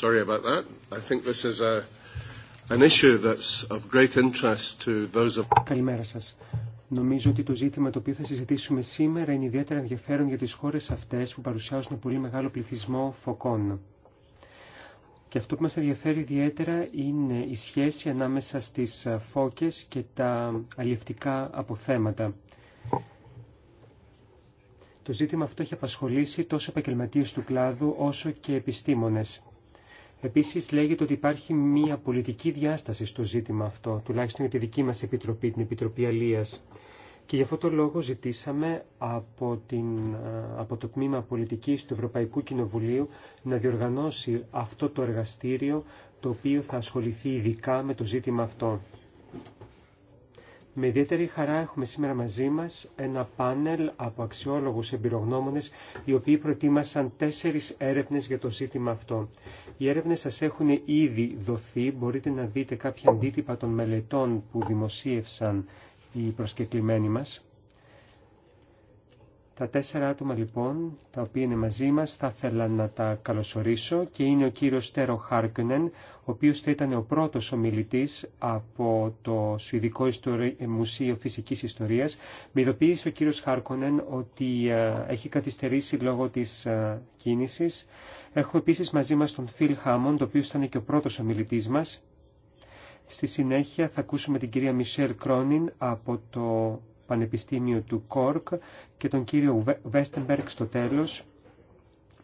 Sorry about that. I think this is a, an issue that's of great interest to those of... Καλημέρα σας. Νομίζω ότι το ζήτημα το οποίο θα συζητήσουμε σήμερα είναι ιδιαίτερα ενδιαφέρον για τις χώρες αυτές που παρουσιάζουν πολύ μεγάλο πληθυσμό φωκών. Και αυτό που μας ενδιαφέρει ιδιαίτερα είναι η σχέση ανάμεσα στις φώκες και τα αλλιευτικά αποθέματα. Το ζήτημα αυτό έχει απασχολήσει τόσο επαγγελματίε του κλάδου όσο και επιστήμονες. Επίσης λέγεται ότι υπάρχει μία πολιτική διάσταση στο ζήτημα αυτό, τουλάχιστον για τη δική μας Επιτροπή, την Επιτροπή Αλία. Και γι' αυτό το λόγο ζητήσαμε από, την, από το Τμήμα Πολιτικής του Ευρωπαϊκού Κοινοβουλίου να διοργανώσει αυτό το εργαστήριο το οποίο θα ασχοληθεί ειδικά με το ζήτημα αυτό. Με ιδιαίτερη χαρά έχουμε σήμερα μαζί μας ένα πάνελ από αξιόλογους εμπειρογνώμονες οι οποίοι προετοίμασαν τέσσερις έρευνες για το ζήτημα αυτό. Οι έρευνες σας έχουν ήδη δοθεί, μπορείτε να δείτε κάποια αντίτυπα των μελετών που δημοσίευσαν οι προσκεκλημένοι μας. Τα τέσσερα άτομα λοιπόν, τα οποία είναι μαζί μας, θα ήθελα να τα καλωσορίσω και είναι ο κύριος Στέρο Χάρκνεν, ο οποίος θα ήταν ο πρώτος ομιλητής από το Σουηδικό Μουσείο Φυσικής Ιστορίας. Με ειδοποίησε ο κύριος Χάρκονεν ότι ε, έχει καθυστερήσει λόγω της ε, κίνησης. Έχουμε επίσης μαζί μας τον Φιλ Χάμον, το οποίος ήταν και ο πρώτος ομιλητής μας. Στη συνέχεια θα ακούσουμε την κυρία Μισελ Κρόνιν από το Πανεπιστήμιο του Κόρκ και τον κύριο Βέστεμπεργκ στο τέλος,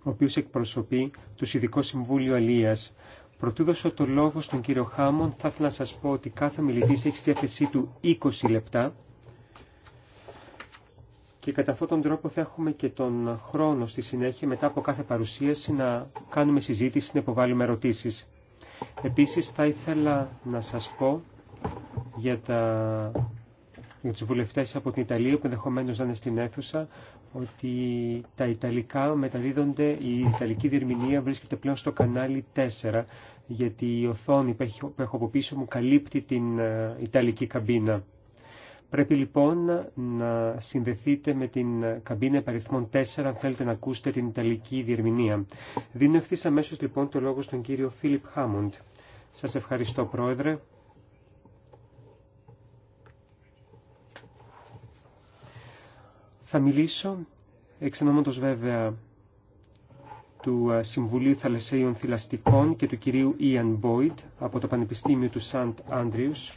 ο οποίος εκπροσωπεί το Συνδικό Συμβούλιο Αλίας. Προτού δώσω το λόγο στον κύριο Χάμον, θα ήθελα να σας πω ότι κάθε μιλητής έχει στη διάθεσή του 20 λεπτά και κατά αυτόν τον τρόπο θα έχουμε και τον χρόνο στη συνέχεια μετά από κάθε παρουσίαση να κάνουμε συζήτηση, να υποβάλουμε ερωτήσεις. Επίσης θα ήθελα να σας πω για τα με τους βουλευτές από την Ιταλία που ενδεχομένω να είναι στην αίθουσα ότι τα Ιταλικά μεταδίδονται, η Ιταλική διερμηνία βρίσκεται πλέον στο κανάλι 4 γιατί η οθόνη που έχω από πίσω μου καλύπτει την ε, Ιταλική καμπίνα. Πρέπει λοιπόν να συνδεθείτε με την ε, καμπίνα επαριθμών 4 αν θέλετε να ακούσετε την Ιταλική διερμηνία. Δίνω ευθύ αμέσω λοιπόν το λόγο στον κύριο Φίλιπ Χάμοντ. Σας ευχαριστώ πρόεδρε. Θα μιλήσω εξ βέβαια του ε, Συμβουλίου Θαλασσίων Θηλαστικών και του κυρίου Ιαν Μπόιντ από το Πανεπιστήμιο του Σαντ Άντριους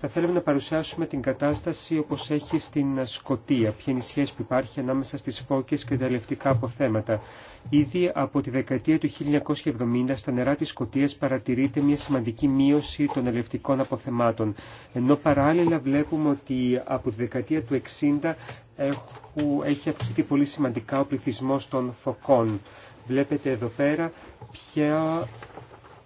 θα θέλαμε να παρουσιάσουμε την κατάσταση όπως έχει στην Σκοτία, ποια είναι η σχέση που υπάρχει ανάμεσα στις φώκες και τα ελευτικά αποθέματα. Ήδη από τη δεκαετία του 1970 στα νερά της Σκοτίας παρατηρείται μια σημαντική μείωση των ελευτικών αποθεμάτων, ενώ παράλληλα βλέπουμε ότι από τη δεκαετία του 1960 έχει αυξηθεί πολύ σημαντικά ο πληθυσμός των φωκών. Βλέπετε εδώ πέρα ποια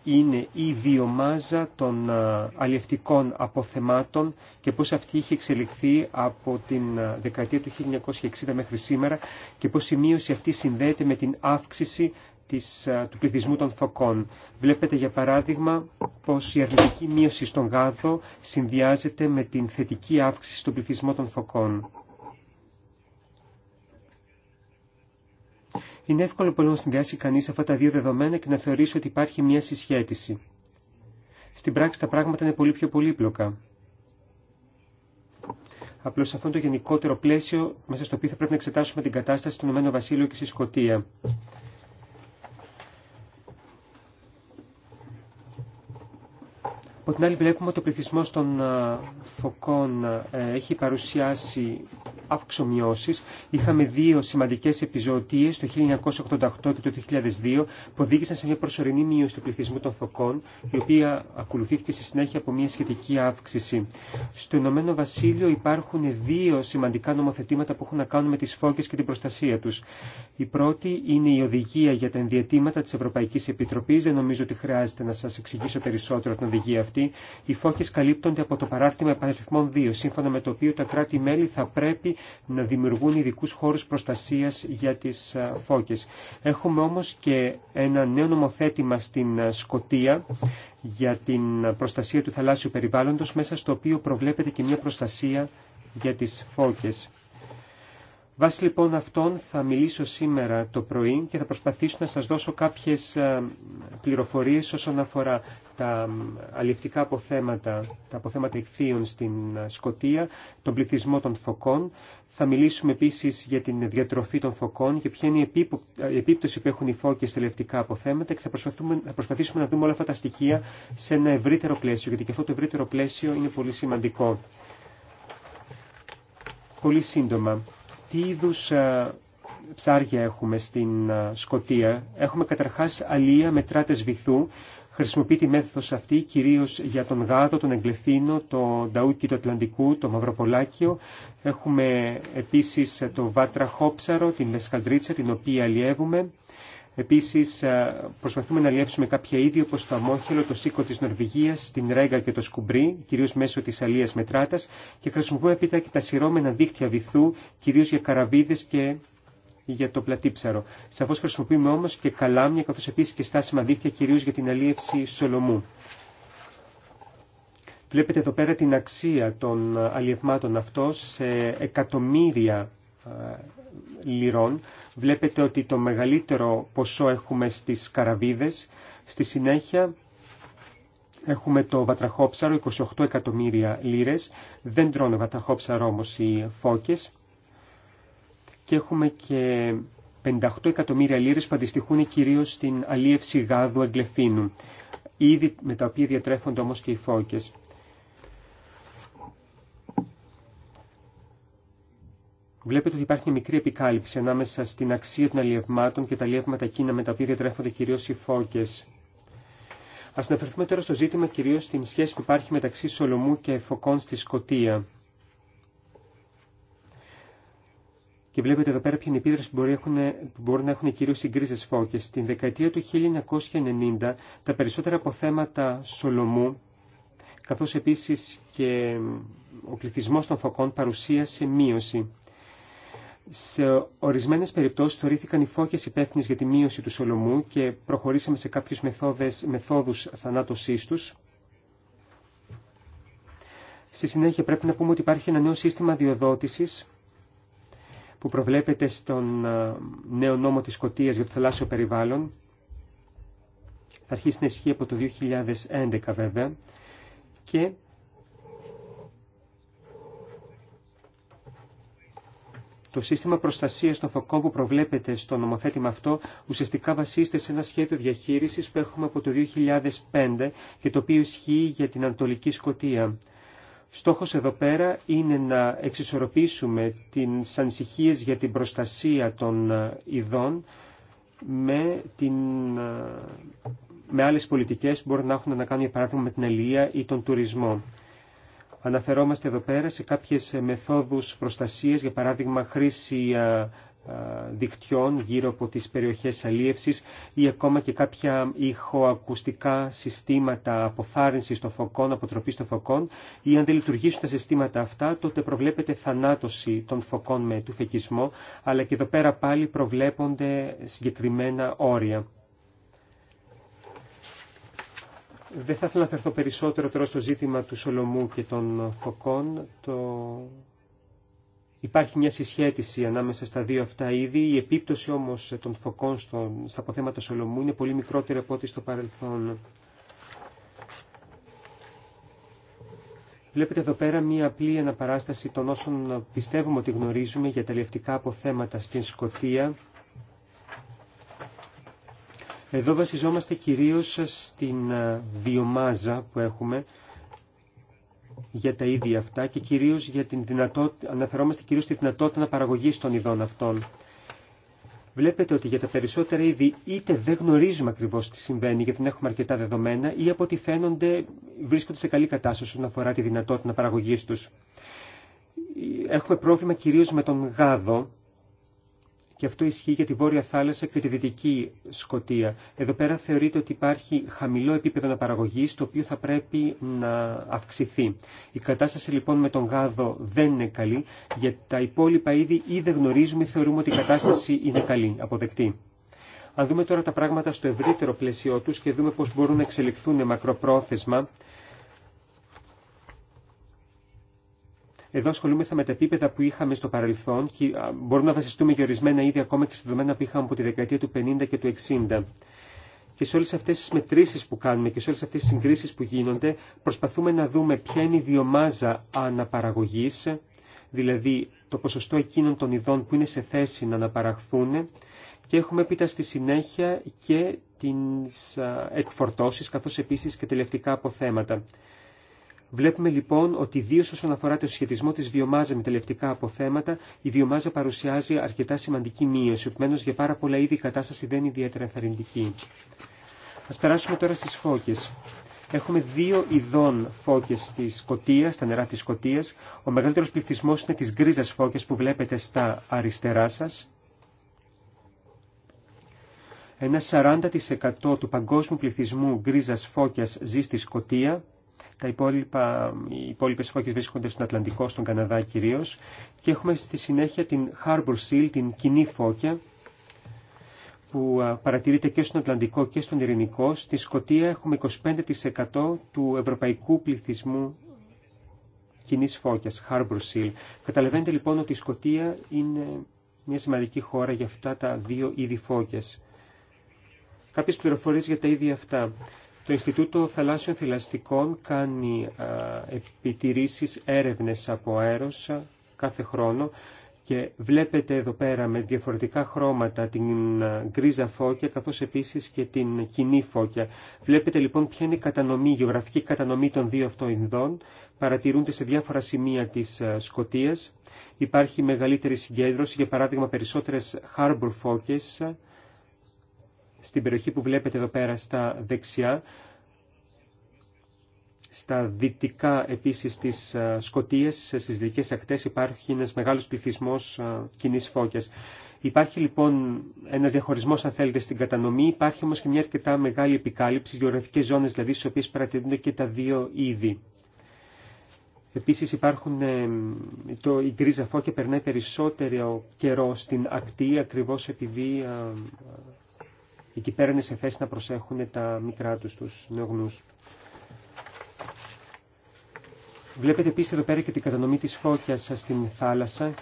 είναι η βιομάζα των αλλιευτικών αποθεμάτων και πώς αυτή είχε εξελιχθεί από την δεκαετία του 1960 μέχρι σήμερα και πώς η μείωση αυτή συνδέεται με την αύξηση της, του πληθυσμού των φωκών. Βλέπετε για παράδειγμα πως η αρνητική μείωση στον γάδο συνδυάζεται με την θετική αύξηση στον πληθυσμό των φωκών. Είναι εύκολο πολύ να συνδυάσει κανείς αυτά τα δύο δεδομένα και να θεωρήσει ότι υπάρχει μια συσχέτιση. Στην πράξη τα πράγματα είναι πολύ πιο πολύπλοκα. Απλώ αυτό είναι το γενικότερο πλαίσιο μέσα στο οποίο θα πρέπει να εξετάσουμε την κατάσταση του Ηνωμένου Βασίλειου και στη Σκωτία. Από την άλλη βλέπουμε ότι ο πληθυσμό των φωκών έχει παρουσιάσει αυξομοιώσεις. Είχαμε δύο σημαντικέ επιζωοτίε το 1988 και το 2002 που οδήγησαν σε μια προσωρινή μείωση του πληθυσμού των φωκών η οποία ακολουθήθηκε στη συνέχεια από μια σχετική αύξηση. Στο Ηνωμένο Βασίλειο υπάρχουν δύο σημαντικά νομοθετήματα που έχουν να κάνουν με τι φώκες και την προστασία του. Η πρώτη είναι η οδηγία για τα ενδιατήματα τη Ευρωπαϊκή Επιτροπή. Δεν νομίζω ότι χρειάζεται να σα εξηγήσω περισσότερο την οδηγία αυτή. Οι φώκε καλύπτονται από το παράρτημα επαναληφθμών 2, σύμφωνα με το οποίο τα κράτη-μέλη θα πρέπει να δημιουργούν ειδικού χώρου προστασία για τι φώκε. Έχουμε όμω και ένα νέο νομοθέτημα στην Σκοτία για την προστασία του θαλάσσιου περιβάλλοντος, μέσα στο οποίο προβλέπεται και μια προστασία για τις φώκες. Βάσει λοιπόν αυτών θα μιλήσω σήμερα το πρωί και θα προσπαθήσω να σας δώσω κάποιες ε, πληροφορίες όσον αφορά τα αληφτικά αποθέματα, τα αποθέματα ηχθείων στην ε, Σκοτία, τον πληθυσμό των φωκών. Θα μιλήσουμε επίσης για την διατροφή των φωκών και ποια είναι η ε, επίπτωση που έχουν οι φώκες στα αληφτικά αποθέματα και θα, θα προσπαθήσουμε να δούμε όλα αυτά τα στοιχεία σε ένα ευρύτερο πλαίσιο, γιατί και αυτό το ευρύτερο πλαίσιο είναι πολύ σημαντικό. Πολύ σύντομα τι είδου ε, ψάρια έχουμε στην ε, Σκοτία. Έχουμε καταρχάς αλία με τράτες βυθού. Χρησιμοποιεί τη μέθοδος αυτή κυρίως για τον γάδο, τον εγκλεφίνο, το νταούκι του Ατλαντικού, το μαυροπολάκιο. Έχουμε επίσης το βάτρα χόψαρο, την Μεσκαλτρίτσα, την οποία αλλιεύουμε. Επίση, ε, προσπαθούμε να αλλιεύσουμε κάποια είδη όπω το αμόχελο, το σίκο της Νορβηγία, την ρέγα και το σκουμπρί, κυρίως μέσω τη Αλλία μετράτας και χρησιμοποιούμε επίτα και τα σειρώμενα δίχτυα βυθού, κυρίως για καραβίδες και για το πλατύψαρο. Σαφώ χρησιμοποιούμε όμως και καλάμια καθώς επίσης και στάσιμα δίχτυα κυρίω για την αλίευση σολομού. Βλέπετε εδώ πέρα την αξία των αλλιευμάτων αυτό σε εκατομμύρια ε, λιρών. Βλέπετε ότι το μεγαλύτερο ποσό έχουμε στις καραβίδες. Στη συνέχεια έχουμε το βατραχόψαρο, 28 εκατομμύρια λίρες. Δεν τρώνε βατραχόψαρο όμως οι φώκες. Και έχουμε και 58 εκατομμύρια λίρες που αντιστοιχούν κυρίως στην αλίευση γάδου εγκλεφίνου. Ήδη με τα οποία διατρέφονται όμως και οι φώκες. Βλέπετε ότι υπάρχει μια μικρή επικάλυψη ανάμεσα στην αξία των αλλιευμάτων και τα αλλιεύματα εκείνα με τα οποία διατρέφονται κυρίω οι φώκε. Α αναφερθούμε τώρα στο ζήτημα κυρίω στην σχέση που υπάρχει μεταξύ Σολομού και φωκών στη Σκωτία. Και βλέπετε εδώ πέρα ποια είναι η επίδραση που, μπορεί που μπορούν να έχουν κυρίω οι γκρίζε φώκε. Στην δεκαετία του 1990 τα περισσότερα αποθέματα Σολομού καθώς επίσης και ο πληθυσμός των φωκών παρουσίασε μείωση. Σε ορισμένε περιπτώσει θεωρήθηκαν οι φώκε υπεύθυνε για τη μείωση του σολομού και προχωρήσαμε σε κάποιου μεθόδου θανάτωσή του. Στη συνέχεια πρέπει να πούμε ότι υπάρχει ένα νέο σύστημα διοδότησης που προβλέπεται στον νέο νόμο της Σκωτίας για το θαλάσσιο περιβάλλον. Θα αρχίσει να ισχύει από το 2011 βέβαια και Το σύστημα προστασίας των φωκών που προβλέπεται στο νομοθέτημα αυτό ουσιαστικά βασίζεται σε ένα σχέδιο διαχείρισης που έχουμε από το 2005 και το οποίο ισχύει για την Ανατολική Σκοτία. Στόχος εδώ πέρα είναι να εξισορροπήσουμε τις ανησυχίες για την προστασία των ε, ειδών με, την, ε, με άλλες πολιτικές που μπορούν να έχουν να κάνουν για παράδειγμα με την αλληλεία ή τον τουρισμό. Αναφερόμαστε εδώ πέρα σε κάποιες μεθόδους προστασίας, για παράδειγμα χρήση δικτυών γύρω από τις περιοχές αλίευσης ή ακόμα και κάποια ηχοακουστικά συστήματα αποθάρρυνσης των φωκών, αποτροπής των φωκών ή αν δεν λειτουργήσουν τα συστήματα αυτά τότε προβλέπεται θανάτωση των φωκών με του φεκισμό αλλά και εδώ πέρα πάλι προβλέπονται συγκεκριμένα όρια. Δεν θα ήθελα να φερθώ περισσότερο τώρα στο ζήτημα του Σολομού και των φωκών. Το... Υπάρχει μια συσχέτιση ανάμεσα στα δύο αυτά ήδη. Η επίπτωση όμως των φωκών στον στα αποθέματα Σολομού είναι πολύ μικρότερη από ό,τι στο παρελθόν. Βλέπετε εδώ πέρα μία απλή αναπαράσταση των όσων πιστεύουμε ότι γνωρίζουμε για τα λευτικά αποθέματα στην Σκοτία εδώ βασιζόμαστε κυρίως στην ε, βιομάζα που έχουμε για τα ίδια αυτά και κυρίως για την δυνατότητα, αναφερόμαστε κυρίως στη δυνατότητα παραγωγής των ειδών αυτών. Βλέπετε ότι για τα περισσότερα είδη είτε δεν γνωρίζουμε ακριβώς τι συμβαίνει γιατί δεν έχουμε αρκετά δεδομένα ή από ό,τι φαίνονται βρίσκονται σε καλή κατάσταση όσον αφορά τη δυνατότητα παραγωγής τους. Έχουμε πρόβλημα κυρίως με τον γάδο και αυτό ισχύει για τη Βόρεια Θάλασσα και τη Δυτική Σκοτία. Εδώ πέρα θεωρείται ότι υπάρχει χαμηλό επίπεδο αναπαραγωγή, το οποίο θα πρέπει να αυξηθεί. Η κατάσταση λοιπόν με τον γάδο δεν είναι καλή, γιατί τα υπόλοιπα είδη ή δεν γνωρίζουμε ή θεωρούμε ότι η κατάσταση είναι καλή, αποδεκτή. Αν δούμε τώρα τα πράγματα στο ευρύτερο πλαίσιο του και δούμε πώ μπορούν να εξελιχθούν μακροπρόθεσμα, Εδώ ασχολούμεθα με τα επίπεδα που είχαμε στο παρελθόν και μπορούμε να βασιστούμε για ορισμένα ήδη ακόμα και στα δεδομένα που είχαμε από τη δεκαετία του 50 και του 60. Και σε όλε αυτέ τι μετρήσει που κάνουμε και σε όλε αυτέ τι συγκρίσει που γίνονται, προσπαθούμε να δούμε ποια είναι η βιομάζα αναπαραγωγή, δηλαδή το ποσοστό εκείνων των ειδών που είναι σε θέση να αναπαραχθούν και έχουμε έπειτα στη συνέχεια και τις εκφορτώσεις καθώς επίσης και τελευταία αποθέματα. Βλέπουμε λοιπόν ότι ιδίω όσον αφορά το σχετισμό τη βιομάζα με τελευταία αποθέματα, η βιομάζα παρουσιάζει αρκετά σημαντική μείωση. Επομένω, για πάρα πολλά είδη η κατάσταση δεν είναι ιδιαίτερα ενθαρρυντική. Α περάσουμε τώρα στι φώκε. Έχουμε δύο ειδών φώκε τη Σκοτία, στα νερά τη Σκοτία. Ο μεγαλύτερο πληθυσμό είναι τη γκρίζα φώκε που βλέπετε στα αριστερά σα. Ένα 40% του παγκόσμιου πληθυσμού γκρίζα φώκια ζει στη Σκοτία τα υπόλοιπα, οι υπόλοιπε φώκε βρίσκονται στον Ατλαντικό, στον Καναδά κυρίω. Και έχουμε στη συνέχεια την Harbor Seal, την κοινή φώκια, που παρατηρείται και στον Ατλαντικό και στον Ειρηνικό. Στη Σκοτία έχουμε 25% του ευρωπαϊκού πληθυσμού κοινή φώκια, Harbor Seal. Καταλαβαίνετε λοιπόν ότι η Σκοτία είναι μια σημαντική χώρα για αυτά τα δύο είδη φώκια. Κάποιε πληροφορίε για τα ίδια αυτά. Το Ινστιτούτο Θαλάσσιων Θηλαστικών κάνει επιτηρήσεις έρευνες από αέρος κάθε χρόνο και βλέπετε εδώ πέρα με διαφορετικά χρώματα την γκρίζα φώκια καθώς επίσης και την κοινή φώκια. Βλέπετε λοιπόν ποια είναι η κατανομή, η γεωγραφική κατανομή των δύο αυτών ειδών. Παρατηρούνται σε διάφορα σημεία της Σκοτίας. Υπάρχει μεγαλύτερη συγκέντρωση, για παράδειγμα περισσότερες harbor φώκες στην περιοχή που βλέπετε εδώ πέρα στα δεξιά, στα δυτικά επίσης της Σκοτίας, στις δικές ακτές υπάρχει ένας μεγάλος πληθυσμός κοινή φώκιας. Υπάρχει λοιπόν ένα διαχωρισμό, αν θέλετε, στην κατανομή. Υπάρχει όμω και μια αρκετά μεγάλη επικάλυψη, γεωγραφικέ ζώνες, δηλαδή, στις οποίε παρατηρούνται και τα δύο είδη. Επίση υπάρχουν. Ε, το, η γκρίζα φώκια περνάει περισσότερο καιρό στην ακτή, ακριβώ επειδή εκεί πέρα σε θέση να προσέχουν τα μικρά τους τους νεογνούς. Βλέπετε επίσης εδώ πέρα και την κατανομή της φώκιας στην θάλασσα.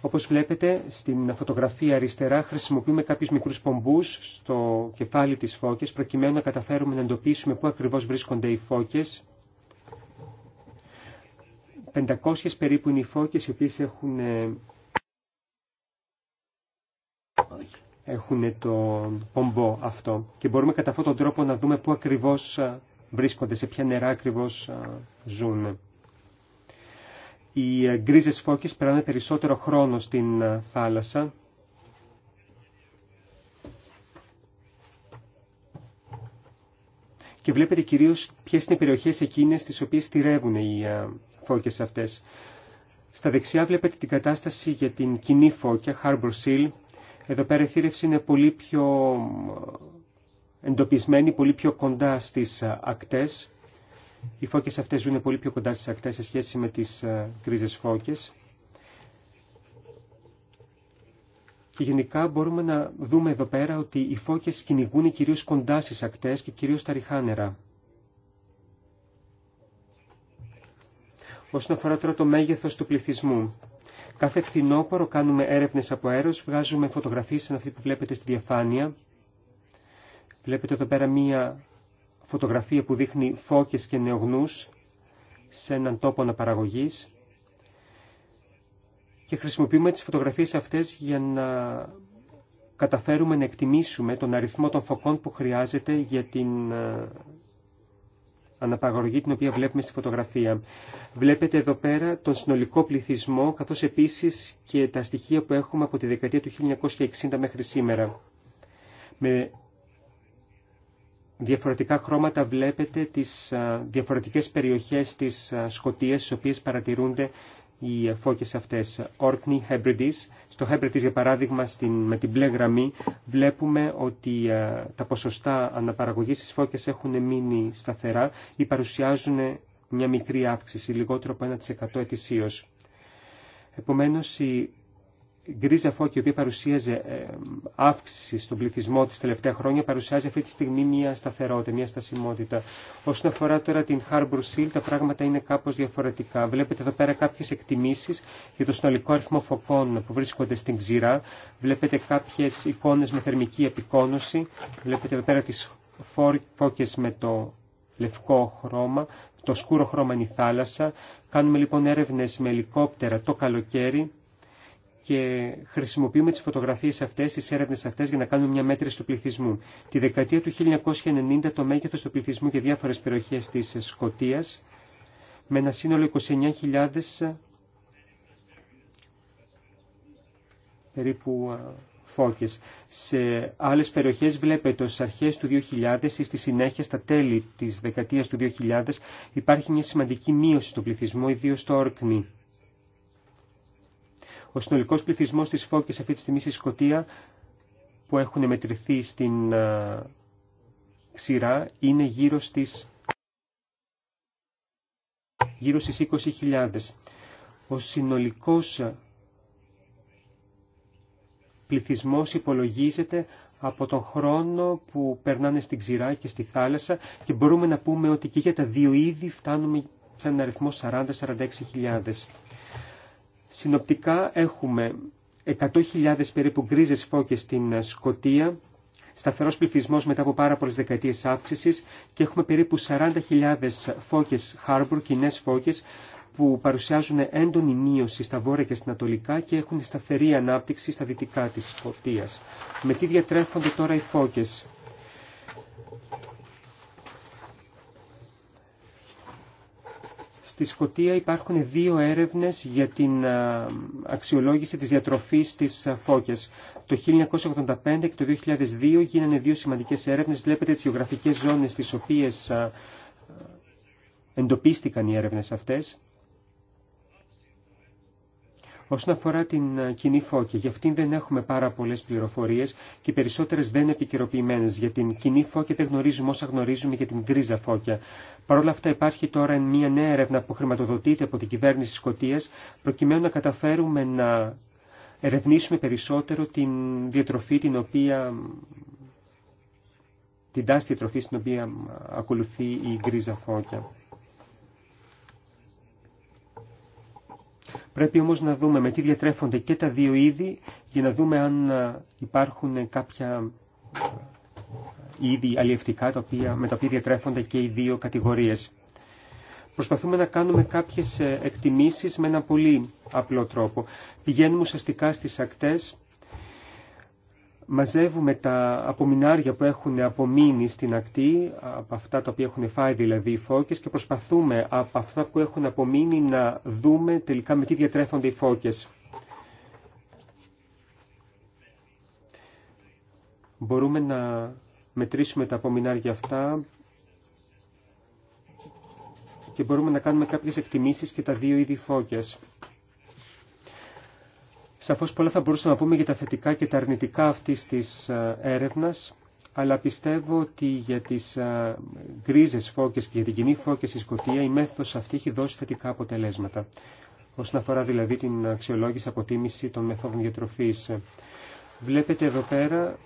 Όπως βλέπετε στην φωτογραφία αριστερά χρησιμοποιούμε κάποιους μικρούς πομπούς στο κεφάλι της φώκιας προκειμένου να καταφέρουμε να εντοπίσουμε πού ακριβώς βρίσκονται οι φώκες 500 περίπου είναι οι φώκες οι οποίες έχουν... Όχι. Ε, έχουν το πομπό αυτό και μπορούμε κατά αυτόν τον τρόπο να δούμε πού ακριβώς βρίσκονται, σε ποια νερά ακριβώς ζουν. Οι ε, γκρίζες φώκες περνάνε περισσότερο χρόνο στην θάλασσα και βλέπετε κυρίως ποιες είναι οι περιοχές εκείνες στις οποίες στηρεύουν οι φώκες αυτές. Στα δεξιά βλέπετε την κατάσταση για την κοινή φώκια, Harbor Seal, εδώ πέρα η θήρευση είναι πολύ πιο ε, εντοπισμένη, πολύ πιο κοντά στις ε, ακτές. Οι φώκες αυτές ζουν πολύ πιο κοντά στις ακτές σε σχέση με τις ε, γκρίζες φώκες. Και γενικά μπορούμε να δούμε εδώ πέρα ότι οι φώκες κυνηγούν κυρίως κοντά στις ακτές και κυρίως στα νερά. Όσον αφορά τώρα το μέγεθος του πληθυσμού, Κάθε φθινόπωρο κάνουμε έρευνες από αέρος, βγάζουμε φωτογραφίες σαν αυτή που βλέπετε στη διαφάνεια. Βλέπετε εδώ πέρα μία φωτογραφία που δείχνει φώκες και νεογνούς σε έναν τόπο αναπαραγωγής. Και χρησιμοποιούμε τις φωτογραφίες αυτές για να καταφέρουμε να εκτιμήσουμε τον αριθμό των φωκών που χρειάζεται για την ε, Αναπαγωγή την οποία βλέπουμε στη φωτογραφία. Βλέπετε εδώ πέρα τον συνολικό πληθυσμό, καθώς επίσης και τα στοιχεία που έχουμε από τη δεκαετία του 1960 μέχρι σήμερα. Με διαφορετικά χρώματα βλέπετε τις διαφορετικές περιοχές της Σκοτίας, στις οποίες παρατηρούνται οι φώκες αυτές Orkney Hebrides. Στο Hebrides, για παράδειγμα, στην, με την μπλε γραμμή, βλέπουμε ότι ε, τα ποσοστά αναπαραγωγής στις φώκες έχουν μείνει σταθερά ή παρουσιάζουν μια μικρή αύξηση, λιγότερο από 1% ετησίως. Επομένως, η γκρίζα φώκη, η οποία παρουσίαζε ε, αύξηση στον πληθυσμό της τελευταία χρόνια, παρουσιάζει αυτή τη στιγμή μια σταθερότητα, μια στασιμότητα. Όσον αφορά τώρα την Harbour Seal, τα πράγματα είναι κάπως διαφορετικά. Βλέπετε εδώ πέρα κάποιες εκτιμήσεις για το συνολικό αριθμό φωκών που βρίσκονται στην ξηρά. Βλέπετε κάποιες εικόνες με θερμική επικόνωση. Βλέπετε εδώ πέρα τις φώκες με το λευκό χρώμα. Το σκούρο χρώμα είναι η θάλασσα. Κάνουμε λοιπόν έρευνες με ελικόπτερα το καλοκαίρι και χρησιμοποιούμε τις φωτογραφίες αυτές, τις έρευνες αυτές για να κάνουμε μια μέτρηση του πληθυσμού. Τη δεκαετία του 1990 το μέγεθος του πληθυσμού για διάφορες περιοχές της Σκωτίας με ένα σύνολο 29.000 ε, περίπου ε, φώκες. Σε άλλες περιοχές βλέπετε ότι στις αρχές του 2000 ή στη συνέχεια στα τέλη της δεκαετίας του 2000 υπάρχει μια σημαντική μείωση του πληθυσμού, ιδίως στο Όρκνη. Ο συνολικός πληθυσμός της Φώκης αυτή τη στιγμή στη Σκοτία που έχουν μετρηθεί στην ξηρά είναι γύρω στις, γύρω στις 20.000. Ο συνολικός πληθυσμός υπολογίζεται από τον χρόνο που περνάνε στην ξηρά και στη θάλασσα και μπορούμε να πούμε ότι και για τα δύο είδη φτάνουμε σε ενα αριθμο αριθμό 40-46.000. Συνοπτικά έχουμε 100.000 περίπου γκρίζες φώκες στην Σκοτία, σταθερός πληθυσμό μετά από πάρα πολλές δεκαετίες αύξηση και έχουμε περίπου 40.000 φώκες Harbor, κοινέ φώκες, που παρουσιάζουν έντονη μείωση στα βόρεια και στην ανατολικά και έχουν σταθερή ανάπτυξη στα δυτικά της Σκοτίας. Με τι διατρέφονται τώρα οι φώκες. Στη Σκωτία υπάρχουν δύο έρευνες για την ε, αξιολόγηση της διατροφής στις ε, φώκες. Το 1985 και το 2002 γίνανε δύο σημαντικές έρευνες. Βλέπετε τις γεωγραφικές ζώνες στις οποίες ε, εντοπίστηκαν οι έρευνες αυτές. Όσον αφορά την ε, κοινή φώκη, για αυτήν δεν έχουμε πάρα πολλές πληροφορίες και οι περισσότερες δεν είναι επικαιροποιημένες. Για την κοινή φώκη δεν γνωρίζουμε όσα γνωρίζουμε για την γκρίζα φώκια. Παρ' όλα αυτά υπάρχει τώρα μια νέα έρευνα που χρηματοδοτείται από την κυβέρνηση της Σκοτίας προκειμένου να καταφέρουμε να ερευνήσουμε περισσότερο την διατροφή την οποία την τάση διατροφή στην οποία ακολουθεί η γκρίζα φώκια. Πρέπει όμως να δούμε με τι διατρέφονται και τα δύο είδη για να δούμε αν ε, υπάρχουν κάποια ε, είδη αλλιευτικά τα οποία, με τα οποία διατρέφονται και οι δύο κατηγορίες. Προσπαθούμε να κάνουμε κάποιες ε, εκτιμήσεις με ένα πολύ απλό τρόπο. Πηγαίνουμε ουσιαστικά στις ακτές μαζεύουμε τα απομεινάρια που έχουν απομείνει στην ακτή, από αυτά τα οποία έχουν φάει δηλαδή οι φώκες και προσπαθούμε από αυτά που έχουν απομείνει να δούμε τελικά με τι διατρέφονται οι φώκες. Μπορούμε να μετρήσουμε τα απομεινάρια αυτά και μπορούμε να κάνουμε κάποιες εκτιμήσεις και τα δύο είδη φώκες. Σαφώς πολλά θα μπορούσαμε να πούμε για τα θετικά και τα αρνητικά αυτής της ε, έρευνας, αλλά πιστεύω ότι για τις ε, γκρίζες φώκες και για την κοινή φώκες στη Σκωτία η μέθοδος αυτή έχει δώσει θετικά αποτελέσματα, όσον αφορά δηλαδή την αξιολόγηση αποτίμηση των μεθόδων διατροφής. Βλέπετε εδώ πέρα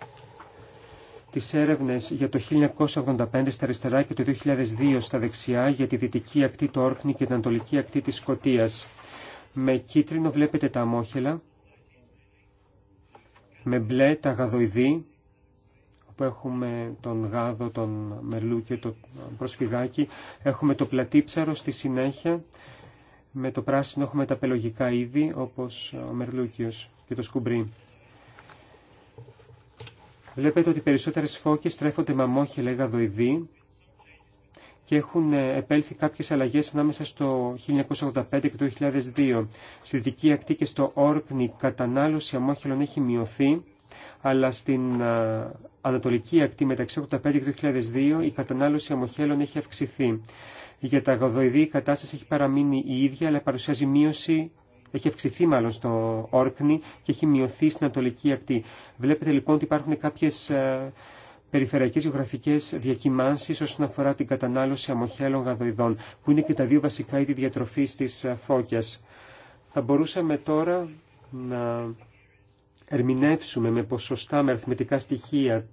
τις έρευνες για το 1985 στα αριστερά και το 2002 στα δεξιά για τη δυτική ακτή του Όρκνη και την ανατολική ακτή της Σκωτίας. Με κίτρινο βλέπετε τα αμόχελα με μπλε τα γαδοειδή, όπου έχουμε τον γάδο, τον μελού και το προσφυγάκι. Έχουμε το πλατήψαρο στη συνέχεια. Με το πράσινο έχουμε τα πελογικά είδη, όπως ο μερλούκιος και το σκουμπρί. Βλέπετε ότι περισσότερες φώκες τρέφονται με ή γαδοειδή και έχουν επέλθει κάποιες αλλαγές ανάμεσα στο 1985 και το 2002. Στη δική ακτή και στο Όρκνη η κατανάλωση αμόχελων έχει μειωθεί, αλλά στην ανατολική ακτή μεταξύ 1985 και το 2002 η κατανάλωση αμοχέλων έχει αυξηθεί. Για τα αγωδοειδή η κατάσταση έχει παραμείνει η ίδια, αλλά παρουσιάζει μείωση έχει αυξηθεί μάλλον στο Όρκνη και έχει μειωθεί στην Ανατολική Ακτή. Βλέπετε λοιπόν ότι υπάρχουν κάποιες περιφερειακές γεωγραφικές διακυμάνσεις όσον αφορά την κατανάλωση αμοχέλων γαδοειδών, που είναι και τα δύο βασικά είδη διατροφής της ε, φώκιας. Θα μπορούσαμε τώρα να ερμηνεύσουμε με ποσοστά, με αριθμητικά στοιχεία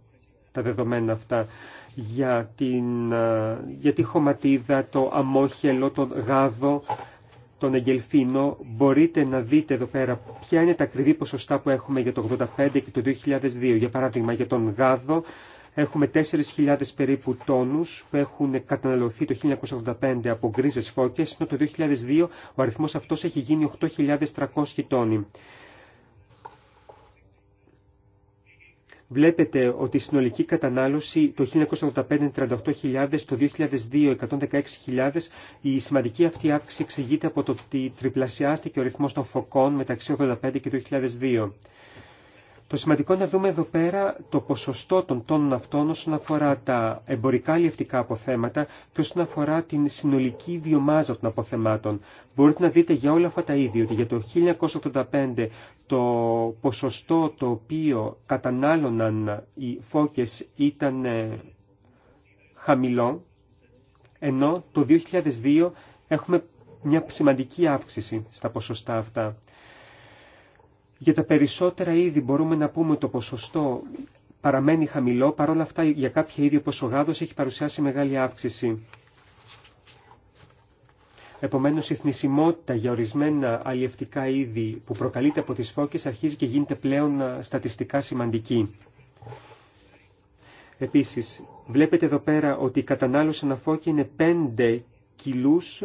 τα δεδομένα αυτά για, την, ε, για τη χωματίδα, το αμόχελο, τον γάδο, τον εγκελφίνο. Μπορείτε να δείτε εδώ πέρα ποια είναι τα ακριβή ποσοστά που έχουμε για το 85 και το 2002. Για παράδειγμα, για τον γάδο Έχουμε 4.000 περίπου τόνους που έχουν καταναλωθεί το 1985 από γκρίζες φώκες, ενώ το 2002 ο αριθμός αυτός έχει γίνει 8.300 τόνοι. Βλέπετε ότι η συνολική κατανάλωση το 1985 38.000, το 2002 116.000. Η σημαντική αυτή αύξηση εξηγείται από το ότι τριπλασιάστηκε ο ρυθμός των φωκών μεταξύ 85 και 2002. Το σημαντικό είναι να δούμε εδώ πέρα το ποσοστό των τόνων αυτών όσον αφορά τα εμπορικά λιευτικά αποθέματα και όσον αφορά την συνολική βιομάζα των αποθεμάτων. Μπορείτε να δείτε για όλα αυτά τα ίδια ότι για το 1985 το ποσοστό το οποίο κατανάλωναν οι φώκες ήταν ε, χαμηλό, ενώ το 2002 έχουμε μια σημαντική αύξηση στα ποσοστά αυτά. Για τα περισσότερα είδη μπορούμε να πούμε το ποσοστό παραμένει χαμηλό, παρόλα αυτά για κάποια είδη όπως ο γάδος έχει παρουσιάσει μεγάλη αύξηση. Επομένως, η θνησιμότητα για ορισμένα αλλιευτικά είδη που προκαλείται από τις φώκες αρχίζει και γίνεται πλέον στατιστικά σημαντική. Επίσης, βλέπετε εδώ πέρα ότι η κατανάλωση αναφώκη είναι 5 κιλούς,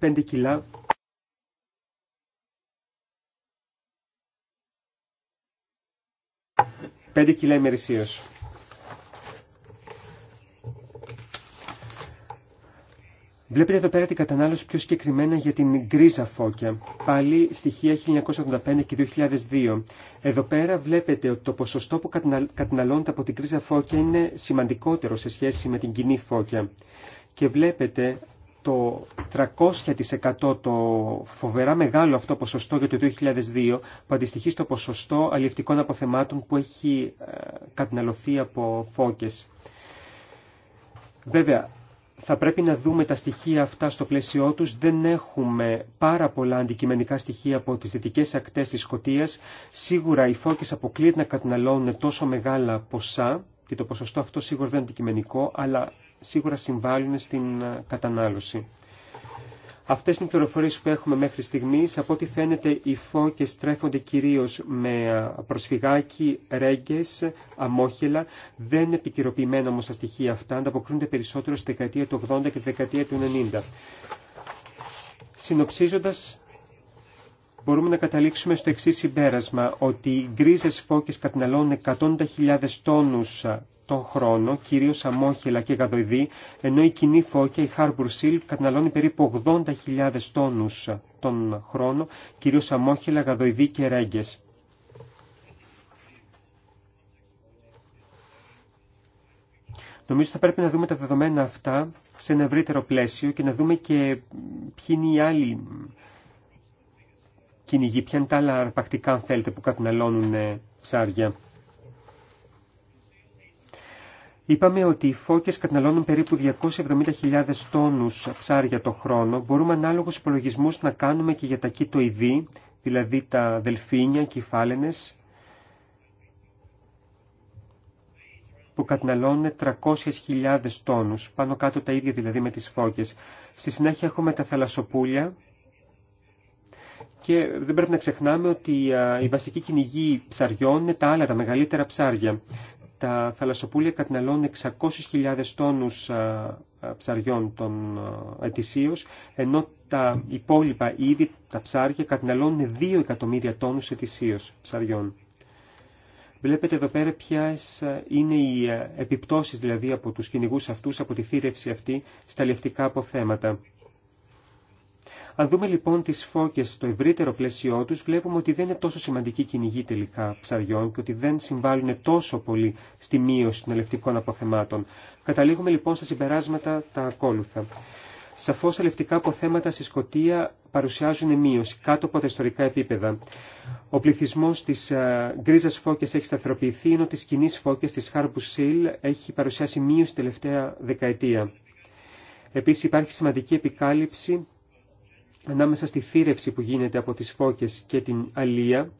5 κιλά 5 κιλά ημερησίως. Βλέπετε εδώ πέρα την κατανάλωση πιο συγκεκριμένα για την γκρίζα φώκια. Πάλι στοιχεία 1985 και 2002. Εδώ πέρα βλέπετε ότι το ποσοστό που καταναλώνεται από την γκρίζα φώκια είναι σημαντικότερο σε σχέση με την κοινή φώκια. Και βλέπετε το 300% το φοβερά μεγάλο αυτό ποσοστό για το 2002 που αντιστοιχεί στο ποσοστό αλληλευτικών αποθεμάτων που έχει ε, καταναλωθεί από φώκες. Βέβαια, θα πρέπει να δούμε τα στοιχεία αυτά στο πλαίσιό τους. Δεν έχουμε πάρα πολλά αντικειμενικά στοιχεία από τις δυτικές ακτές της Σκοτίας. Σίγουρα οι φώκες αποκλείεται να καταναλώνουν τόσο μεγάλα ποσά και το ποσοστό αυτό σίγουρα δεν είναι αντικειμενικό, αλλά σίγουρα συμβάλλουν στην ε, κατανάλωση. Αυτέ είναι οι πληροφορίε που έχουμε μέχρι στιγμή. Από ό,τι φαίνεται, οι φώκε τρέφονται κυρίω με ε, προσφυγάκι, ρέγγε, αμόχελα. Δεν είναι επικυρωποιημένα όμω τα στοιχεία αυτά. Ανταποκρίνονται περισσότερο στη δεκαετία του 80 και τη δεκαετία του 90. Συνοψίζοντα, μπορούμε να καταλήξουμε στο εξή συμπέρασμα, ότι οι γκρίζε φώκε καταναλώνουν 100.000 τόνου ε, τον χρόνο, κυρίω αμόχελα και γαδοειδή, ενώ η κοινή φώκια, η Harbour Seal, καταναλώνει περίπου 80.000 τόνου τον χρόνο, κυρίω αμόχελα, γαδοειδή και ρέγγε. Νομίζω θα πρέπει να δούμε τα δεδομένα αυτά σε ένα ευρύτερο πλαίσιο και να δούμε και ποιοι είναι οι άλλοι κυνηγοί, ποια είναι τα άλλα αρπακτικά, αν θέλετε, που καταναλώνουν ε, ψάρια. Είπαμε ότι οι φώκε καταναλώνουν περίπου 270.000 τόνους ψάρια το χρόνο. Μπορούμε ανάλογου υπολογισμού να κάνουμε και για τα κοιτοειδή, δηλαδή τα δελφίνια, κυφάλαινες, που καταναλώνουν 300.000 τόνους, πάνω κάτω τα ίδια δηλαδή με τις φώκες. Στη συνέχεια έχουμε τα θαλασσοπούλια και δεν πρέπει να ξεχνάμε ότι η βασική κυνηγή ψαριών είναι τα άλλα, τα μεγαλύτερα ψάρια τα θαλασσοπούλια καταναλώνουν 600.000 τόνους ψαριών των ετησίως, ενώ τα υπόλοιπα ήδη τα ψάρια, καταναλώνουν 2 εκατομμύρια τόνους ετησίως ψαριών. Βλέπετε εδώ πέρα ποιε είναι οι επιπτώσεις δηλαδή από τους κυνηγού αυτούς, από τη θύρευση αυτή στα λευτικά αποθέματα. Αν δούμε λοιπόν τις φώκες στο ευρύτερο πλαίσιό τους, βλέπουμε ότι δεν είναι τόσο σημαντική κυνηγή τελικά ψαριών και ότι δεν συμβάλλουν τόσο πολύ στη μείωση των ελευτικών αποθεμάτων. Καταλήγουμε λοιπόν στα συμπεράσματα τα ακόλουθα. Σαφώ τα ελευτικά αποθέματα στη Σκωτία παρουσιάζουν μείωση κάτω από τα ιστορικά επίπεδα. Ο πληθυσμό τη ε, γκρίζα φώκες έχει σταθεροποιηθεί, ενώ τη κοινή της τη Σιλ έχει παρουσιάσει μείωση τελευταία δεκαετία. Επίση υπάρχει σημαντική επικάλυψη ανάμεσα στη θύρευση που γίνεται από τις φώκες και την αλία.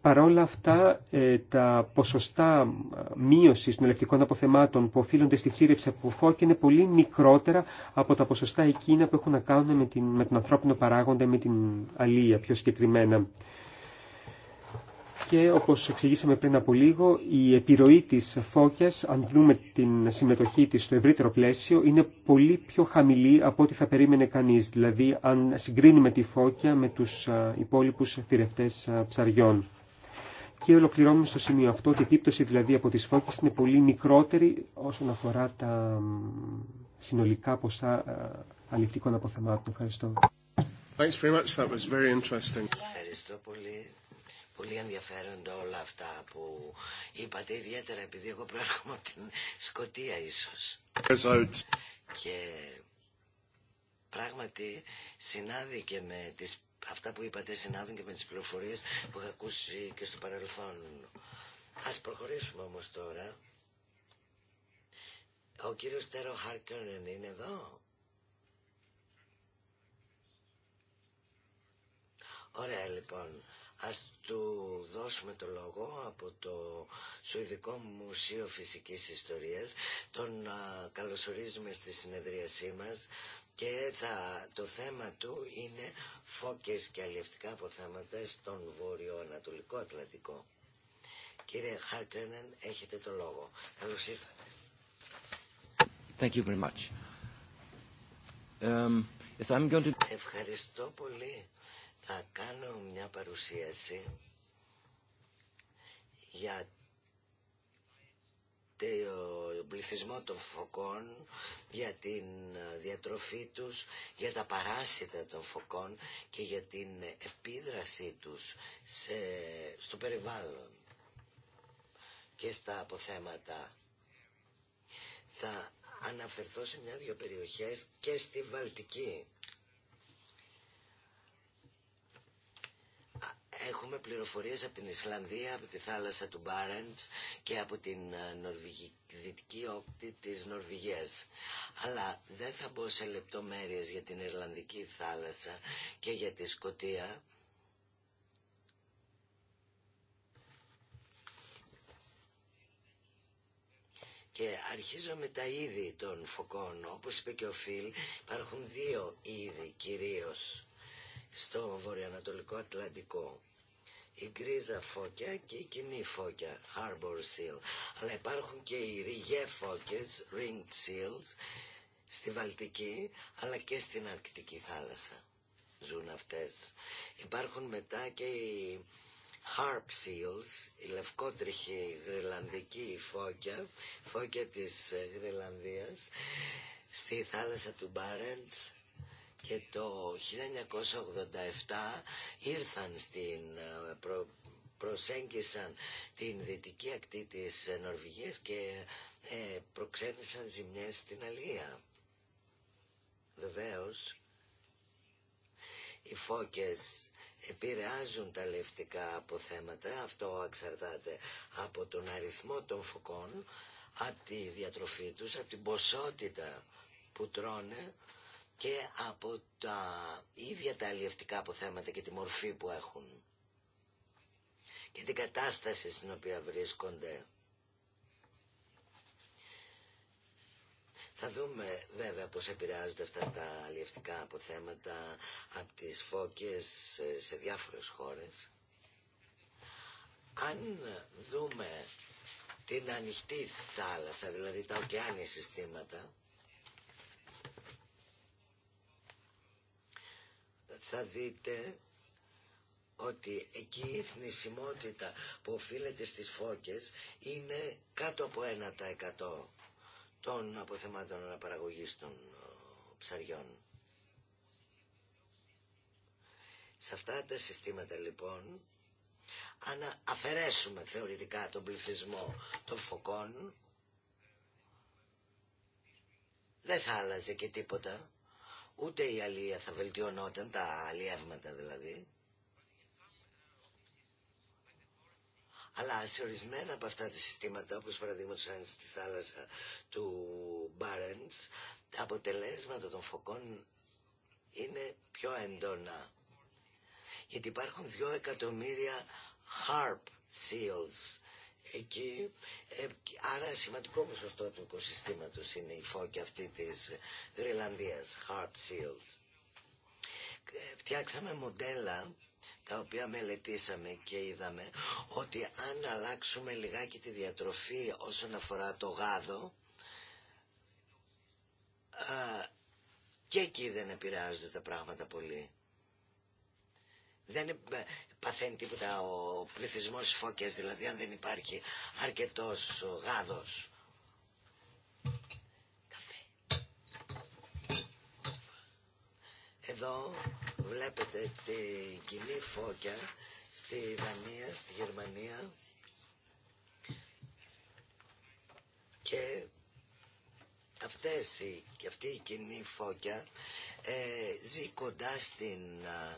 Παρόλα αυτά, ε, τα ποσοστά ε, μείωσης των ελεκτικών αποθεμάτων που οφείλονται στη θύρευση από φώκια είναι πολύ μικρότερα από τα ποσοστά εκείνα που έχουν να κάνουν με, την, με τον ανθρώπινο παράγοντα, με την αλία πιο συγκεκριμένα και όπως εξηγήσαμε πριν από λίγο η επιρροή της φώκιας αν δούμε την συμμετοχή της στο ευρύτερο πλαίσιο είναι πολύ πιο χαμηλή από ό,τι θα περίμενε κανείς δηλαδή αν συγκρίνουμε τη φώκια με τους υπόλοιπους θηρευτές ψαριών. Και ολοκληρώνουμε στο σημείο αυτό ότι η επίπτωση δηλαδή από τις φώκες είναι πολύ μικρότερη όσον αφορά τα συνολικά ποσά αληφτικών αποθεμάτων. Ευχαριστώ. Ευχαριστώ πολύ πολύ ενδιαφέροντα όλα αυτά που είπατε, ιδιαίτερα επειδή εγώ προέρχομαι από την Σκοτία ίσως. Και πράγματι συνάδει και με τις, αυτά που είπατε συνάδουν και με τις πληροφορίες που είχα ακούσει και στο παρελθόν. Ας προχωρήσουμε όμως τώρα. Ο κύριος Τέρο Χάρκενεν είναι εδώ. Ωραία λοιπόν. Ας του δώσουμε το λόγο από το Σουηδικό Μουσείο Φυσικής Ιστορίας. Τον καλωσορίζουμε στη συνεδρίασή μας και θα, το θέμα του είναι φώκες και αλληλευτικά αποθέματα στον βόρειο-ανατολικό Ατλαντικό. Κύριε Χάρκενεν, έχετε το λόγο. Καλώς ήρθατε. Thank you um, Ευχαριστώ πολύ θα κάνω μια παρουσίαση για τον πληθυσμό των φωκών, για την διατροφή τους, για τα παράσιτα των φωκών και για την επίδρασή τους στο περιβάλλον και στα αποθέματα. Θα αναφερθώ σε μια-δυο περιοχές και στη Βαλτική. Έχουμε πληροφορίες από την Ισλανδία, από τη θάλασσα του Μπάρεντς και από την ε, δυτική όπτη της Νορβηγίας. Αλλά δεν θα μπω σε λεπτομέρειες για την Ιρλανδική θάλασσα και για τη Σκοτία. Και αρχίζω με τα είδη των φωκών. Όπως είπε και ο Φιλ, υπάρχουν δύο είδη κυρίως στο βορειοανατολικό Ατλαντικό η γκρίζα φώκια και η κοινή φώκια, harbor seal. Αλλά υπάρχουν και οι ριγέ φώκε, ringed seals, στη Βαλτική αλλά και στην Αρκτική θάλασσα ζουν αυτές. Υπάρχουν μετά και οι harp seals, η λευκότριχη γρυλανδική φώκια, φώκια της ε, Γρυλανδίας, στη θάλασσα του Μπάρεντς και το 1987 ήρθαν στην ε, προσέγγισαν την δυτική ακτή της Νορβηγίας και ε, προξένησαν ζημιές στην Αλία. Βεβαίως, οι φώκες επηρεάζουν τα λευτικά αποθέματα, αυτό εξαρτάται από τον αριθμό των φωκών, από τη διατροφή τους, από την ποσότητα που τρώνε και από τα ίδια τα αλλιευτικά αποθέματα και τη μορφή που έχουν και την κατάσταση στην οποία βρίσκονται. Θα δούμε βέβαια πώς επηρεάζονται αυτά τα αλλιευτικά αποθέματα από τις φώκες σε διάφορες χώρες. Αν δούμε την ανοιχτή θάλασσα, δηλαδή τα ωκεάνια συστήματα, θα δείτε ότι εκεί η θνησιμότητα που οφείλεται στις φώκες είναι κάτω από 1% των αποθεμάτων αναπαραγωγής των ψαριών. Σε αυτά τα συστήματα λοιπόν, αν αφαιρέσουμε θεωρητικά τον πληθυσμό των φωκών, δεν θα άλλαζε και τίποτα ούτε η αλία θα βελτιωνόταν, τα αλλιεύματα δηλαδή. Αλλά σε ορισμένα από αυτά τα συστήματα, όπως παραδείγματος αν στη θάλασσα του Μπάρεντς, τα αποτελέσματα των φωκών είναι πιο έντονα. Γιατί υπάρχουν δύο εκατομμύρια harp seals εκεί. Ε, άρα σημαντικό ποσοστό του οικοσυστήματος είναι η φώκη αυτή της Γρυλανδίας, hard Seals. Ε, φτιάξαμε μοντέλα τα οποία μελετήσαμε και είδαμε ότι αν αλλάξουμε λιγάκι τη διατροφή όσον αφορά το γάδο ε, και εκεί δεν επηρεάζονται τα πράγματα πολύ δεν ε, παθαίνει τίποτα ο πληθυσμό φώκια, δηλαδή αν δεν υπάρχει αρκετός γάδος. Εδώ βλέπετε την κοινή φώκια στη Δανία, στη Γερμανία και αυτές οι, και αυτή η κοινή φώκια ε, ζει κοντά στην ε,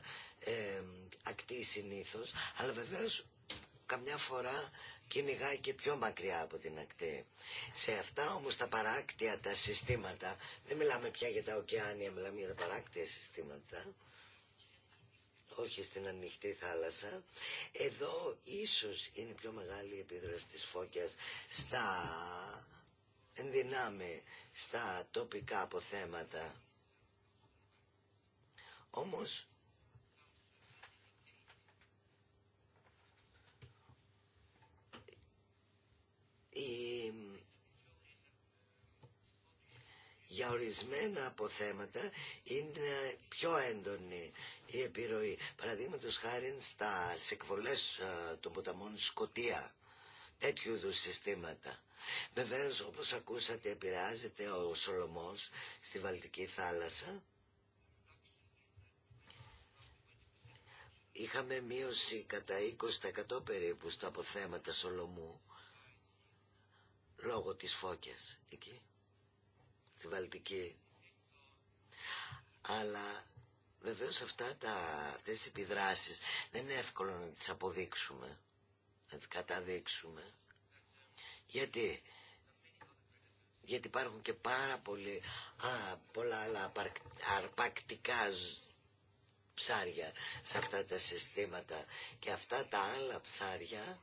ακτή συνήθως, αλλά βεβαίω, καμιά φορά κυνηγάει και πιο μακριά από την ακτή. Σε αυτά όμως τα παράκτια τα συστήματα, δεν μιλάμε πια για τα ωκεάνια, μιλάμε για τα παράκτια συστήματα, όχι στην ανοιχτή θάλασσα. Εδώ ίσως είναι πιο μεγάλη η επίδραση της φώκιας στα ενδυνάμει, στα τοπικά αποθέματα. Όμως η... για ορισμένα αποθέματα είναι πιο έντονη η επιρροή. Παραδείγματο χάρη στα εκβολέ ε, των ποταμών Σκοτία, τέτοιου είδου συστήματα. Βεβαίω, όπω ακούσατε, επηρεάζεται ο Σολομό στη Βαλτική θάλασσα. Είχαμε μείωση κατά 20% περίπου στα αποθέματα Σολομού λόγω της φώκιας εκεί, στη Βαλτική. Αλλά βεβαίως αυτά τα, αυτές οι επιδράσεις δεν είναι εύκολο να τις αποδείξουμε, να τις καταδείξουμε. Γιατί, γιατί υπάρχουν και πάρα πολύ α, πολλά άλλα αρπακτικά ψάρια σε αυτά τα συστήματα και αυτά τα άλλα ψάρια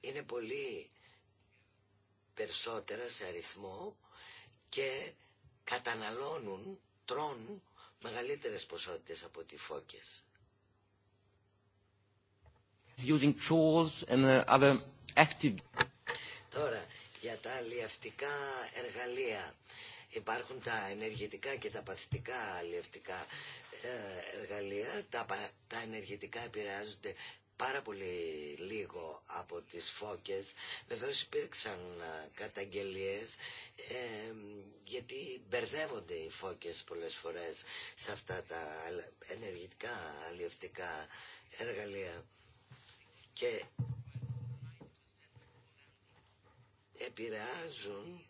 είναι πολύ περισσότερα σε αριθμό και καταναλώνουν, τρώνουν μεγαλύτερες ποσότητες από τη φώκες. Using tools and uh, other active... Τώρα, για τα αλλιευτικά εργαλεία. Υπάρχουν τα ενεργητικά και τα παθητικά αλλιευτικά ε, εργαλεία. Τα, τα ενεργητικά επηρεάζονται πάρα πολύ λίγο από τις φώκες. Βεβαίως υπήρξαν ε, καταγγελίες ε, γιατί μπερδεύονται οι φώκες πολλές φορές σε αυτά τα ενεργητικά αλλιευτικά εργαλεία. Και επηρεάζουν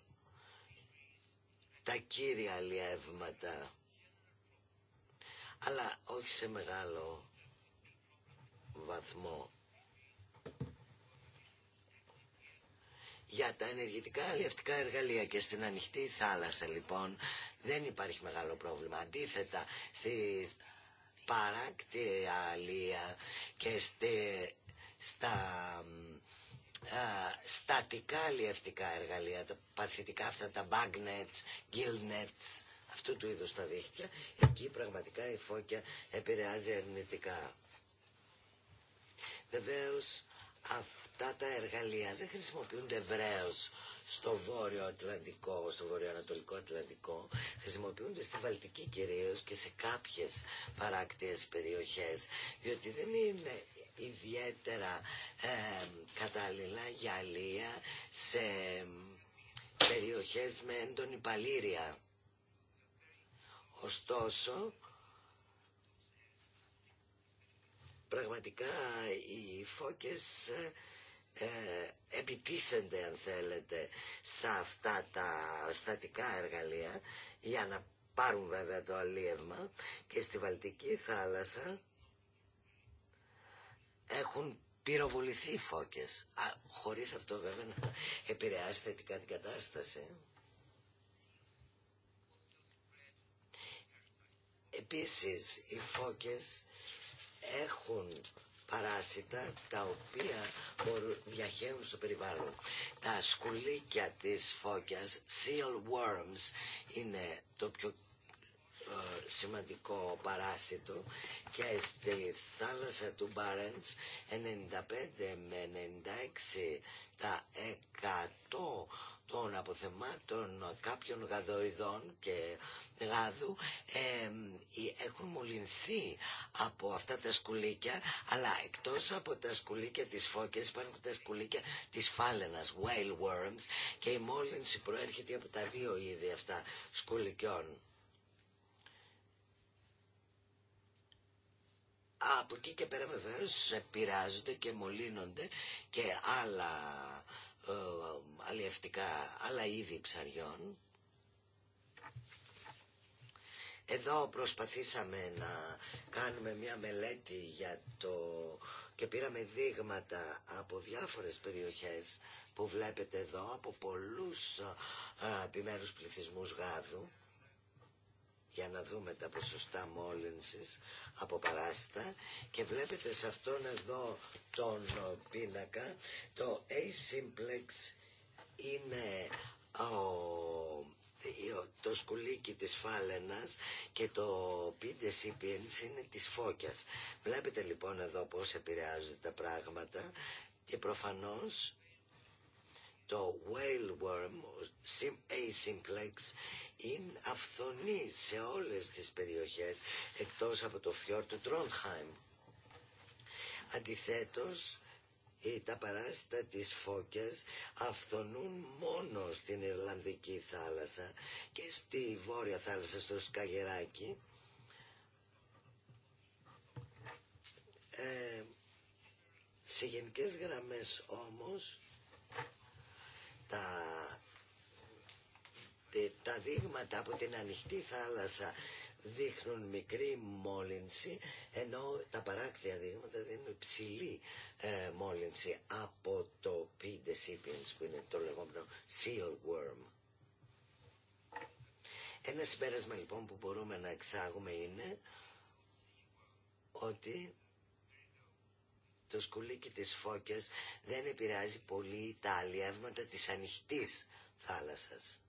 τα κύρια αλλιεύματα αλλά όχι σε μεγάλο βαθμό για τα ενεργητικά αλλιευτικά εργαλεία και στην ανοιχτή θάλασσα λοιπόν δεν υπάρχει μεγάλο πρόβλημα. Αντίθετα στη παράκτη αλία και στη, στα στατικά αλλιευτικά εργαλεία, τα παθητικά αυτά τα bagnets, gillnets, αυτού του είδους τα δίχτυα, εκεί πραγματικά η φώκια επηρεάζει αρνητικά. Βεβαίως αυτά τα εργαλεία δεν χρησιμοποιούνται ευρέω στο βόρειο Ατλαντικό, στο Ανατολικό Ατλαντικό. Χρησιμοποιούνται στη Βαλτική κυρίω και σε κάποιε παράκτιε περιοχέ, διότι δεν είναι ιδιαίτερα ε, κατάλληλα για αλεία σε περιοχές με έντονη παλήρια. Ωστόσο, πραγματικά οι φώκες ε, ε, επιτίθενται αν θέλετε σε αυτά τα στατικά εργαλεία για να πάρουν βέβαια το αλίευμα και στη Βαλτική θάλασσα έχουν πυροβοληθεί οι φώκες Α, χωρίς αυτό βέβαια να επηρεάσει θετικά την κατάσταση Επίσης οι φώκες έχουν παράσιτα τα οποία διαχέουν στο περιβάλλον. Τα σκουλίκια της φώκιας, seal worms, είναι το πιο ε, σημαντικό παράσιτο και στη θάλασσα του Μπάρεντς 95 με 96 τα 100 των αποθεμάτων κάποιων γαδοειδών και γάδου ε, έχουν μολυνθεί από αυτά τα σκουλίκια αλλά εκτός από τα σκουλίκια της φώκες υπάρχουν τα σκουλίκια της φάλαινας whale worms και η μόλυνση προέρχεται από τα δύο είδη αυτά σκουλικιών. Από εκεί και πέρα βεβαίω πειράζονται και μολύνονται και άλλα ε, αλλιευτικά άλλα είδη ψαριών. Εδώ προσπαθήσαμε να κάνουμε μια μελέτη για το... και πήραμε δείγματα από διάφορες περιοχές που βλέπετε εδώ, από πολλούς ε, επιμέρους πληθυσμούς γάδου για να δούμε τα ποσοστά μόλυνσης από παράστα και βλέπετε σε αυτόν εδώ τον ε, πίνακα το A-Simplex είναι ο, το σκουλίκι της φάλαινας και το P-Decipiens είναι της φώκιας. Βλέπετε λοιπόν εδώ πώς επηρεάζονται τα πράγματα και προφανώς το whale worm, asimplex, είναι αυθονή σε όλες τις περιοχές εκτός από το φιόρ του Τρόνχαϊμ. Αντιθέτως, τα παράστα της φώκιας αυθονούν μόνο στην Ιρλανδική θάλασσα και στη Βόρεια θάλασσα στο Σκαγεράκι. Ε, σε γενικές γραμμές όμως τα τα δείγματα από την ανοιχτή θάλασσα δείχνουν μικρή μόλυνση ενώ τα παράκτια δείγματα δίνουν υψηλή ε, μόλυνση από το P. decipiens που είναι το λεγόμενο seal worm. Ένα συμπέρασμα λοιπόν που μπορούμε να εξάγουμε είναι ότι το σκουλίκι της Φώκιας δεν επηρεάζει πολύ τα αλλιεύματα της ανοιχτής θάλασσας.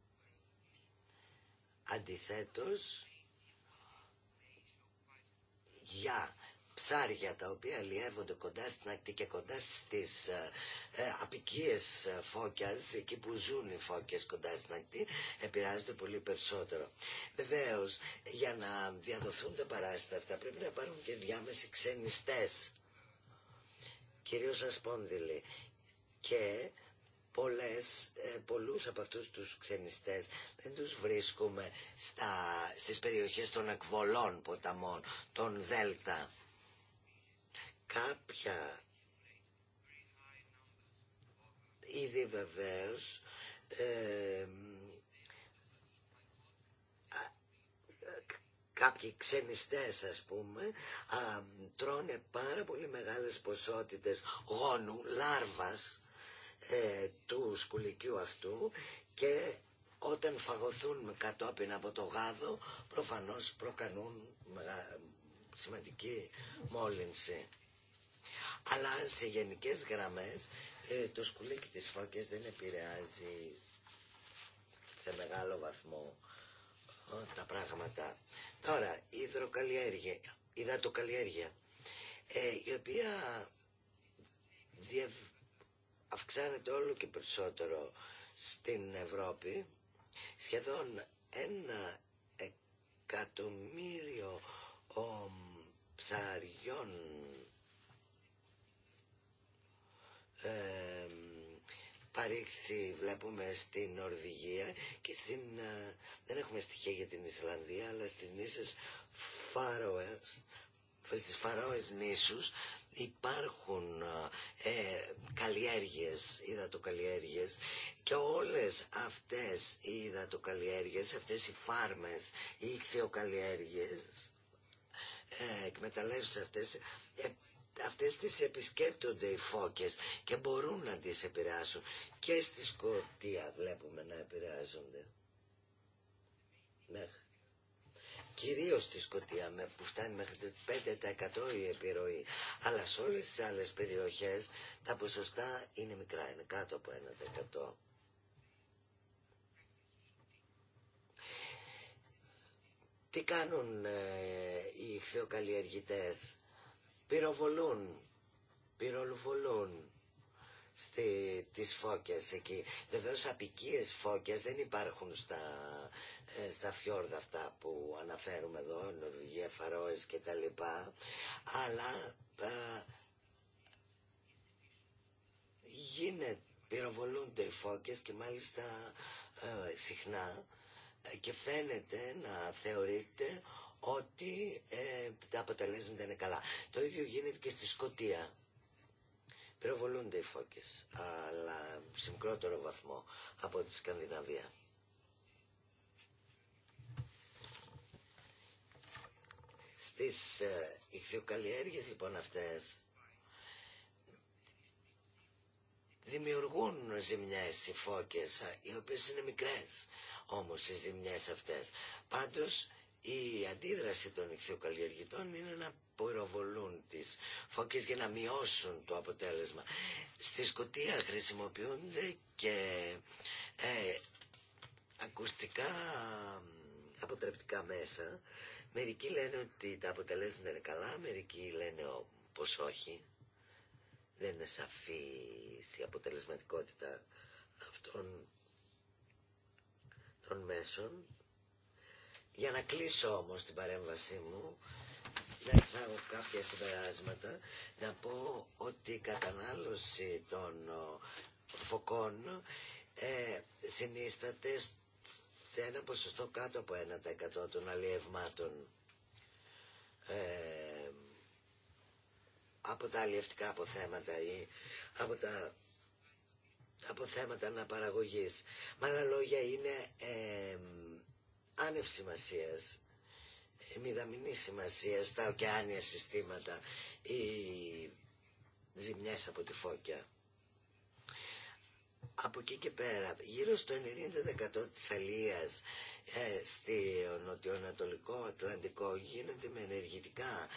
Αντιθέτως, για ψάρια τα οποία αλλιεύονται κοντά στην ακτή και κοντά στις ε, ε απικίες ε, φώκιας, εκεί που ζουν οι φώκιες κοντά στην ακτή, επηρεάζονται πολύ περισσότερο. Βεβαίως, για να διαδοθούν τα παράστατα αυτά πρέπει να υπάρχουν και διάμεση ξενιστές κυρίως ασπόνδυλοι και πολλές, ε, πολλούς από αυτούς τους ξενιστές δεν τους βρίσκουμε στα, στις περιοχές των εκβολών ποταμών, των Δέλτα. Κάποια ήδη βεβαίως ε, κάποιοι ξενιστές ας πούμε τρώνε πάρα πολύ μεγάλες ποσότητες γόνου, λάρβας ε, του σκουλικιού αυτού και όταν φαγωθούν κατόπιν από το γάδο προφανώς προκανούν σημαντική μόλυνση. Αλλά σε γενικές γραμμές ε, το σκουλίκι της φώκιας δεν επηρεάζει σε μεγάλο βαθμό τα πράγματα. Τώρα, η υδροκαλλιέργεια, η δατοκαλλιέργεια, ε, η οποία αυξάνεται όλο και περισσότερο στην Ευρώπη, σχεδόν ένα εκατομμύριο ο, ψαριών ε, παρήχθη βλέπουμε στην Νορβηγία και στην, ε, δεν έχουμε στοιχεία για την Ισλανδία αλλά στις νήσες Φάροες στις Φαρόες νήσους υπάρχουν ε, καλλιέργειες, υδατοκαλλιέργειες και όλες αυτές οι υδατοκαλλιέργειες, αυτές οι φάρμες, οι ηχθειοκαλλιέργειες, ε, εκμεταλλεύσεις αυτές ε, αυτές τις επισκέπτονται οι φώκες και μπορούν να τις επηρεάσουν. Και στη Σκοτία βλέπουμε να επηρεάζονται. Μέχρι. Κυρίως στη Σκοτία με, που φτάνει μέχρι 5% η επιρροή. Αλλά σε όλες τις άλλες περιοχές τα ποσοστά είναι μικρά, είναι κάτω από 1%. Τι κάνουν ε, οι χθεοκαλλιεργητές πυροβολούν, πυροβολούν στη, τις φώκες εκεί. Βεβαίω απικίες φώκες δεν υπάρχουν στα, ε, στα φιόρδα αυτά που αναφέρουμε εδώ, Νορβηγία, Φαρόες και τα λοιπά, αλλά ε, γίνεται, πυροβολούνται οι φώκες και μάλιστα ε, συχνά και φαίνεται να θεωρείται ότι ε, τα αποτελέσματα είναι καλά. Το ίδιο γίνεται και στη Σκωτία. Πυροβολούνται οι φώκες, αλλά σε μικρότερο βαθμό από τη Σκανδιναβία. Στις ε, λοιπόν αυτές δημιουργούν ζημιές οι φώκες, οι οποίες είναι μικρές όμως οι ζημιές αυτές. Πάντως η αντίδραση των ηχθειοκαλλιεργητών είναι να πυροβολούν τις φώκες για να μειώσουν το αποτέλεσμα. Στη σκοτία χρησιμοποιούνται και ε, ακουστικά αποτρεπτικά μέσα. Μερικοί λένε ότι τα αποτελέσματα είναι καλά, μερικοί λένε πως όχι. Δεν είναι σαφή η αποτελεσματικότητα αυτών των μέσων. Για να κλείσω όμως την παρέμβασή μου, να εξάγω κάποια συμπεράσματα, να πω ότι η κατανάλωση των ε, φωκών ε, συνίσταται σε ένα ποσοστό κάτω από 1% των αλλιευμάτων. Ε, από τα αλλιευτικά αποθέματα ή από τα αποθέματα αναπαραγωγής. Με άλλα λόγια είναι άνευ σημασίας, μηδαμινή σημασία στα ωκεάνια συστήματα ή ζημιές από τη φώκια. Από εκεί και πέρα, γύρω στο 90% της αλίας ε, στο νοτιοανατολικό Ατλαντικό γίνονται με ενεργητικά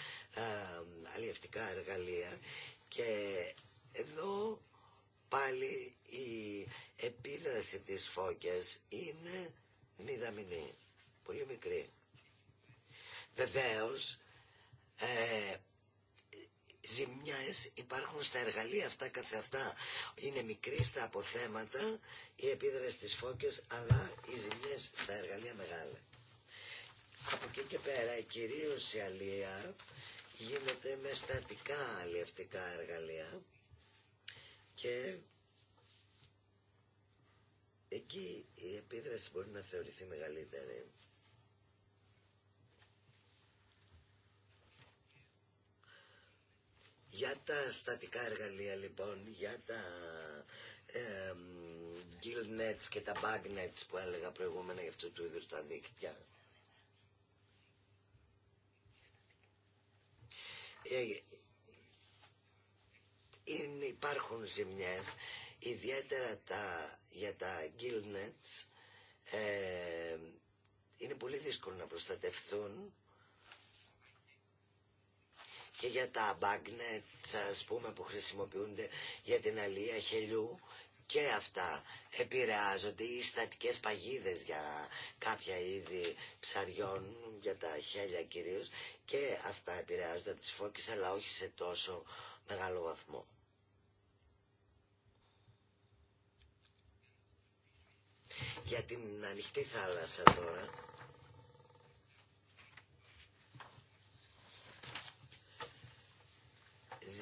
ε, εργαλεία και εδώ πάλι η επίδραση της φώκιας είναι μηδαμινή. Πολύ μικρή. Βεβαίω ε, ζημιές υπάρχουν στα εργαλεία αυτά καθε αυτά. Είναι μικρή στα αποθέματα, η επίδραση τη φώκε, αλλά οι ζημιές στα εργαλεία μεγάλα. Από εκεί και πέρα, κυριω η αλία γίνεται με στατικά αλλιευτικά εργαλεία και εκεί η επίδραση μπορεί να θεωρηθεί μεγαλύτερη. Για τα στατικά εργαλεία λοιπόν, για τα ε, nets και τα bag nets που έλεγα προηγούμενα για αυτού του είδους τα δίκτυα. Ε, είναι, υπάρχουν ζημιές, ιδιαίτερα τα, για τα gill nets, ε, είναι πολύ δύσκολο να προστατευθούν και για τα μπάγκνετ, σας πούμε που χρησιμοποιούνται για την αλία χελιού και αυτά επηρεάζονται οι στατικές παγίδες για κάποια είδη ψαριών, για τα χέλια κυρίως και αυτά επηρεάζονται από τις φώκες αλλά όχι σε τόσο μεγάλο βαθμό. Για την ανοιχτή θάλασσα τώρα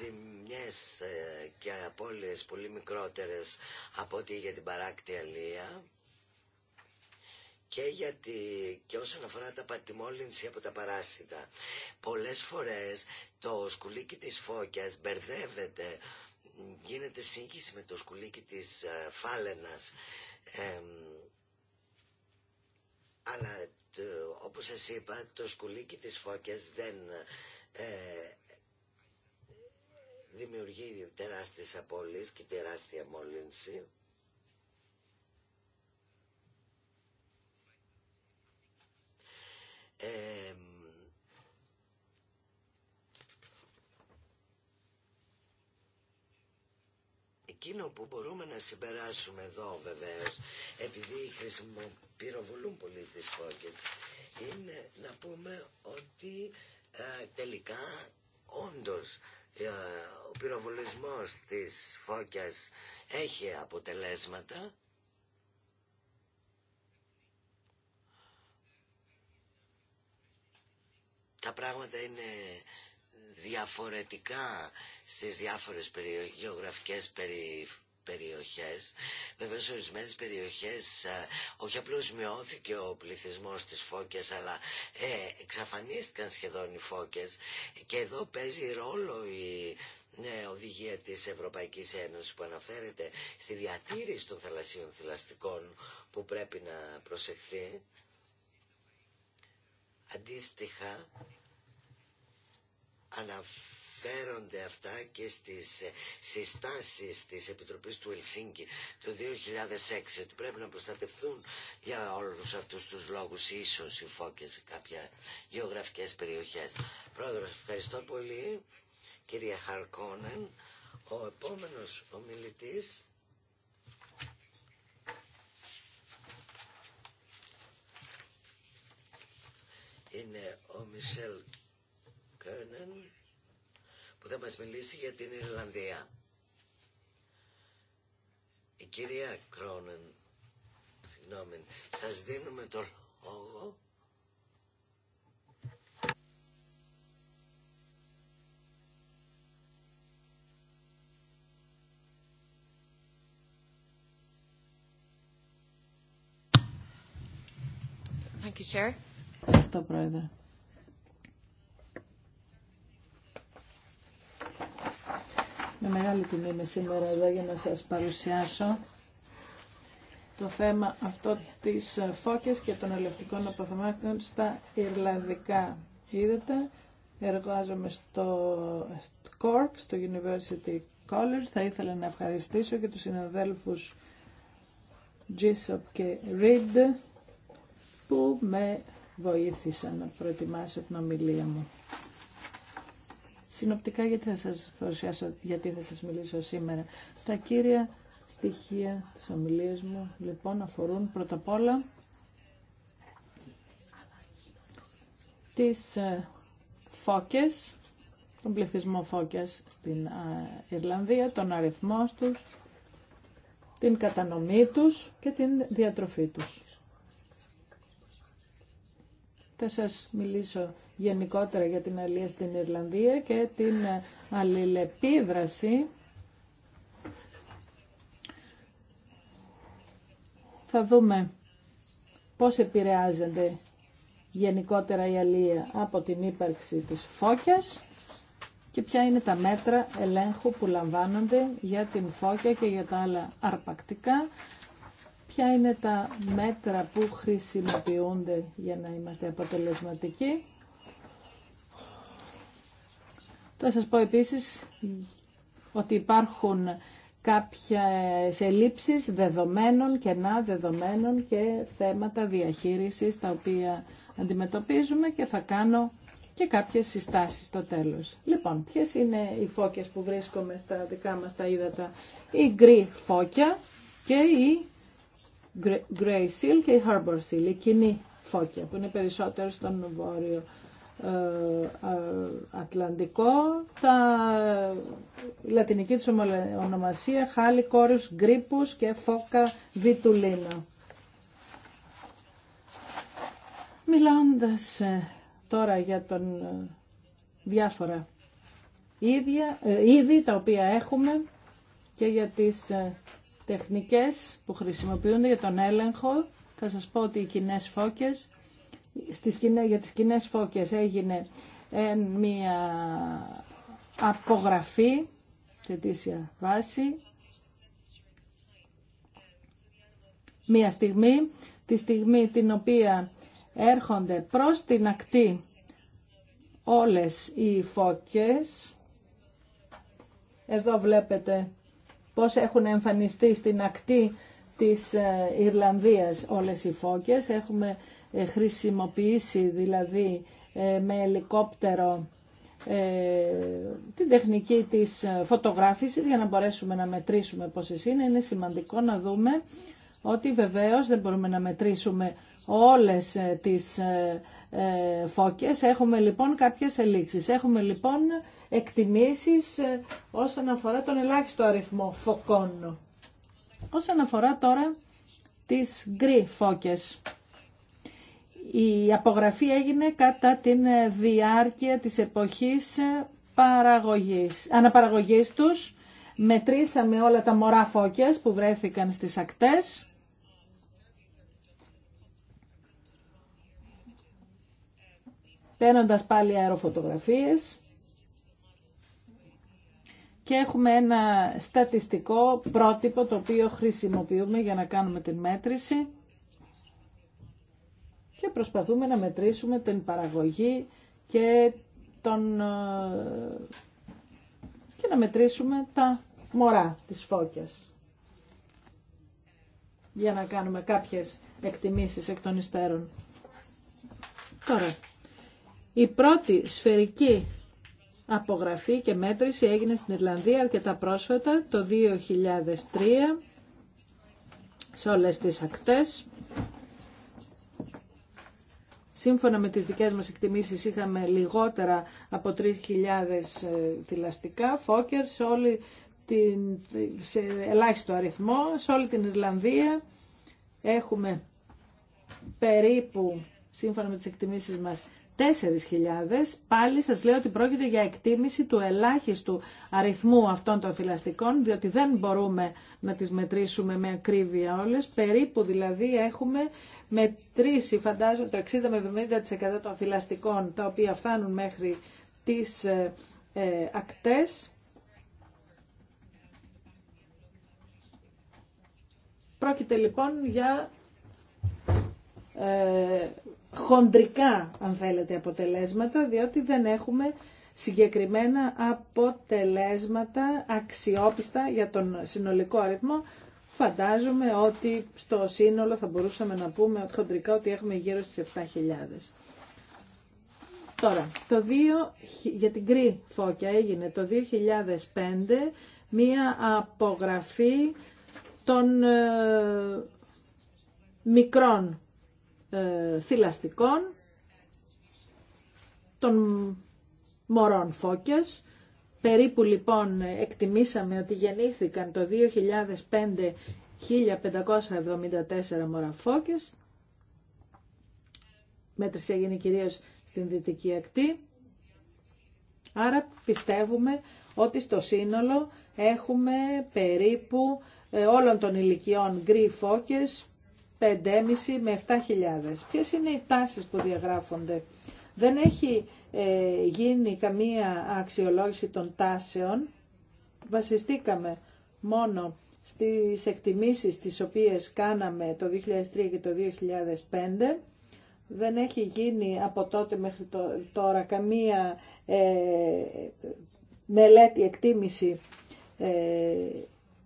ζημιές ε, και απώλειες πολύ μικρότερες από ό,τι για την παράκτη αλία και, γιατί, και όσον αφορά τα πατημόλυνση από τα παράσιτα. Πολλές φορές το σκουλίκι της φώκιας μπερδεύεται, γίνεται σύγχυση με το σκουλίκι της ε, φάλαινας. αλλά το, όπως σας είπα το σκουλίκι της φώκιας δεν ε, δημιουργεί τεράστιες απώλειες και τεράστια μόλυνση. εκείνο που μπορούμε να συμπεράσουμε εδώ βεβαίως, επειδή πυροβολούν πολύ τις φόκες, είναι να πούμε ότι ε, τελικά όντως ε, ο πυροβολισμός της φώκιας έχει αποτελέσματα τα πράγματα είναι διαφορετικά στις διάφορες γεωγραφικές περι περιοχές. Βέβαια σε περιοχές όχι απλώς μειώθηκε ο πληθυσμός της φώκες αλλά ε, εξαφανίστηκαν σχεδόν οι φώκες και εδώ παίζει ρόλο η ε, οδηγία της Ευρωπαϊκής Ένωσης που αναφέρεται στη διατήρηση των θαλασσίων θηλαστικών που πρέπει να προσεχθεί. Αντίστοιχα αναφέρεται Φέρονται αυτά και στις ε, συστάσεις της Επιτροπής του Ελσίνκη του 2006 ότι πρέπει να προστατευθούν για όλους αυτούς τους λόγους ίσως οι φώκες σε κάποια γεωγραφικές περιοχές. Πρόεδρο, ευχαριστώ πολύ κυρία Χαρκόνεν. Ο επόμενος ομιλητής είναι ο Μισελ Κέρνεν που θα μας μιλήσει για την Ιρλανδία. Η κυρία Κρόνεν, συγγνώμη, σας δίνουμε το λόγο. Thank you, Chair. Ευχαριστώ, Πρόεδρε. Με μεγάλη τιμή είμαι σήμερα εδώ για να σας παρουσιάσω το θέμα αυτό της φώκες και των ελευτικών αποθεμάτων στα Ιρλανδικά. Είδατε, εργάζομαι στο Cork, στο University College. Θα ήθελα να ευχαριστήσω και τους συναδέλφους Gisop και Reed που με βοήθησαν να προετοιμάσω την ομιλία μου συνοπτικά γιατί θα σας παρουσιάσω, γιατί θα σας μιλήσω σήμερα. Τα κύρια στοιχεία της ομιλίας μου λοιπόν αφορούν πρώτα απ' όλα τις ε, φώκες, τον πληθυσμό φώκες στην ε, Ιρλανδία, τον αριθμό τους, την κατανομή τους και την διατροφή τους. Θα σας μιλήσω γενικότερα για την αλληλεία στην Ιρλανδία και την αλληλεπίδραση. Θα δούμε πώς επηρεάζεται γενικότερα η αλληλεία από την ύπαρξη της φώκιας και ποια είναι τα μέτρα ελέγχου που λαμβάνονται για την φώκια και για τα άλλα αρπακτικά ποια είναι τα μέτρα που χρησιμοποιούνται για να είμαστε αποτελεσματικοί. Θα σας πω επίσης ότι υπάρχουν κάποιες ελλείψεις δεδομένων, κενά δεδομένων και θέματα διαχείρισης τα οποία αντιμετωπίζουμε και θα κάνω και κάποιες συστάσεις στο τέλος. Λοιπόν, ποιες είναι οι φώκες που βρίσκομαι στα δικά μας τα ύδατα. Η γκρι φώκια και η Grey Seal και η Harbor Seal, η κοινή φόκια που είναι περισσότερο στον βόρειο ε, ε, Ατλαντικό. Τα ε, η λατινική τους ονομασία χάλι κόρους γκρίπους και Φόκα βιτουλίνα. Μιλώντας τώρα για τον διάφορα ίδια, είδη τα οποία έχουμε και για τις τεχνικές που χρησιμοποιούνται για τον έλεγχο. Θα σας πω ότι οι κοινέ φώκες, στις, για τις κοινέ φώκες έγινε μια απογραφή σε βάση. Μια στιγμή, τη στιγμή την οποία έρχονται προς την ακτή όλες οι φώκες. Εδώ βλέπετε πώς έχουν εμφανιστεί στην ακτή της ε, Ιρλανδίας όλες οι φώκες. Έχουμε ε, χρησιμοποιήσει δηλαδή ε, με ελικόπτερο την τεχνική της φωτογράφησης για να μπορέσουμε να μετρήσουμε πόσες είναι. Είναι σημαντικό να δούμε ότι βεβαίως δεν μπορούμε να μετρήσουμε όλες τις φώκες. Έχουμε λοιπόν κάποιες ελίξεις. Έχουμε λοιπόν εκτιμήσεις ε, όσον αφορά τον ελάχιστο αριθμό φωκών. Όσον αφορά τώρα τις γκρι φώκες. Η απογραφή έγινε κατά την διάρκεια της εποχής παραγωγής. Αναπαραγωγής τους μετρήσαμε όλα τα μωρά φώκες που βρέθηκαν στις ακτές. Παίρνοντας πάλι αεροφωτογραφίες και έχουμε ένα στατιστικό πρότυπο το οποίο χρησιμοποιούμε για να κάνουμε την μέτρηση και προσπαθούμε να μετρήσουμε την παραγωγή και, τον, ε, και να μετρήσουμε τα μωρά της φώκιας για να κάνουμε κάποιες εκτιμήσεις εκ των υστέρων. Τώρα, η πρώτη σφαιρική απογραφή και μέτρηση έγινε στην Ιρλανδία αρκετά πρόσφατα το 2003 σε όλες τις ακτές. Σύμφωνα με τις δικές μας εκτιμήσεις είχαμε λιγότερα από 3.000 ε, θηλαστικά φόκερ σε, όλη την, σε ελάχιστο αριθμό. Σε όλη την Ιρλανδία έχουμε περίπου, σύμφωνα με τις εκτιμήσεις μας, 4.000 Πάλι σας λέω ότι πρόκειται για εκτίμηση του ελάχιστου αριθμού αυτών των θηλαστικών, διότι δεν μπορούμε να τις μετρήσουμε με ακρίβεια όλες. Περίπου δηλαδή έχουμε μετρήσει, φαντάζομαι, το 60 με 70% των θηλαστικών, τα οποία φτάνουν μέχρι τις ε, ε ακτές. Πρόκειται λοιπόν για... Ε, χοντρικά, αν θέλετε, αποτελέσματα, διότι δεν έχουμε συγκεκριμένα αποτελέσματα αξιόπιστα για τον συνολικό αριθμό. Φαντάζομαι ότι στο σύνολο θα μπορούσαμε να πούμε ότι χοντρικά ότι έχουμε γύρω στις 7.000. Τώρα, το 2, για την κρή φώκια έγινε το 2005 μία απογραφή των ε, μικρών ε, θηλαστικών, των μωρών φώκες. Περίπου λοιπόν εκτιμήσαμε ότι γεννήθηκαν το 2005 1574 μωρά φώκες. Μέτρηση έγινε κυρίως στην Δυτική Ακτή. Άρα πιστεύουμε ότι στο σύνολο έχουμε περίπου ε, όλων των ηλικιών γκρι φώκες 5,5 με 7.000. Ποιες είναι οι τάσεις που διαγράφονται. Δεν έχει ε, γίνει καμία αξιολόγηση των τάσεων. Βασιστήκαμε μόνο στις εκτιμήσεις τις οποίες κάναμε το 2003 και το 2005. Δεν έχει γίνει από τότε μέχρι τώρα καμία ε, μελέτη εκτίμηση ε,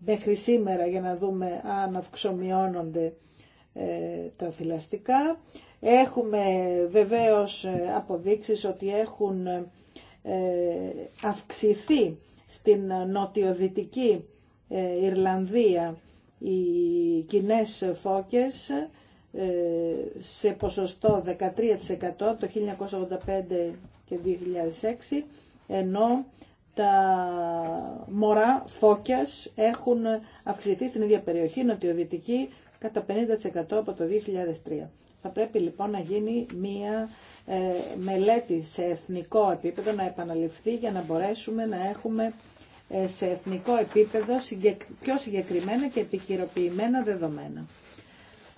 μέχρι σήμερα για να δούμε αν αυξομειώνονται ε, τα θηλαστικά. Έχουμε βεβαίως ε, αποδείξεις ότι έχουν ε, αυξηθεί στην νοτιοδυτική Ιρλανδία οι κοινέ φώκες σε ποσοστό 13% το 1985 και 2006 ενώ τα μωρά φώκιας έχουν αυξηθεί στην ίδια περιοχή νοτιοδυτική κατά 50% από το 2003. Θα πρέπει λοιπόν να γίνει μία ε, μελέτη σε εθνικό επίπεδο, να επαναληφθεί για να μπορέσουμε να έχουμε ε, σε εθνικό επίπεδο πιο συγκεκριμένα και επικυροποιημένα δεδομένα.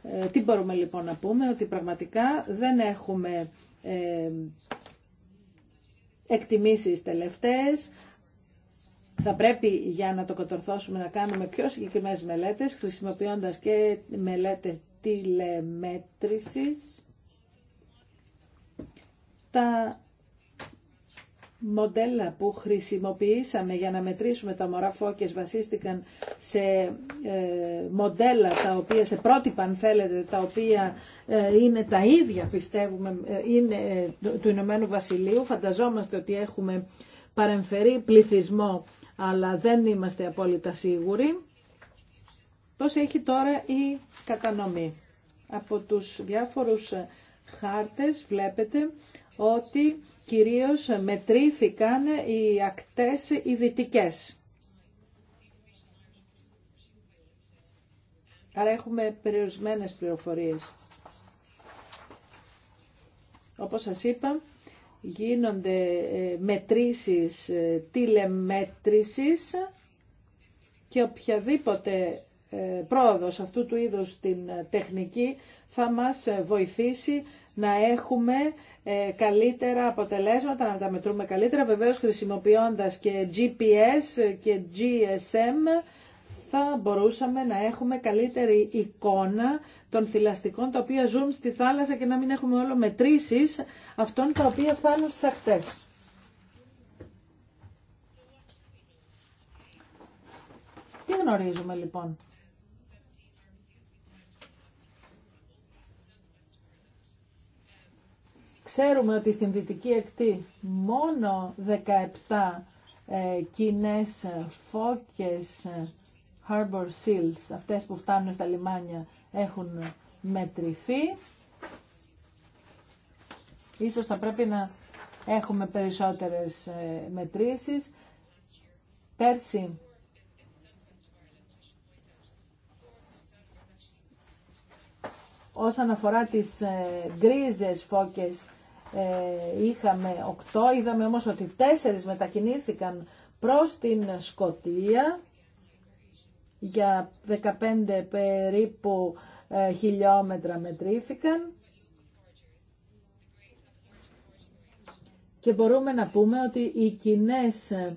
Ε, τι μπορούμε λοιπόν να πούμε, ότι πραγματικά δεν έχουμε εκτιμήσεις τελευταίες, θα πρέπει για να το κατορθώσουμε να κάνουμε πιο συγκεκριμένες μελέτες, χρησιμοποιώντας και μελέτες τηλεμέτρησης. Τα μοντέλα που χρησιμοποιήσαμε για να μετρήσουμε τα μωρά φώκες βασίστηκαν σε ε, μοντέλα τα οποία, σε πρότυπα αν θέλετε, τα οποία ε, είναι τα ίδια πιστεύουμε, ε, είναι του Ηνωμένου Βασιλείου. Φανταζόμαστε ότι έχουμε παρεμφερεί πληθυσμό αλλά δεν είμαστε απόλυτα σίγουροι. Πώς έχει τώρα η κατανομή. Από τους διάφορους χάρτες βλέπετε ότι κυρίως μετρήθηκαν οι ακτές οι δυτικές. Άρα έχουμε περιορισμένες πληροφορίες. Όπως σας είπα, γίνονται ε, μετρήσεις ε, τηλεμέτρησης και οποιαδήποτε ε, πρόοδος αυτού του είδους στην τεχνική θα μας βοηθήσει να έχουμε καλύτερα αποτελέσματα, να τα μετρούμε καλύτερα, βεβαίως χρησιμοποιώντας και GPS και GSM θα μπορούσαμε να έχουμε καλύτερη εικόνα των θηλαστικών τα οποία ζουν στη θάλασσα και να μην έχουμε όλο μετρήσεις αυτών τα οποία φτάνουν στις ακτές. Τι γνωρίζουμε λοιπόν. Ξέρουμε ότι στην Δυτική Εκτή μόνο 17 ε, κοινές φώκες ε, harbor seals, αυτές που φτάνουν στα λιμάνια, έχουν μετρηθεί. Ίσως θα πρέπει να έχουμε περισσότερες ε, μετρήσεις. Πέρσι όσον αφορά τις ε, γκρίζες φώκες ε, είχαμε 8, είδαμε όμως ότι 4 μετακινήθηκαν προς την Σκοτία για 15 περίπου ε, χιλιόμετρα μετρήθηκαν και μπορούμε να πούμε ότι οι κοινέ ε,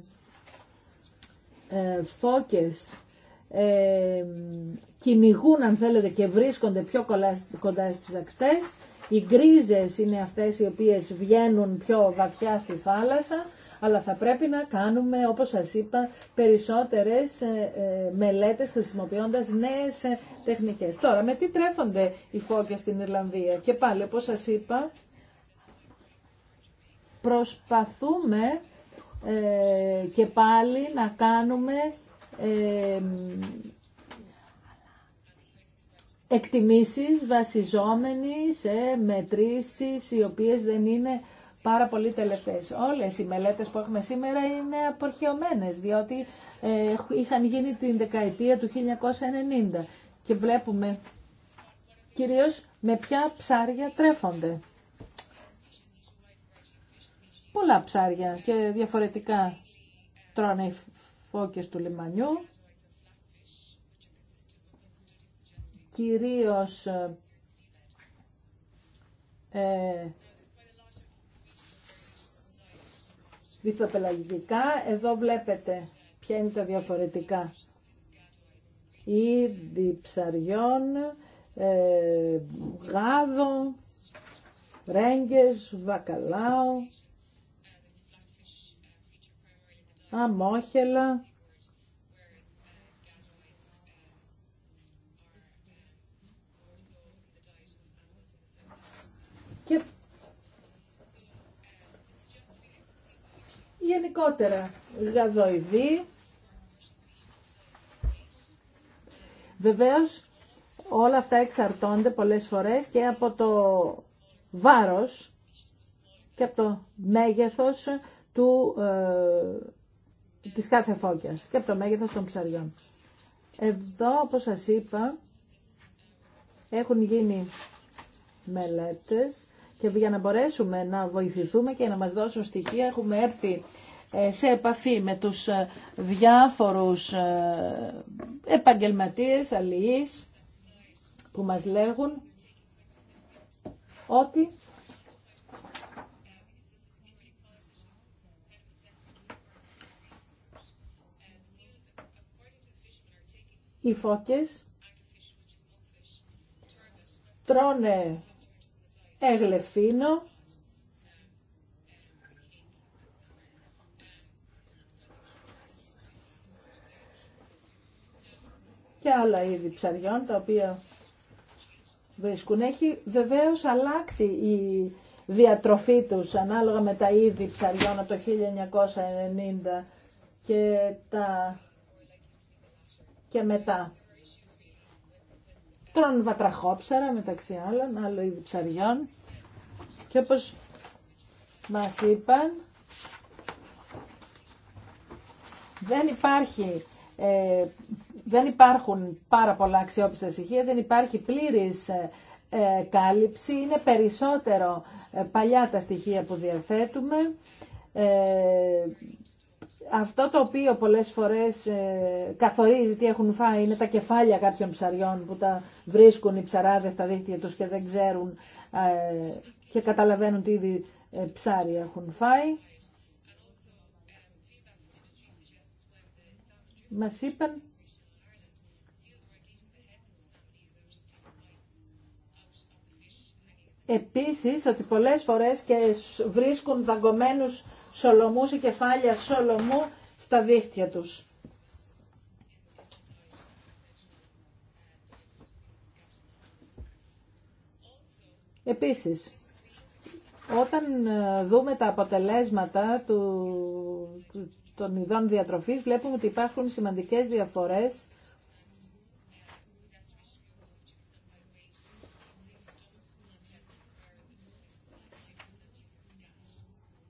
ε, φώκες κυνηγούν αν θέλετε και βρίσκονται πιο κοντά στις ακτές οι γκρίζες είναι αυτές οι οποίες βγαίνουν πιο βαθιά στη θάλασσα αλλά θα πρέπει να κάνουμε, όπως σας είπα, περισσότερες ε, ε, μελέτες χρησιμοποιώντας νέες ε, τεχνικές. Τώρα, με τι τρέφονται οι φώκες στην Ιρλανδία. Και πάλι, όπως σας είπα, προσπαθούμε και πάλι να κάνουμε εκτιμήσεις βασιζόμενοι σε μετρήσεις οι οποίες δεν είναι πάρα πολύ τελευταίες. Όλες οι μελέτες που έχουμε σήμερα είναι απορχαιωμένες, διότι ε, είχαν γίνει την δεκαετία του 1990 και βλέπουμε κυρίως με ποια ψάρια τρέφονται. Πολλά ψάρια και διαφορετικά τρώνε οι φώκες του λιμανιού, κυρίως ε, βυθοπελαγικά. Εδώ βλέπετε ποια είναι τα διαφορετικά είδη ψαριών, ε, γάδο, ρέγγες, βακαλάο, αμόχελα, γενικότερα γαδοειδή. Βεβαίως όλα αυτά εξαρτώνται πολλές φορές και από το βάρος και από το μέγεθος του, ε, της κάθε φώκιας και από το μέγεθος των ψαριών. Εδώ, όπως σας είπα, έχουν γίνει μελέτες και για να μπορέσουμε να βοηθηθούμε και να μας δώσουν στοιχεία έχουμε έρθει ε, σε επαφή με τους ε, διάφορους ε, επαγγελματίες αλληλείς που μας λέγουν ότι οι φώκες τρώνε Εγλεφίνο. και άλλα είδη ψαριών τα οποία βρίσκουν. Έχει βεβαίως αλλάξει η διατροφή τους ανάλογα με τα είδη ψαριών από το 1990 και, τα... και μετά. Υπάρχουν βατραχόψαρα μεταξύ άλλων, άλλο είδη ψαριών και όπως μας είπαν δεν υπάρχει ε, δεν υπάρχουν πάρα πολλά αξιόπιστα στοιχεία, δεν υπάρχει πλήρης ε, ε, κάλυψη, είναι περισσότερο ε, παλιά τα στοιχεία που διαθέτουμε αυτό το οποίο πολλές φορές ε, καθορίζει τι έχουν φάει είναι τα κεφάλια κάποιων ψαριών που τα βρίσκουν οι ψαράδες στα δίχτυα τους και δεν ξέρουν ε, και καταλαβαίνουν τι ήδη ε, ψάρι έχουν φάει. Μας είπαν επίσης ότι πολλές φορές και βρίσκουν δαγκωμένους σολομού σε κεφάλια σολομού στα δίχτυα τους. Επίσης, όταν ε, δούμε τα αποτελέσματα του, των ειδών διατροφής, βλέπουμε ότι υπάρχουν σημαντικές διαφορές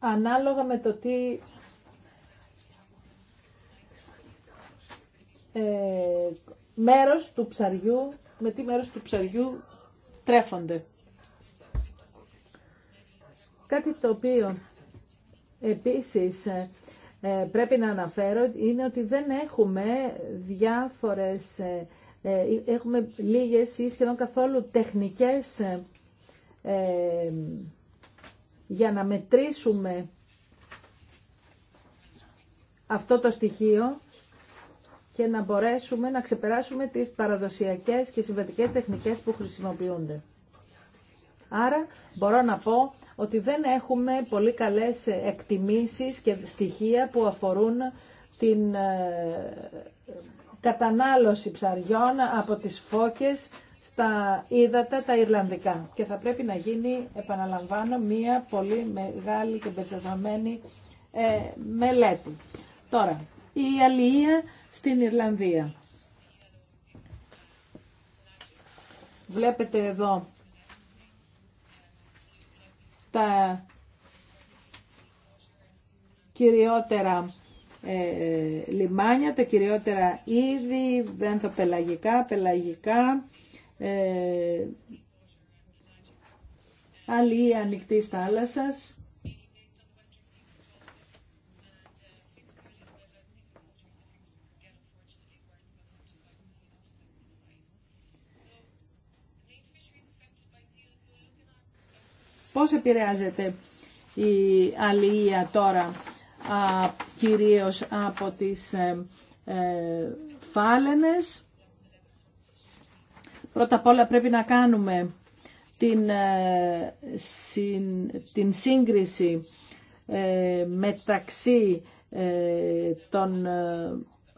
ανάλογα με το τι ε, μέρος του ψαριού, με τι μέρος του ψαριού τρέφονται. Κάτι το οποίο επίσης ε, ε, πρέπει να αναφέρω είναι ότι δεν έχουμε διάφορες, ε, έχουμε λίγες ή σχεδόν καθόλου τεχνικές για να μετρήσουμε αυτό το στοιχείο και να μπορέσουμε να ξεπεράσουμε τις παραδοσιακές και συμβατικές τεχνικές που χρησιμοποιούνται. Άρα μπορώ να πω ότι δεν έχουμε πολύ καλές εκτιμήσεις και στοιχεία που αφορούν την ε, κατανάλωση ψαριών από τις φώκες στα ύδατα τα Ιρλανδικά και θα πρέπει να γίνει, επαναλαμβάνω, μία πολύ μεγάλη και περιστατωμένη ε, μελέτη. Τώρα, η αλληλεία στην Ιρλανδία. Βλέπετε εδώ τα κυριότερα ε, ε λιμάνια, τα κυριότερα είδη, πέλαγικά πελαγικά, ε, αλληλεία ανοιχτή θάλασσα. Πώς επηρεάζεται η αλληλεία τώρα α, κυρίως από τις ε, ε πρώτα απ' όλα πρέπει να κάνουμε την, ε, την σύγκριση ε, μεταξύ ε, των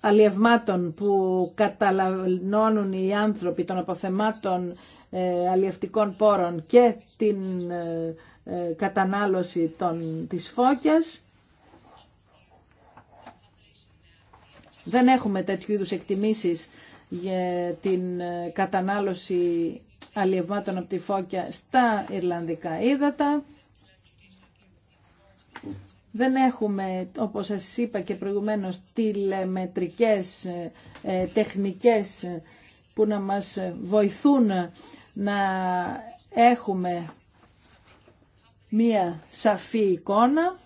αλλιευμάτων που καταλαμβάνουν οι άνθρωποι των αποθεμάτων αλλιευτικών πόρων και την κατανάλωση των, της φώκιας. Δεν έχουμε τέτοιου είδους εκτιμήσεις για την ε, κατανάλωση αλλιευμάτων από τη Φώκια στα Ιρλανδικά ύδατα. Δεν έχουμε, όπως σας είπα και προηγουμένως, τηλεμετρικές ε, τεχνικές που να μας βοηθούν να έχουμε μία σαφή εικόνα.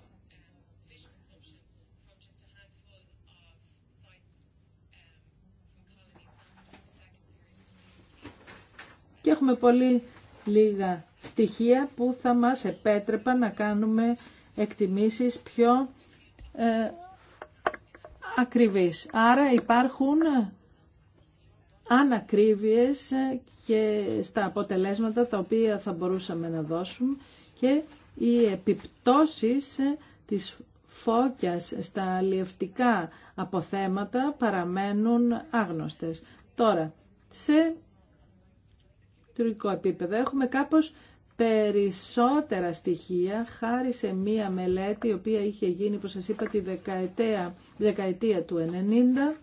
και έχουμε πολύ λίγα στοιχεία που θα μας επέτρεπαν να κάνουμε εκτιμήσεις πιο ε, ακριβείς. Άρα υπάρχουν ανακρίβειες και στα αποτελέσματα τα οποία θα μπορούσαμε να δώσουμε. και οι επιπτώσεις της φώκιας στα αλλιευτικά αποθέματα παραμένουν άγνωστες. Τώρα, σε τουρκικό επίπεδο. Έχουμε κάπως περισσότερα στοιχεία χάρη σε μία μελέτη η οποία είχε γίνει, όπως σας είπα, τη δεκαετία, δεκαετία του 90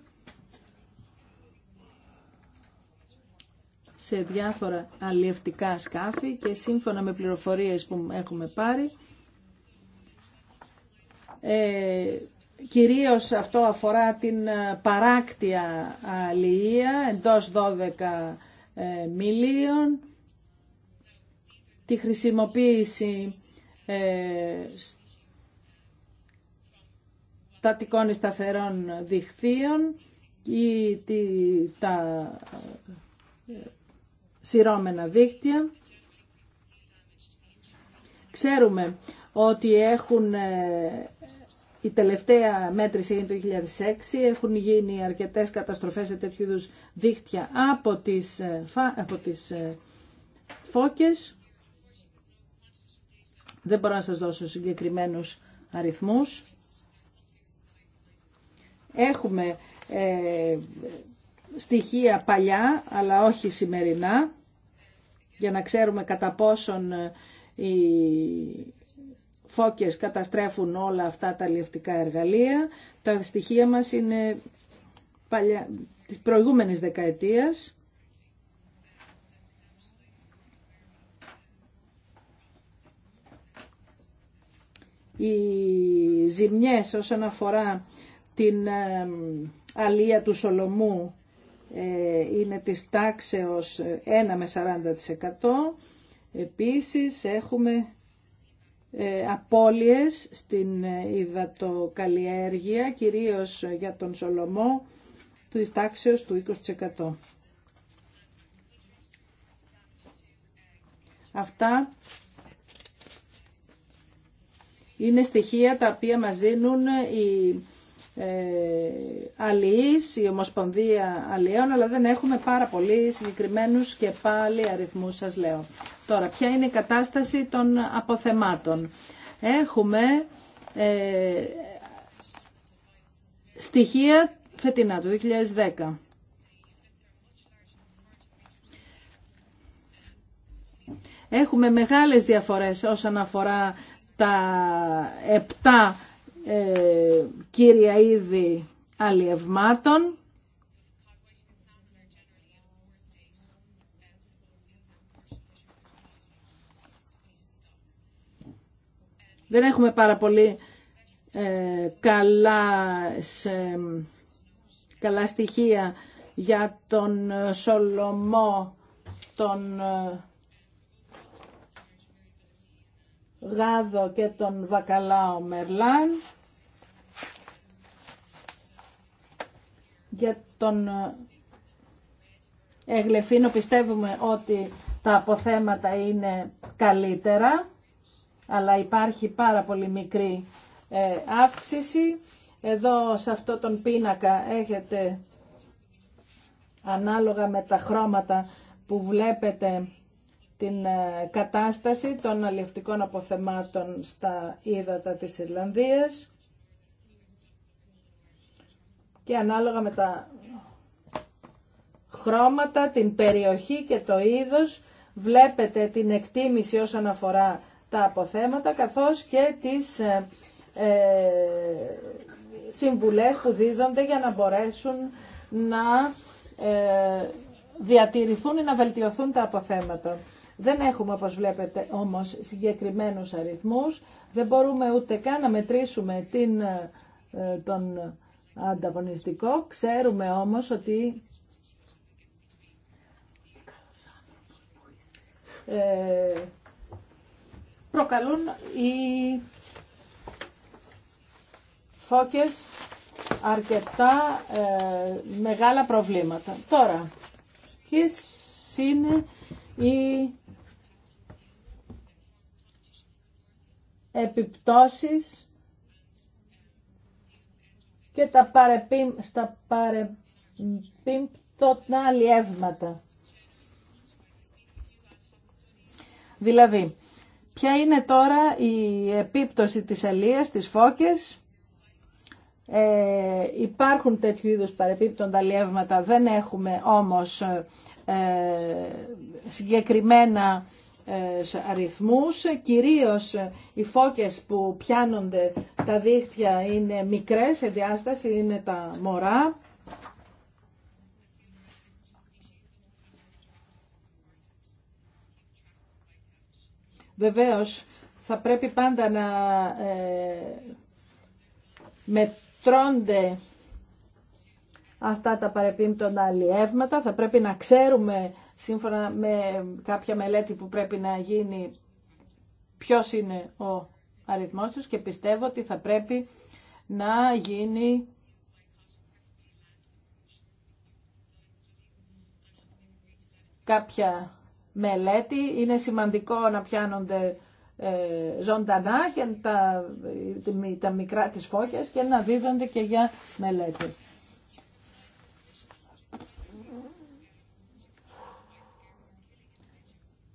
σε διάφορα αλλιευτικά σκάφη και σύμφωνα με πληροφορίες που έχουμε πάρει ε, κυρίως αυτό αφορά την ε, παράκτια αλληλεία εντός 12 ε, μιλίων, τη χρησιμοποίηση ε, τατικών σταθερών διχθείων ή τα ε, σειρώμενα δίκτυα. Ξέρουμε ότι έχουν η τελευταία μέτρηση είναι το 2006, έχουν γίνει αρκετές καταστροφές σε τέτοιου είδους δίχτυα από τις, ε, από τις ε, φώκες. Δεν μπορώ να σας δώσω συγκεκριμένους αριθμούς. Έχουμε ε, στοιχεία παλιά, αλλά όχι σημερινά, για να ξέρουμε κατά πόσον η φώκες καταστρέφουν όλα αυτά τα λιευτικά εργαλεία. Τα στοιχεία μας είναι παλιά, της προηγούμενης δεκαετίας. Οι ζημιές όσον αφορά την ε, αλία του Σολομού ε, είναι της τάξεως 1 με 40%. Επίσης έχουμε ε, απώλειες στην ε, υδατοκαλλιέργεια, κυρίως ε, για τον Σολομό, του τάξεως του 20%. Αυτά είναι στοιχεία τα οποία μας δίνουν οι ε, αλληλείς, η Ομοσπονδία Αλλιέων, αλλά δεν έχουμε πάρα πολύ συγκεκριμένους και πάλι αριθμούς σας λέω. Τώρα, ποια είναι η κατάσταση των αποθεμάτων. Έχουμε ε, στοιχεία φετινά του 2010. Έχουμε μεγάλες διαφορές όσον αφορά τα επτά ε, κύρια είδη αλλιευμάτων. Δεν έχουμε πάρα πολύ ε, καλά, σε, καλά στοιχεία για τον ε, Σολομό, τον ε, γάδο και τον βακαλάο μερλάν. Για τον εγλεφίνο πιστεύουμε ότι τα αποθέματα είναι καλύτερα, αλλά υπάρχει πάρα πολύ μικρή ε, αύξηση. Εδώ σε αυτό τον πίνακα έχετε ανάλογα με τα χρώματα που βλέπετε την ε, κατάσταση των αλληλευτικών αποθεμάτων στα ύδατα της Ιρλανδίας και ανάλογα με τα χρώματα, την περιοχή και το είδος βλέπετε την εκτίμηση όσον αφορά τα αποθέματα καθώς και τις ε, ε συμβουλές που δίδονται για να μπορέσουν να ε, διατηρηθούν ή να βελτιωθούν τα αποθέματα. Δεν έχουμε, όπως βλέπετε, όμως συγκεκριμένους αριθμούς. Δεν μπορούμε ούτε καν να μετρήσουμε την, ε, τον ανταγωνιστικό. Ξέρουμε όμως ότι ε, προκαλούν οι φώκες αρκετά ε, μεγάλα προβλήματα. Τώρα, ποιες είναι οι επιπτώσεις και τα παρεπιμ, στα παρεπιμπτωτά αλλιεύματα. Δηλαδή, ποια είναι τώρα η επίπτωση της αλίας, της φώκες. Ε, υπάρχουν τέτοιου είδους παρεπίπτοντα αλλιεύματα, δεν έχουμε όμως ε, συγκεκριμένα ε, αριθμούς. Κυρίως οι φώκες που πιάνονται τα δίχτυα είναι μικρές σε διάσταση, είναι τα μωρά. Βεβαίως θα πρέπει πάντα να ε, μετρώνται αυτά τα παρεπίμπτωνα αλλιεύματα. Θα πρέπει να ξέρουμε σύμφωνα με κάποια μελέτη που πρέπει να γίνει ποιος είναι ο αριθμός τους και πιστεύω ότι θα πρέπει να γίνει κάποια μελέτη. Είναι σημαντικό να πιάνονται ε, ζωντανά και τα, τα μικρά της φώκες και να δίδονται και για μελέτες.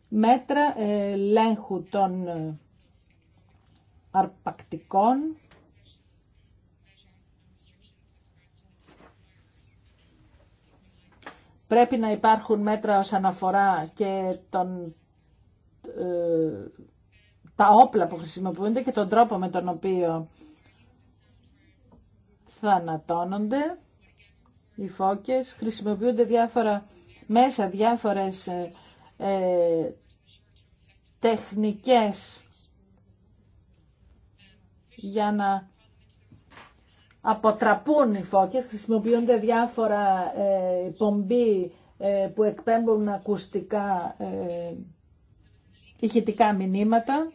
μέτρα ελέγχου των ε, αρπακτικών Πρέπει να υπάρχουν μέτρα ως αναφορά και τον, ε, τα όπλα που χρησιμοποιούνται και τον τρόπο με τον οποίο θανατώνονται οι φώκες. Χρησιμοποιούνται διάφορα μέσα, διάφορες ε, ε, τεχνικές για να αποτραπούν οι φώκες, χρησιμοποιούνται διάφορα ε, πομπή ε, που εκπέμπουν ακουστικά ε, ηχητικά μηνύματα.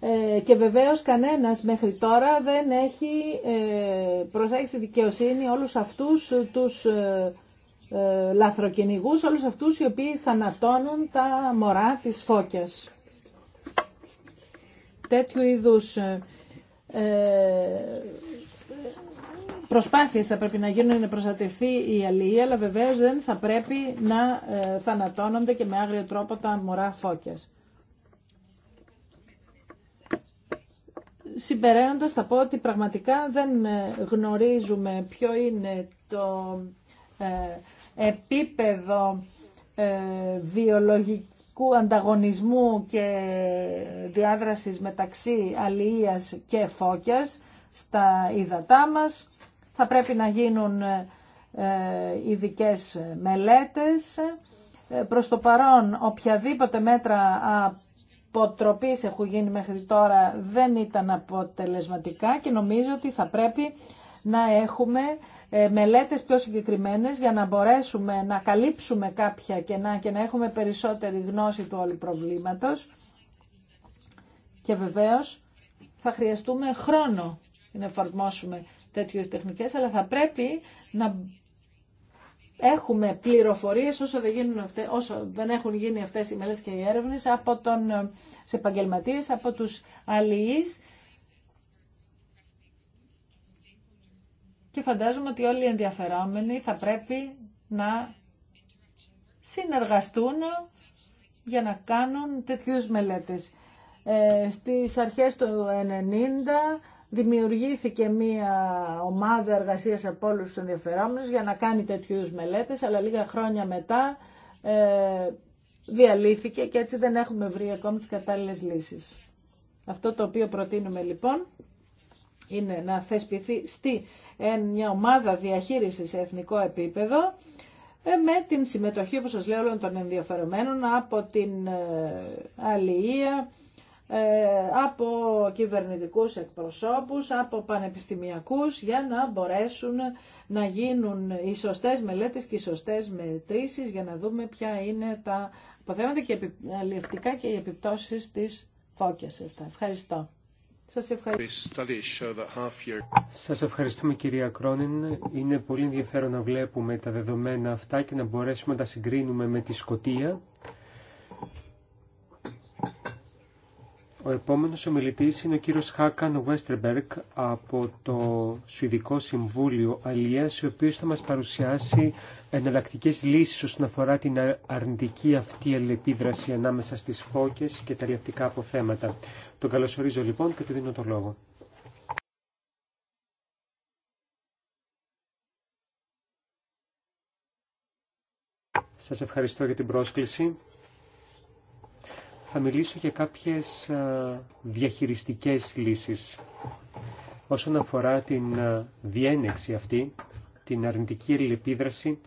Ε, και βεβαίως κανένας μέχρι τώρα δεν έχει ε, προσέξει στη δικαιοσύνη όλους αυτούς τους ε, λαθροκυνηγούς, όλους αυτούς οι οποίοι θανατώνουν τα μωρά της φώκιας. Τέτοιου είδους προσπάθειες θα πρέπει να γίνουν να προστατευτεί η αλληλή, αλλά βεβαίως δεν θα πρέπει να θανατώνονται και με άγριο τρόπο τα μωρά φώκιας. συμπεραίνοντας θα πω ότι πραγματικά δεν ε, γνωρίζουμε ποιο είναι το ε, επίπεδο ε, βιολογικού ανταγωνισμού και διάδρασης μεταξύ αλληλείας και φώκιας στα υδατά μας. Θα πρέπει να γίνουν ειδικέ μελέτες. Προς το παρόν, οποιαδήποτε μέτρα έχουν γίνει μέχρι τώρα δεν ήταν αποτελεσματικά και νομίζω ότι θα πρέπει να έχουμε ε, μελέτες πιο συγκεκριμένες για να μπορέσουμε να καλύψουμε κάποια κενά και να έχουμε περισσότερη γνώση του όλου προβλήματος. Και βεβαίως θα χρειαστούμε χρόνο να εφαρμόσουμε τέτοιες τεχνικές, αλλά θα πρέπει να έχουμε πληροφορίες όσο δεν, αυτές, όσο δεν έχουν γίνει αυτές οι μελέτες και οι έρευνες από τον, σε επαγγελματίε, από τους αλληλείς και φαντάζομαι ότι όλοι οι ενδιαφερόμενοι θα πρέπει να συνεργαστούν για να κάνουν τέτοιους μελέτες. Ε, στις αρχές του 90 Δημιουργήθηκε μία ομάδα εργασίας από όλου του ενδιαφερόμενους για να κάνει τέτοιου μελέτες, αλλά λίγα χρόνια μετά ε, διαλύθηκε και έτσι δεν έχουμε βρει ακόμη τις κατάλληλες λύσεις. Αυτό το οποίο προτείνουμε λοιπόν είναι να θεσπιθεί στη μια ομάδα διαχείρισης σε εθνικό επίπεδο ε, με την συμμετοχή, όπως σας λέω, όλων των ενδιαφερομένων από την ε, αλληλεία, ε, από κυβερνητικούς εκπροσώπους, από πανεπιστημιακούς για να μπορέσουν να γίνουν οι σωστές μελέτες και οι σωστές μετρήσεις για να δούμε ποια είναι τα αποθέματα και αλληλευτικά και οι επιπτώσεις της φώκιας. Ευχαριστώ. Σας ευχαριστώ. Σας ευχαριστούμε κυρία Κρόνιν. Είναι πολύ ενδιαφέρον να βλέπουμε τα δεδομένα αυτά και να μπορέσουμε να τα συγκρίνουμε με τη Σκοτία. Ο επόμενος ομιλητής είναι ο κύριος Χάκαν Βέστερμπεργκ από το Σουηδικό Συμβούλιο Αλίας, ο οποίος θα μας παρουσιάσει εναλλακτικές λύσεις όσον αφορά την αρνητική αυτή αλληλεπίδραση ανάμεσα στις φώκες και τα αλληλευτικά αποθέματα. Τον καλωσορίζω λοιπόν και του δίνω το λόγο. Σας ευχαριστώ για την πρόσκληση θα μιλήσω για κάποιες ε, διαχειριστικές λύσεις. Όσον αφορά την ε, διένεξη αυτή, την αρνητική ελληνεπίδραση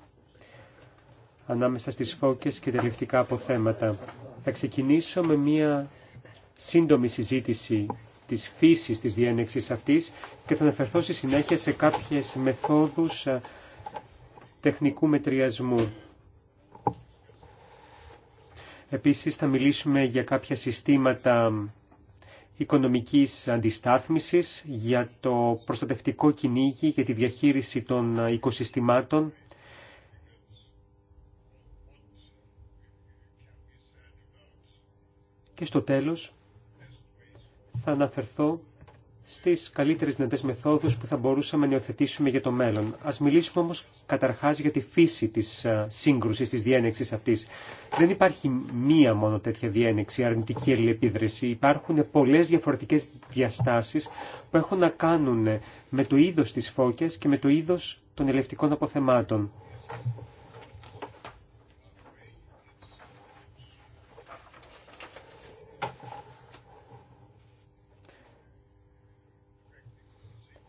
ανάμεσα στις φώκες και τα από αποθέματα. Θα ξεκινήσω με μία σύντομη συζήτηση της φύσης της διένεξης αυτής και θα αναφερθώ στη συνέχεια σε κάποιες μεθόδους ε, τεχνικού μετριασμού. Επίσης θα μιλήσουμε για κάποια συστήματα οικονομικής αντιστάθμισης, για το προστατευτικό κυνήγι, για τη διαχείριση των οικοσυστημάτων. Και στο τέλος θα αναφερθώ στις καλύτερες δυνατέ μεθόδους που θα μπορούσαμε να υιοθετήσουμε για το μέλλον. Ας μιλήσουμε όμως καταρχάς για τη φύση της ε, σύγκρουσης, τη διένεξή αυτή. Δεν υπάρχει μία μόνο τέτοια διένεξη, αρνητική αλληλεπίδραση. Υπάρχουν πολλές διαφορετικές διαστάσεις που έχουν να κάνουν με το είδο της φώκια και με το είδο των ελευτικών αποθεμάτων.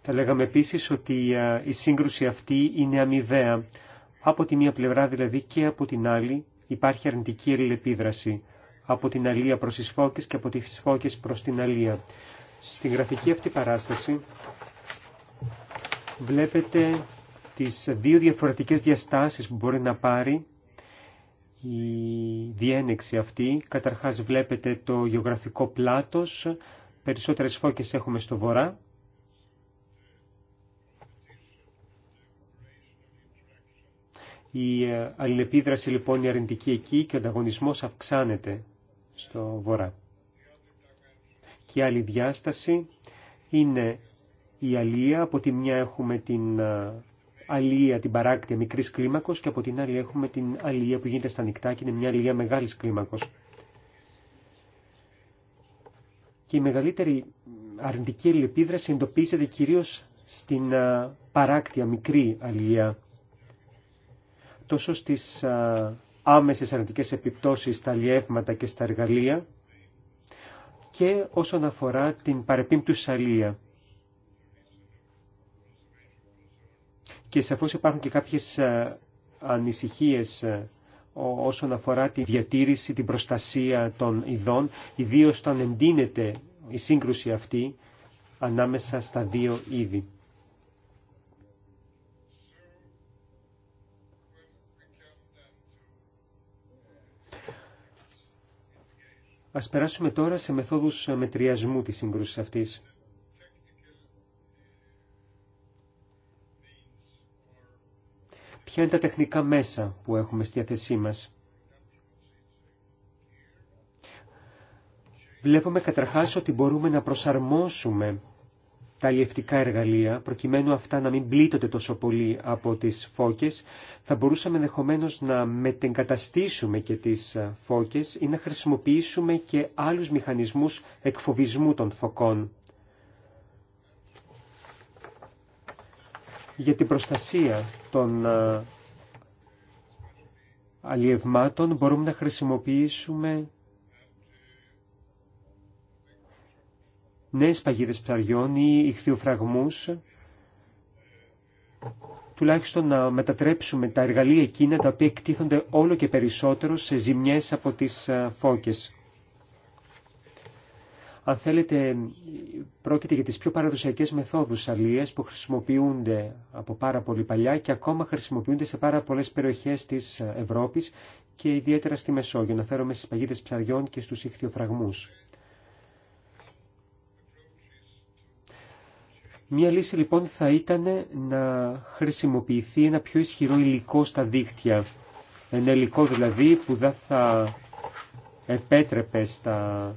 Θα λέγαμε επίσης ότι η σύγκρουση αυτή είναι αμοιβαία. Από τη μία πλευρά δηλαδή και από την άλλη υπάρχει αρνητική αλληλεπίδραση. Από την αλία προς τις φώκες και από τις φώκες προς την αλία. Στην γραφική αυτή παράσταση βλέπετε τις δύο διαφορετικές διαστάσεις που μπορεί να πάρει η διένεξη αυτή. Καταρχάς βλέπετε το γεωγραφικό πλάτος. Περισσότερες φώκες έχουμε στο βορρά Η ε, αλληλεπίδραση λοιπόν η αρνητική εκεί και ο ανταγωνισμός αυξάνεται στο βορρά. Και η άλλη διάσταση είναι η αλία. Από τη μια έχουμε την ε, αλία, την παρακτια μικρής κλίμακος και από την άλλη έχουμε την αλία που γίνεται στα νυχτά και είναι μια αλία μεγάλης κλίμακος. Και η μεγαλύτερη αρνητική αλληλεπίδραση εντοπίζεται κυρίως στην ε, παράκτια μικρή αλία τόσο στις άμεσες αρνητικές επιπτώσεις στα λιεύματα και στα εργαλεία και όσον αφορά την παρεπίμπτουσα σαλία. Και σαφώς υπάρχουν και κάποιες ανησυχίες όσον αφορά τη διατήρηση, την προστασία των ειδών, ιδίως όταν εντείνεται η σύγκρουση αυτή ανάμεσα στα δύο είδη. Ας περάσουμε τώρα σε μεθόδους ε, μετριασμού της σύγκρουσης αυτής. Ποια είναι τα τεχνικά μέσα που έχουμε στη θέση μας. Βλέπουμε καταρχάς ότι μπορούμε να προσαρμόσουμε τα αλλιευτικά εργαλεία, προκειμένου αυτά να μην πλήττονται τόσο πολύ από τις φώκες, θα μπορούσαμε ενδεχομένω να μετεγκαταστήσουμε και τις ε, φώκες ή να χρησιμοποιήσουμε και άλλους μηχανισμούς εκφοβισμού των φωκών. Για την προστασία των ε, αλλιευμάτων μπορούμε να χρησιμοποιήσουμε νέες παγίδες ψαριών ή ηχθειοφραγμούς, τουλάχιστον να μετατρέψουμε τα εργαλεία εκείνα τα οποία εκτίθονται όλο και περισσότερο σε ζημιές από τις φώκες. Αν θέλετε, πρόκειται για τις πιο παραδοσιακές μεθόδους αλίες που χρησιμοποιούνται από πάρα πολύ παλιά και ακόμα χρησιμοποιούνται σε πάρα πολλές περιοχές της Ευρώπης και ιδιαίτερα στη Μεσόγειο. Να φέρομαι στις παγίδες ψαριών και στους ηχθειοφραγμούς. Μία λύση λοιπόν θα ήταν να χρησιμοποιηθεί ένα πιο ισχυρό υλικό στα δίκτυα. Ένα υλικό δηλαδή που δεν θα επέτρεπε στα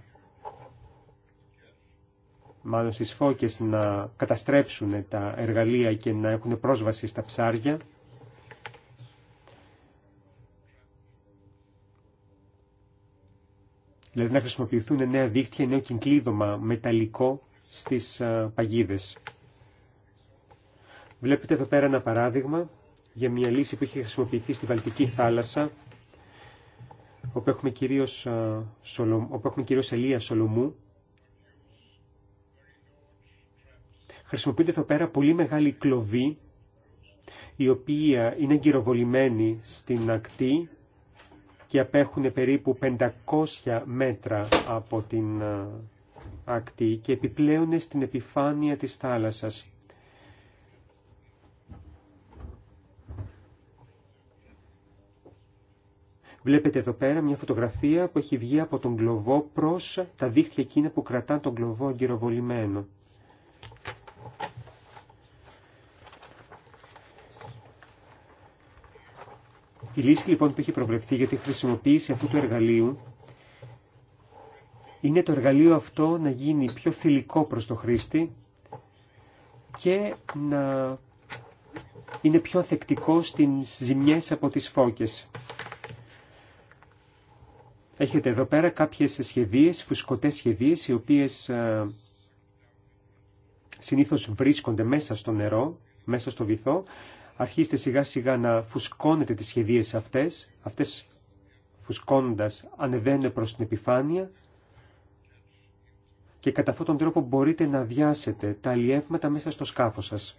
μάλλον στις φώκες να καταστρέψουν τα εργαλεία και να έχουν πρόσβαση στα ψάρια. Δηλαδή να χρησιμοποιηθούν νέα δίκτυα, νέο κυκλίδωμα μεταλλικό στις ε, παγίδες. Βλέπετε εδώ πέρα ένα παράδειγμα για μια λύση που είχε χρησιμοποιηθεί στη Βαλτική θάλασσα, όπου έχουμε κυρίως, ελία Σολομού. Χρησιμοποιείται εδώ πέρα πολύ μεγάλη κλωβή, η οποία είναι γυροβολημένη στην ακτή και απέχουν περίπου 500 μέτρα από την ακτή και επιπλέουν στην επιφάνεια της θάλασσας. Βλέπετε εδώ πέρα μια φωτογραφία που έχει βγει από τον κλωβό προς τα δίχτυα εκείνα που κρατά τον κλωβό αγκυροβολημένο. Η λύση λοιπόν που έχει προβλεφθεί για τη χρησιμοποίηση αυτού του εργαλείου είναι το εργαλείο αυτό να γίνει πιο φιλικό προς το χρήστη και να είναι πιο αθεκτικό στις ζημιές από τις φώκες. Έχετε εδώ πέρα κάποιες σχεδίες, φουσκωτές σχεδίες, οι οποίες ε, συνήθως βρίσκονται μέσα στο νερό, μέσα στο βυθό. Αρχίστε σιγά σιγά να φουσκώνετε τις σχεδίες αυτές, αυτές φουσκώνοντας ανεβαίνουν προς την επιφάνεια και κατά αυτόν τον τρόπο μπορείτε να διάσετε τα αλλιεύματα μέσα στο σκάφος σας.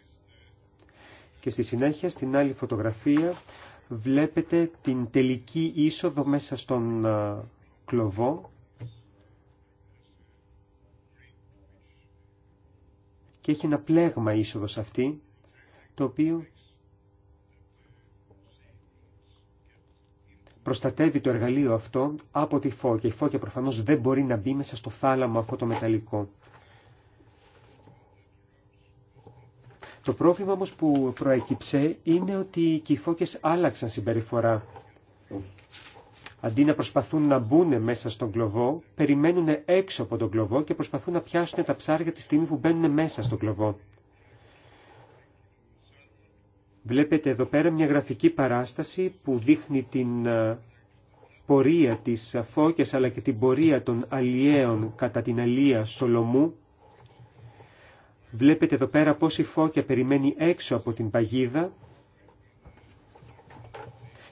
Και στη συνέχεια στην άλλη φωτογραφία βλέπετε την τελική είσοδο μέσα στον ε, κλωβό και έχει ένα πλέγμα είσοδος αυτή, το οποίο προστατεύει το εργαλείο αυτό από τη φώκια. Η φώκια προφανώς δεν μπορεί να μπει μέσα στο θάλαμο αυτό το μεταλλικό. Το πρόβλημα όμως που προέκυψε είναι ότι οι κυφώκες άλλαξαν συμπεριφορά. Αντί να προσπαθούν να μπουν μέσα στον κλοβό, περιμένουν έξω από τον κλοβό και προσπαθούν να πιάσουν τα ψάρια τη στιγμή που μπαίνουν μέσα στον κλοβό. Βλέπετε εδώ πέρα μια γραφική παράσταση που δείχνει την ε, πορεία της φώκιας αλλά και την πορεία των αλλιέων κατά την αλία Σολομού Βλέπετε εδώ πέρα η φώκια περιμένει έξω από την παγίδα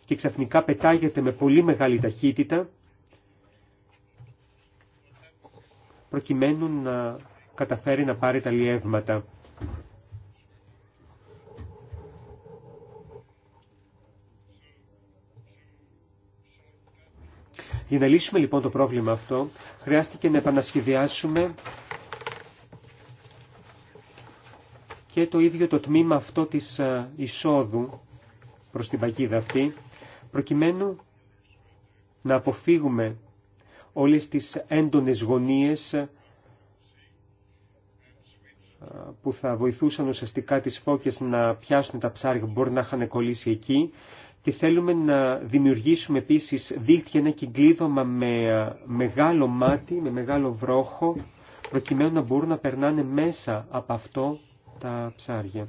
και ξαφνικά πετάγεται με πολύ μεγάλη ταχύτητα προκειμένου να καταφέρει να πάρει τα λιεύματα. Για να λύσουμε λοιπόν το πρόβλημα αυτό, χρειάστηκε να επανασχεδιάσουμε και το ίδιο το τμήμα αυτό της ε, εισόδου προς την παγίδα αυτή, προκειμένου να αποφύγουμε όλες τις έντονες γωνίες ε, που θα βοηθούσαν ουσιαστικά τις φώκες να πιάσουν τα ψάρια που μπορεί να είχαν κολλήσει εκεί και θέλουμε να δημιουργήσουμε επίσης δίχτυα ένα κυκλίδωμα με ε, μεγάλο μάτι, με μεγάλο βρόχο προκειμένου να μπορούν να περνάνε μέσα από αυτό τα ψάρια.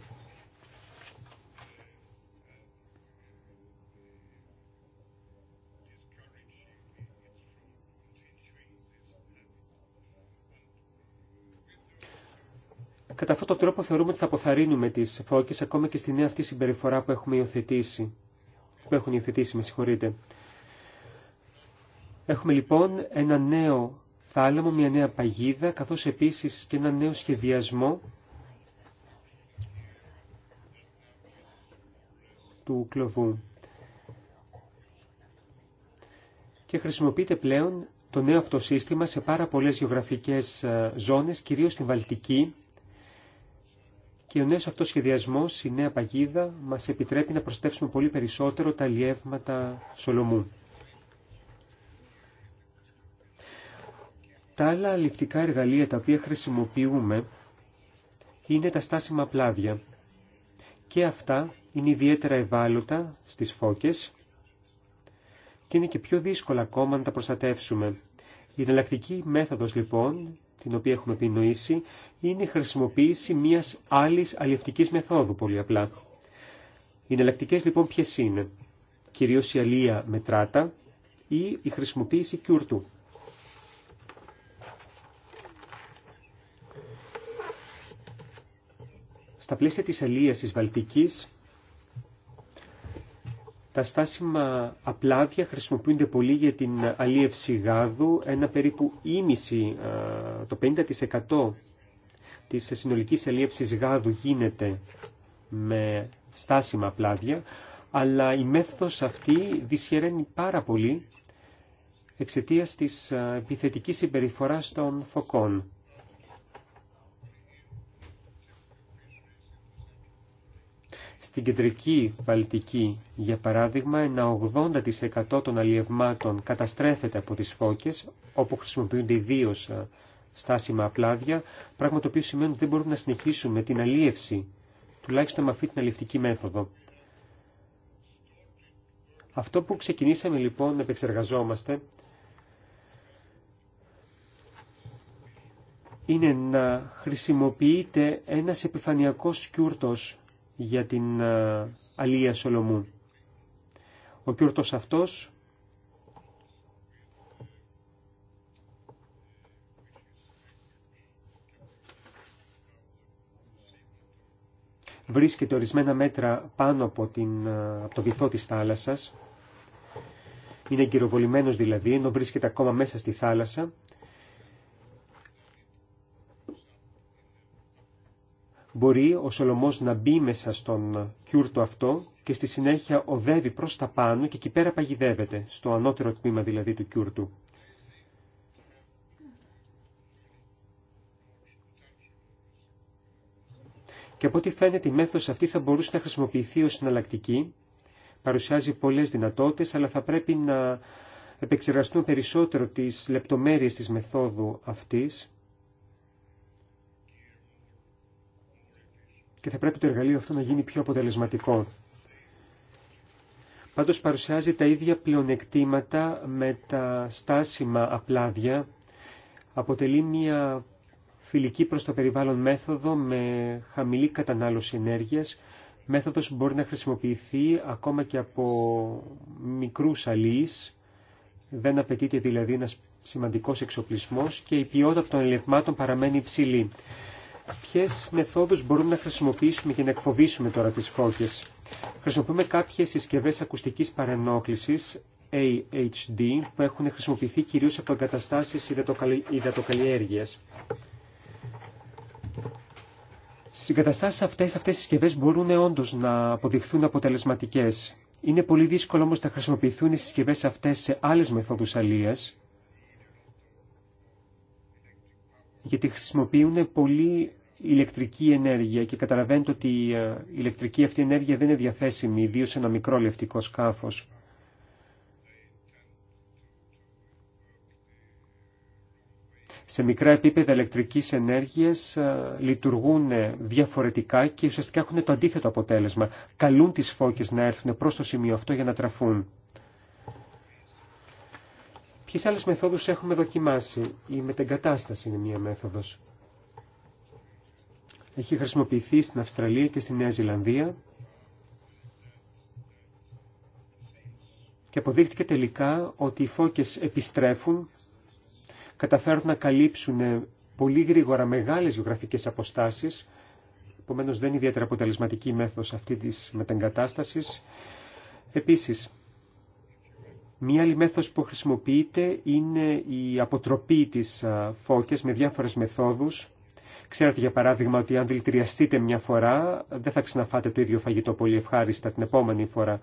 Κατά αυτόν τον τρόπο θεωρούμε ότι θα αποθαρρύνουμε τις φώκες ακόμα και στη νέα αυτή συμπεριφορά που έχουμε υιοθετήσει. Που έχουν υιοθετήσει, με συγχωρείτε. Έχουμε λοιπόν ένα νέο θάλαμο, μια νέα παγίδα, καθώς επίσης και ένα νέο σχεδιασμό του Και χρησιμοποιείται πλέον το νέο αυτό σύστημα σε πάρα πολλές γεωγραφικές ε, ζώνες, κυρίως στην Βαλτική. Και ο νέος αυτός σχεδιασμός, η νέα παγίδα, μας επιτρέπει να προσθέσουμε πολύ περισσότερο τα λιεύματα Σολομού. Τα άλλα αληφτικά εργαλεία τα οποία χρησιμοποιούμε είναι τα στάσιμα πλάδια. Και αυτά είναι ιδιαίτερα ευάλωτα στις φώκες και είναι και πιο δύσκολα ακόμα να τα προστατεύσουμε. Η εναλλακτική μέθοδος λοιπόν, την οποία έχουμε επινοήσει, είναι η χρησιμοποίηση μιας άλλης αλληλευτικής μεθόδου πολύ απλά. Οι εναλλακτικέ λοιπόν ποιες είναι, κυρίως η αλία με η χρησιμοποίηση κιούρτου. Στα πλαίσια της αλίας της Βαλτικής τα στάσιμα απλάδια χρησιμοποιούνται πολύ για την αλίευση γάδου, ένα περίπου ίμιση, το 50% της συνολικής αλίευσης γάδου γίνεται με στάσιμα απλάδια. αλλά η μέθοδος αυτή δυσχεραίνει πάρα πολύ εξαιτίας της επιθετικής συμπεριφοράς των φωκών. Στην κεντρική Βαλτική, για παράδειγμα, ένα 80% των αλλιευμάτων καταστρέφεται από τις φώκες, όπου χρησιμοποιούνται ιδίω ε, στάσιμα απλάδια, πράγμα το οποίο σημαίνει ότι δεν μπορούμε να συνεχίσουμε την αλίευση, τουλάχιστον με αυτή την αλλιευτική μέθοδο. Αυτό που ξεκινήσαμε λοιπόν να επεξεργαζόμαστε είναι να χρησιμοποιείται ένας επιφανειακός σκιούρτος για την ε, Αλία Σολομού. Ο κιούρτος αυτός βρίσκεται ορισμένα μέτρα πάνω από, την, ε, από το βυθό της θάλασσας. Είναι εγκυροβολημένος δηλαδή, ενώ βρίσκεται ακόμα μέσα στη θάλασσα μπορεί ο Σολομός να μπει μέσα στον κιούρτο αυτό και στη συνέχεια οδεύει προς τα πάνω και εκεί πέρα παγιδεύεται, στο ανώτερο τμήμα δηλαδή του κιούρτου. Και από ό,τι φαίνεται η μέθοδος αυτή θα μπορούσε να χρησιμοποιηθεί ως συναλλακτική, παρουσιάζει πολλές δυνατότητες, αλλά θα πρέπει να επεξεργαστούν περισσότερο τις λεπτομέρειες της μεθόδου αυτής, και θα πρέπει το εργαλείο αυτό να γίνει πιο αποτελεσματικό. Πάντως παρουσιάζει τα ίδια πλεονεκτήματα με τα στάσιμα απλάδια. Αποτελεί μια φιλική προς το περιβάλλον μέθοδο με χαμηλή κατανάλωση ενέργειας, μέθοδος που μπορεί να χρησιμοποιηθεί ακόμα και από μικρούς αλείς, δεν απαιτείται δηλαδή ένας σημαντικός εξοπλισμός και η ποιότητα των ελευμάτων παραμένει υψηλή ποιες μεθόδους μπορούμε να χρησιμοποιήσουμε για να εκφοβήσουμε τώρα τις φώκες. Χρησιμοποιούμε κάποιες συσκευές ακουστικής παρενόχλησης AHD που έχουν χρησιμοποιηθεί κυρίως από εγκαταστάσεις υδατοκαλλιέργειας. Στις εγκαταστάσεις αυτές, αυτές οι συσκευές μπορούν όντως να αποδειχθούν αποτελεσματικές. Είναι πολύ δύσκολο όμως να χρησιμοποιηθούν οι συσκευές αυτές σε άλλες μεθόδους αλίας, γιατί χρησιμοποιούν πολύ ηλεκτρική ενέργεια και καταλαβαίνετε ότι ε, η ηλεκτρική αυτή ενέργεια δεν είναι διαθέσιμη, ιδίως σε ένα μικρό λευτικό σκάφος. σε μικρά επίπεδα ηλεκτρικής ενέργειας ε, λειτουργούν διαφορετικά και ουσιαστικά έχουν το αντίθετο αποτέλεσμα. Καλούν τις φώκες να έρθουν προς το σημείο αυτό για να τραφούν. Ποιες άλλες μεθόδους έχουμε δοκιμάσει. Η μετεγκατάσταση είναι μία μέθοδος. Έχει χρησιμοποιηθεί στην Αυστραλία και στη Νέα Ζηλανδία και αποδείχτηκε τελικά ότι οι φώκες επιστρέφουν, καταφέρουν να καλύψουν πολύ γρήγορα μεγάλες γεωγραφικές αποστάσεις, επομένως δεν είναι ιδιαίτερα αποτελεσματική η μέθοδος αυτή της μετεγκατάστασης. Επίσης, Μία άλλη μέθοδος που χρησιμοποιείται είναι η αποτροπή της φώκιας με διάφορες μεθόδους. Ξέρετε για παράδειγμα ότι αν δηλητηριαστείτε μια φορά δεν θα ξαναφάτε το ίδιο φαγητό πολύ ευχάριστα την επόμενη φορά.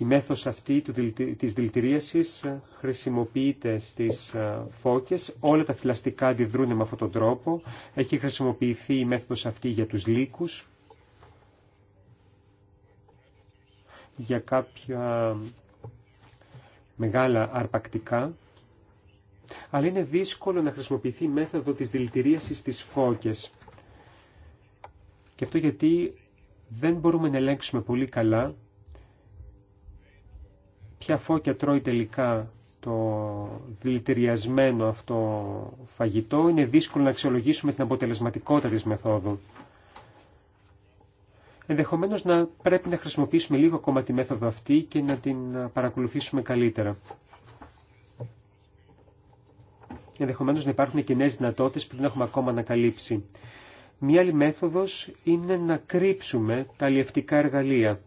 Η μέθοδος αυτή της δηλητηρίασης ε, χρησιμοποιείται στις ε, φώκες. Όλα τα θηλαστικά αντιδρούν με αυτόν τον τρόπο. Έχει χρησιμοποιηθεί η μέθοδος αυτή για τους λύκους. Για κάποια μεγάλα αρπακτικά. Αλλά είναι δύσκολο να χρησιμοποιηθεί η μέθοδο της δηλητηρίασης στις φώκες. Και αυτό γιατί δεν μπορούμε να ελέγξουμε πολύ καλά ποια φώκια τρώει τελικά το δηλητηριασμένο αυτό φαγητό, είναι δύσκολο να αξιολογήσουμε την αποτελεσματικότητα της μεθόδου. Ενδεχομένως να πρέπει να χρησιμοποιήσουμε λίγο ακόμα τη μέθοδο αυτή και να την παρακολουθήσουμε καλύτερα. Ενδεχομένως να υπάρχουν και νέες δυνατότητες που δεν έχουμε ακόμα ανακαλύψει. Μία άλλη μέθοδος είναι να κρύψουμε τα αλλιευτικά εργαλεία.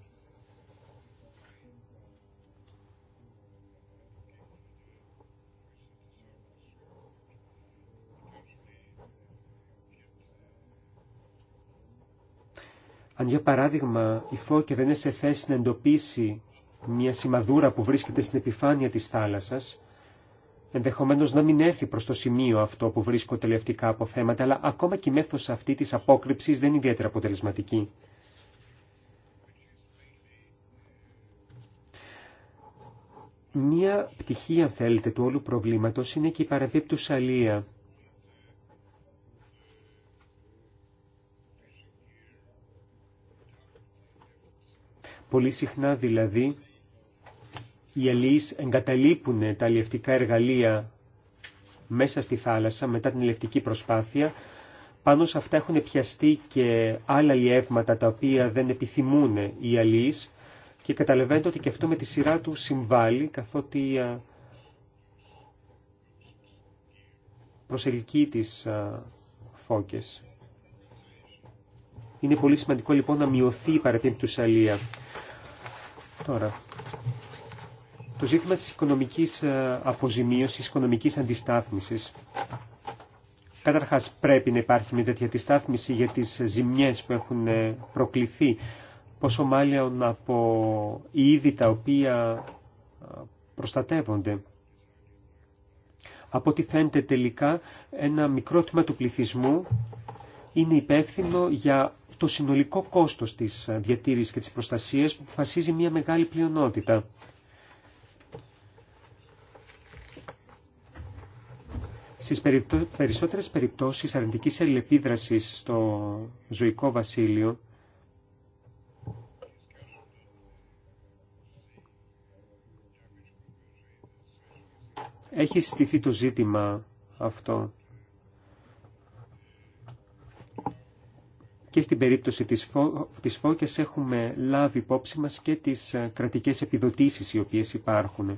Αν για παράδειγμα η φώκια δεν είναι σε θέση να εντοπίσει μια σημαδούρα που βρίσκεται στην επιφάνεια της θάλασσας, ενδεχομένως να μην έρθει προς το σημείο αυτό που βρίσκω τελευταία από θέματα, αλλά ακόμα και η μέθοδος αυτή της απόκρυψης δεν είναι ιδιαίτερα αποτελεσματική. Μία πτυχή, αν θέλετε, του όλου προβλήματος είναι και η παραπίπτουσα αλία. Πολύ συχνά δηλαδή οι αλληλείς εγκαταλείπουν τα αλληλευτικά εργαλεία μέσα στη θάλασσα μετά την αλληλευτική προσπάθεια. Πάνω σε αυτά έχουν πιαστεί και άλλα αλλιεύματα τα οποία δεν επιθυμούν οι αλληλείς και καταλαβαίνετε ότι και αυτό με τη σειρά του συμβάλλει καθότι προσελκύει τις φώκες. Είναι πολύ σημαντικό λοιπόν να μειωθεί η του Τώρα, το ζήτημα της οικονομικής ε, αποζημίωσης, οικονομικής αντιστάθμισης. Καταρχάς πρέπει να υπάρχει μια τέτοια αντιστάθμιση για τις ζημιές που έχουν ε, προκληθεί, πόσο μάλλον από είδη τα οποία προστατεύονται. Από ό,τι φαίνεται τελικά ένα μικρό τμήμα του πληθυσμού είναι υπεύθυνο για το συνολικό κόστος της ε, διατήρησης και της προστασίας που αποφασίζει μια μεγάλη πλειονότητα. Στις περισσότερες περιπτώσεις αρνητικής αλληλεπίδρασης στο ζωικό βασίλειο έχει συστηθεί το ζήτημα αυτό και στην περίπτωση της, ΦΟΚΕΣ έχουμε λάβει υπόψη μας και τις ε, κρατικές επιδοτήσεις οι οποίες υπάρχουν.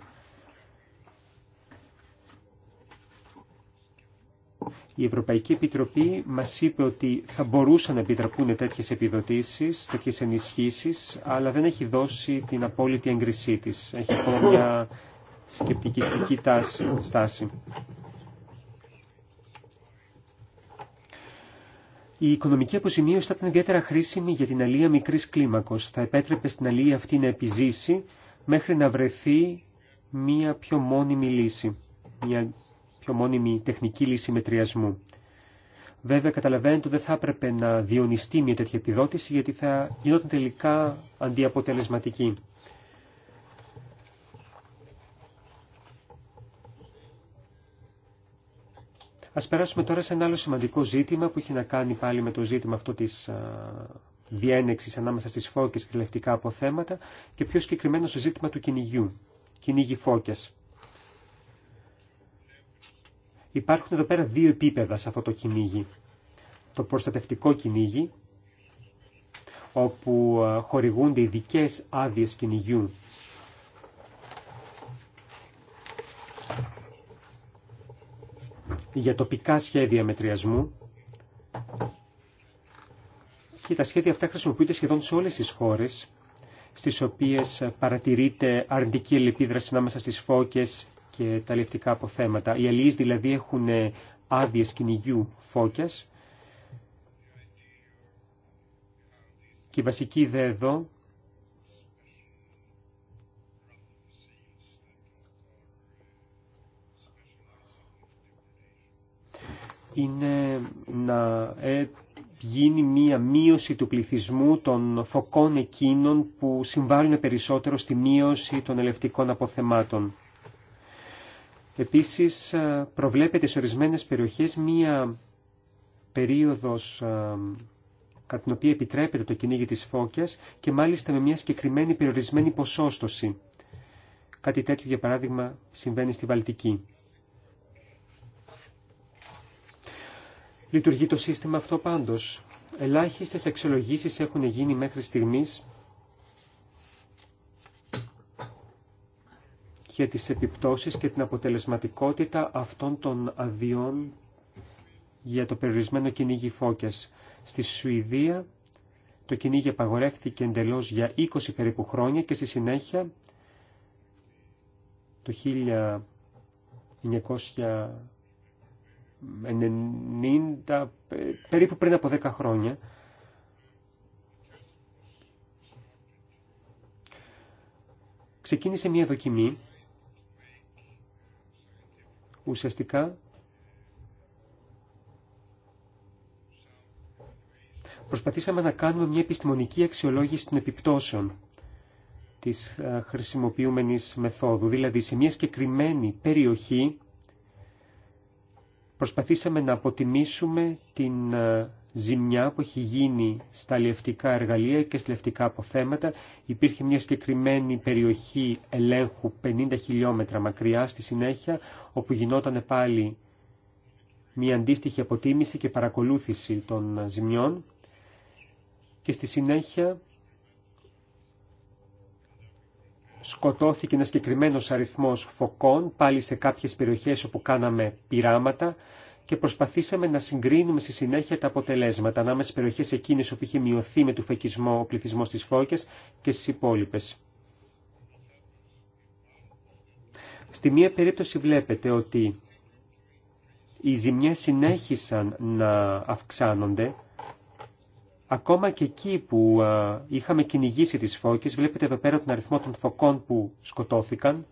Η Ευρωπαϊκή Επιτροπή μας είπε ότι θα μπορούσαν να επιτραπούν τέτοιες επιδοτήσεις, τέτοιες ενισχύσεις, αλλά δεν έχει δώσει την απόλυτη έγκρισή της. Έχει ακόμα μια σκεπτικιστική στάση. Η οικονομική αποζημίωση θα ήταν ιδιαίτερα χρήσιμη για την αλία μικρής κλίμακος. Θα επέτρεπε στην αλία αυτή να επιζήσει μέχρι να βρεθεί μία πιο μόνιμη λύση, μία πιο μόνιμη τεχνική λύση μετριασμού. Βέβαια, καταλαβαίνετε ότι δεν θα έπρεπε να διονυστεί μια τέτοια επιδότηση, γιατί θα γινόταν τελικά αντιαποτελεσματική. Α περάσουμε τώρα σε ένα άλλο σημαντικό ζήτημα που έχει να κάνει πάλι με το ζήτημα αυτό της διένεξη ανάμεσα στις φώκες και λευτικά αποθέματα και πιο συγκεκριμένα στο ζήτημα του κυνηγιού, κυνήγι φώκες. Υπάρχουν εδώ πέρα δύο επίπεδα σε αυτό το κυνήγι. Το προστατευτικό κυνήγι, όπου χορηγούνται ειδικέ άδειε κυνηγιού για τοπικά σχέδια μετριασμού και τα σχέδια αυτά χρησιμοποιούνται σχεδόν σε όλες τις χώρες στις οποίες παρατηρείται αρνητική ελεπίδραση ανάμεσα στις φώκες και τα λεφτικά αποθέματα. Οι αλληλείς δηλαδή έχουν άδειε κυνηγιού φώκιας και η βασική ιδέα εδώ είναι να ε, γίνει μία μείωση του πληθυσμού των φωκών εκείνων που συμβάλλουν περισσότερο στη μείωση των ελευτικών αποθεμάτων. Επίσης ε, προβλέπεται σε ορισμένες περιοχές μία περίοδος ε, κατά την οποία επιτρέπεται το κυνήγι της φώκιας και μάλιστα με μια συγκεκριμένη περιορισμένη ποσόστοση. Κάτι τέτοιο, για παράδειγμα, συμβαίνει στη Βαλτική. Λειτουργεί το σύστημα αυτό πάντως. Ελάχιστες αξιολογήσεις έχουν γίνει μέχρι στιγμής για τις επιπτώσεις και την αποτελεσματικότητα αυτών των αδειών για το περιορισμένο κυνήγι φώκες. Στη Σουηδία το κυνήγι απαγορεύτηκε εντελώς για 20 περίπου χρόνια και στη συνέχεια το 1900 90, περίπου πριν από 10 χρόνια. Ξεκίνησε μια δοκιμή, ουσιαστικά προσπαθήσαμε να κάνουμε μια επιστημονική αξιολόγηση των επιπτώσεων της ε, χρησιμοποιούμενης μεθόδου. Δηλαδή, σε μια συγκεκριμένη περιοχή προσπαθήσαμε να αποτιμήσουμε την ε, ζημιά που έχει γίνει στα λιευτικά εργαλεία και στα λιευτικά αποθέματα. Υπήρχε μια συγκεκριμένη περιοχή ελέγχου 50 χιλιόμετρα μακριά στη συνέχεια, όπου γινόταν πάλι μια αντίστοιχη αποτίμηση και παρακολούθηση των ζημιών. Και στη συνέχεια σκοτώθηκε ένα συγκεκριμένο αριθμό φωκών πάλι σε κάποιε περιοχέ όπου κάναμε πειράματα και προσπαθήσαμε να συγκρίνουμε στη συνέχεια τα αποτελέσματα ανάμεσα στι περιοχέ εκείνε όπου είχε μειωθεί με του φεκισμό ο πληθυσμό τη φώκια και στι υπόλοιπε. Στη μία περίπτωση βλέπετε ότι οι ζημιές συνέχισαν να αυξάνονται Ακόμα και εκεί που ε, είχαμε κυνηγήσει τις φώκες, βλέπετε εδώ πέρα τον αριθμό των φωκών που σκοτώθηκαν.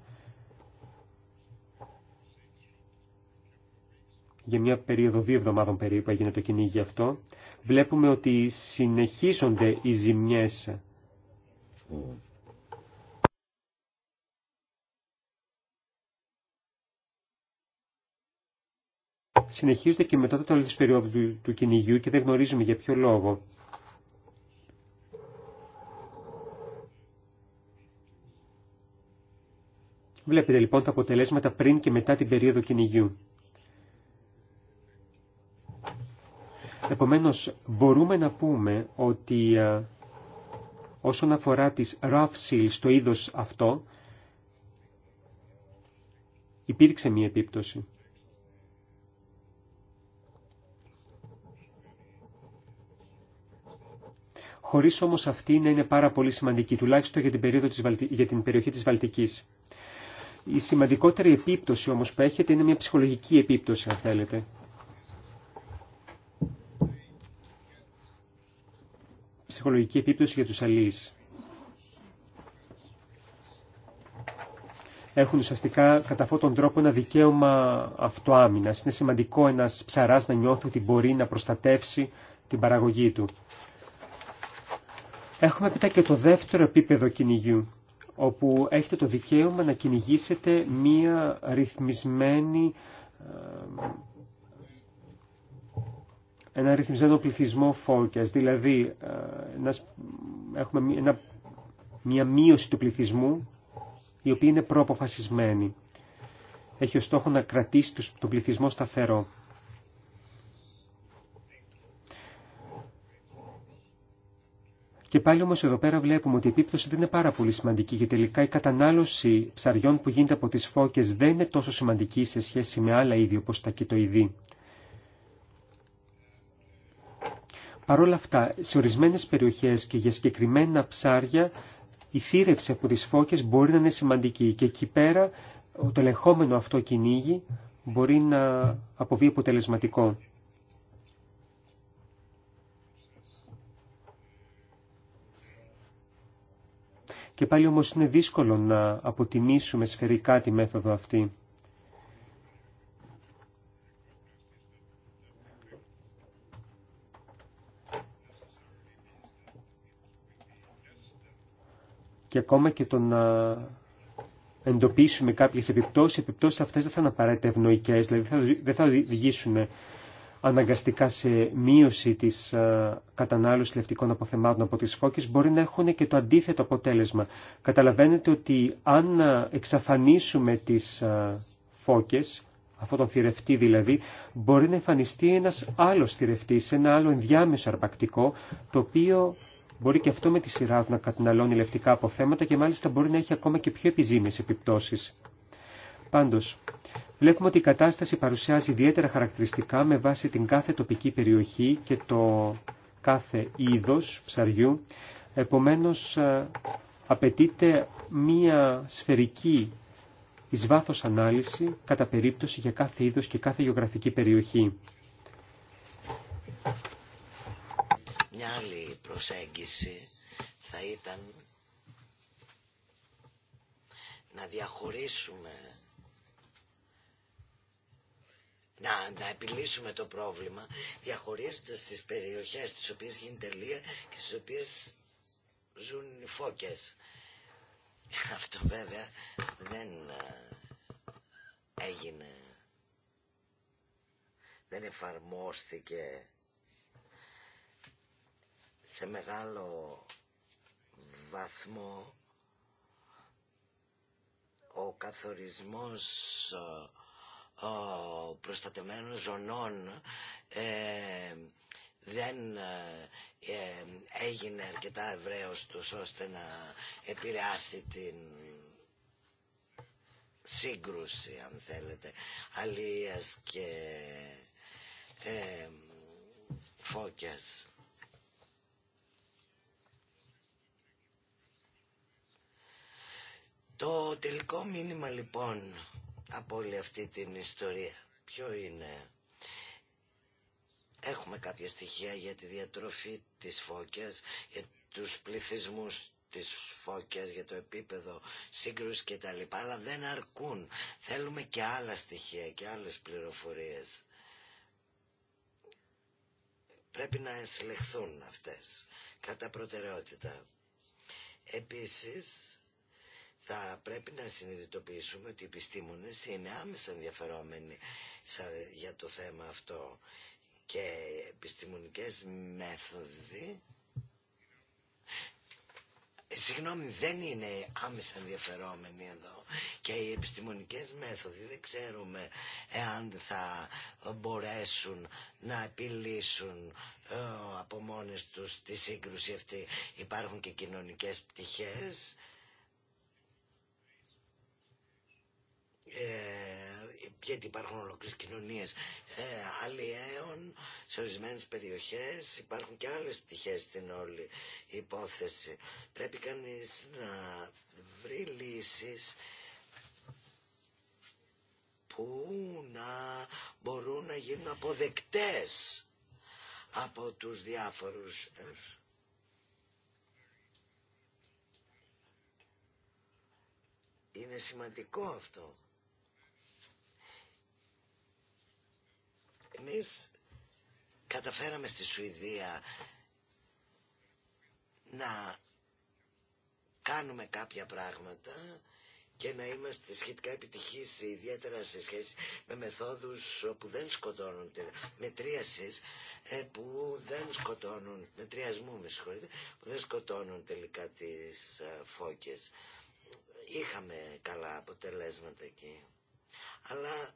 Για μια περίοδο δύο εβδομάδων περίπου έγινε το κυνήγι αυτό. Βλέπουμε ότι συνεχίζονται οι ζημιές. Συνεχίζονται και μετά το τέλος της περίοδου του κυνηγιού και δεν γνωρίζουμε για ποιο λόγο. Βλέπετε λοιπόν τα αποτελέσματα πριν και μετά την περίοδο κυνηγιού. Επομένως, μπορούμε να πούμε ότι ε, όσον αφορά τις rough seals, το είδος αυτό, υπήρξε μία επίπτωση. Χωρίς όμως αυτή να είναι πάρα πολύ σημαντική, τουλάχιστον για την, περίοδο της, για την περιοχή της Βαλτικής. Η σημαντικότερη επίπτωση όμως που έχετε είναι μια ψυχολογική επίπτωση αν θέλετε. Ψυχολογική επίπτωση για τους αλλείς. Έχουν ουσιαστικά κατά αυτόν τον τρόπο ένα δικαίωμα αυτοάμυνας. Είναι σημαντικό ένας ψαράς να νιώθει ότι μπορεί να προστατεύσει την παραγωγή του. Έχουμε πίτα και το δεύτερο επίπεδο κυνηγιού όπου έχετε το δικαίωμα να κυνηγήσετε μία ρυθμισμένη ε, ένα ρυθμισμένο πληθυσμό φώκιας, δηλαδή ένας, ε, έχουμε ένα, μια ρυθμισμενη ενα ρυθμισμενο πληθυσμο φωκιας δηλαδη εχουμε ενα μια μειωση του πληθυσμού η οποία είναι προαποφασισμένη. Έχει ως στόχο να κρατήσει τον πληθυσμό σταθερό. Και πάλι όμως εδώ πέρα βλέπουμε ότι η επίπτωση δεν είναι πάρα πολύ σημαντική γιατί τελικά η κατανάλωση ψαριών που γίνεται από τις φώκες δεν είναι τόσο σημαντική σε σχέση με άλλα είδη όπως τα κοιτοειδή. Παρ' όλα αυτά, σε ορισμένες περιοχές και για συγκεκριμένα ψάρια η θύρευση από τις φώκες μπορεί να είναι σημαντική και εκεί πέρα το ελεγχόμενο αυτό κυνήγι μπορεί να αποβεί αποτελεσματικό. Και πάλι όμως είναι δύσκολο να αποτιμήσουμε σφαιρικά τη μέθοδο αυτή. Και ακόμα και το να εντοπίσουμε κάποιες επιπτώσεις, οι επιπτώσεις αυτές δεν θα είναι απαραίτητα ευνοϊκές, δηλαδή δεν θα οδηγήσουν αναγκαστικά σε μείωση της ε, κατανάλωση λευτικών αποθεμάτων από τις φώκες μπορεί να έχουν και το αντίθετο αποτέλεσμα. Καταλαβαίνετε ότι αν ε, εξαφανίσουμε τις ε, φώκε, αυτόν τον θηρευτή δηλαδή, μπορεί να εμφανιστεί ένας άλλος θηρευτή, ένα άλλο ενδιάμεσο αρπακτικό, το οποίο μπορεί και αυτό με τη σειρά του να καταναλώνει λευτικά αποθέματα και μάλιστα μπορεί να έχει ακόμα και πιο επιζήμιες επιπτώσεις. Πάντως, Βλέπουμε ότι η κατάσταση παρουσιάζει ιδιαίτερα χαρακτηριστικά με βάση την κάθε τοπική περιοχή και το κάθε είδος ψαριού. Επομένως, ε, απαιτείται μία σφαιρική εις βάθος ανάλυση κατά περίπτωση για κάθε είδος και κάθε γεωγραφική περιοχή. Μια άλλη προσέγγιση θα ήταν να διαχωρίσουμε να, να επιλύσουμε το πρόβλημα διαχωρίζοντας τις περιοχές στις οποίες γίνεται τελεία και στις οποίες ζουν οι φώκες. Αυτό βέβαια δεν ε, έγινε, δεν εφαρμόστηκε σε μεγάλο βαθμό ο καθορισμός ε, προστατεμένων ζωνών ε, δεν ε, ε, έγινε αρκετά ευρέως τους ώστε να επηρεάσει την σύγκρουση αν θέλετε αλίας και ε, φώκιας. Το τελικό μήνυμα λοιπόν από όλη αυτή την ιστορία. Ποιο είναι. Έχουμε κάποια στοιχεία για τη διατροφή της φώκιας, για τους πληθυσμούς της φώκιας, για το επίπεδο σύγκρουση και τα λοιπά, αλλά δεν αρκούν. Θέλουμε και άλλα στοιχεία και άλλες πληροφορίες. Πρέπει να εσλεχθούν αυτές κατά προτεραιότητα. Επίσης, θα πρέπει να συνειδητοποιήσουμε ότι οι επιστήμονες είναι άμεσα ενδιαφερόμενοι για το θέμα αυτό και επιστημονικές μέθοδοι Συγγνώμη, δεν είναι άμεσα ενδιαφερόμενοι εδώ και οι επιστημονικές μέθοδοι δεν ξέρουμε εάν θα μπορέσουν να επιλύσουν ε, από μόνες τους τη σύγκρουση αυτή. Υπάρχουν και κοινωνικές πτυχές γιατί ε, υπάρχουν ολοκλήρες κοινωνίες ε, αλλιέων σε ορισμένε περιοχές υπάρχουν και άλλες πτυχές στην όλη υπόθεση πρέπει κανείς να βρει λύσεις που να μπορούν να γίνουν αποδεκτές από τους διάφορους είναι σημαντικό αυτό Εμείς καταφέραμε στη Σουηδία να κάνουμε κάποια πράγματα και να είμαστε σχετικά επιτυχείς ιδιαίτερα σε σχέση με μεθόδους που δεν σκοτώνουν μετρίασης ε, που δεν σκοτώνουν μετριασμού με συγχωρείτε που δεν σκοτώνουν τελικά τις ε, φώκες είχαμε καλά αποτελέσματα εκεί αλλά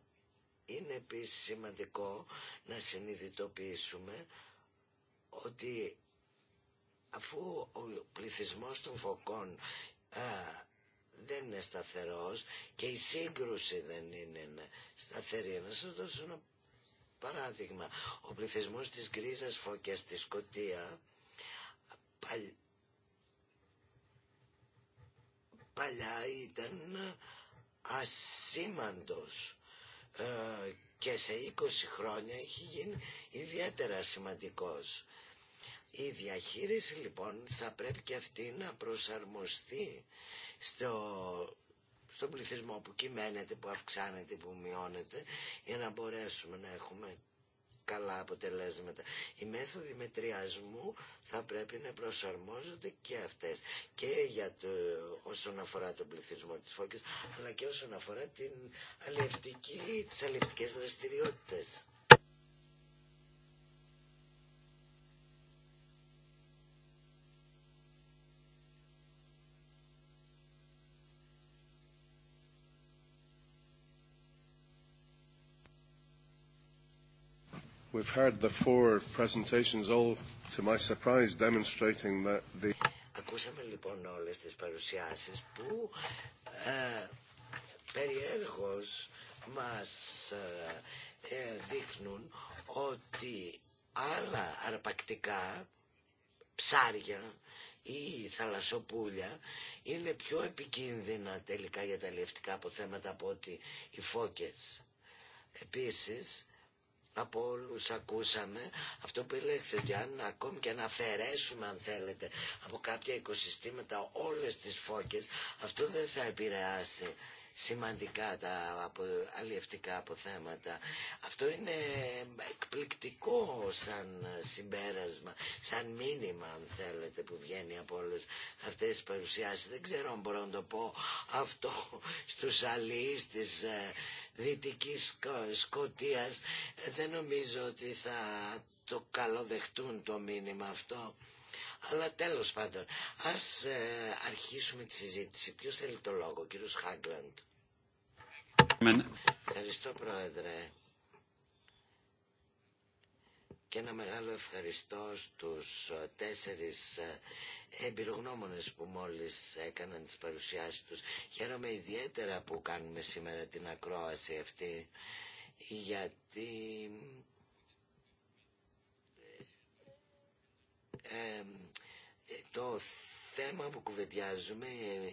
είναι επίσης σημαντικό να συνειδητοποιήσουμε ότι αφού ο πληθυσμός των φωκών α, δεν είναι σταθερός και η σύγκρουση δεν είναι σταθερή. Να σας δώσω ένα παράδειγμα. Ο πληθυσμός της γκρίζας φωκιάς στη σκοτία παλιά ήταν ασήμαντος ε, και σε 20 χρόνια έχει γίνει ιδιαίτερα σημαντικός. Η διαχείριση λοιπόν θα πρέπει και αυτή να προσαρμοστεί στο, στον πληθυσμό που κυμαίνεται, που αυξάνεται, που μειώνεται για να μπορέσουμε να έχουμε καλά αποτελέσματα. Οι μέθοδοι μετριασμού θα πρέπει να προσαρμόζονται και αυτές και για το, όσον αφορά τον πληθυσμό της φώκης αλλά και όσον αφορά την αλληλευτική, τις αλληλευτικές δραστηριότητες. We've heard the four Ακούσαμε λοιπόν όλες τις παρουσιάσεις που ε, περιέργως μας ε, ε, δείχνουν ότι άλλα αρπακτικά ψάρια ή θαλασσοπούλια είναι πιο επικίνδυνα τελικά για τα λευτικά αποθέματα από ότι οι φώκες. Επίσης, από όλους ακούσαμε αυτό που ότι αν ακόμη και να αφαιρέσουμε αν θέλετε από κάποια οικοσυστήματα όλες τις φώκες αυτό δεν θα επηρεάσει σημαντικά τα αλλιευτικά αποθέματα. Αυτό είναι εκπληκτικό σαν συμπέρασμα, σαν μήνυμα αν θέλετε που βγαίνει από όλες αυτές τις παρουσιάσεις. Δεν ξέρω αν μπορώ να το πω αυτό στους αλληλείς της ε, Δυτικής Σκοτίας. Ε, δεν νομίζω ότι θα το καλοδεχτούν το μήνυμα αυτό. Αλλά τέλος πάντων, ας ε, αρχίσουμε τη συζήτηση. Ποιος θέλει το λόγο, κύριος Χάγκλαντ. Ευχαριστώ Πρόεδρε και ένα μεγάλο ευχαριστώ στους τέσσερις ε, εμπειρογνώμονες που μόλις έκαναν τις παρουσιάσεις τους. Χαίρομαι ιδιαίτερα που κάνουμε σήμερα την ακρόαση αυτή γιατί ε, ε το θέμα που κουβεντιάζουμε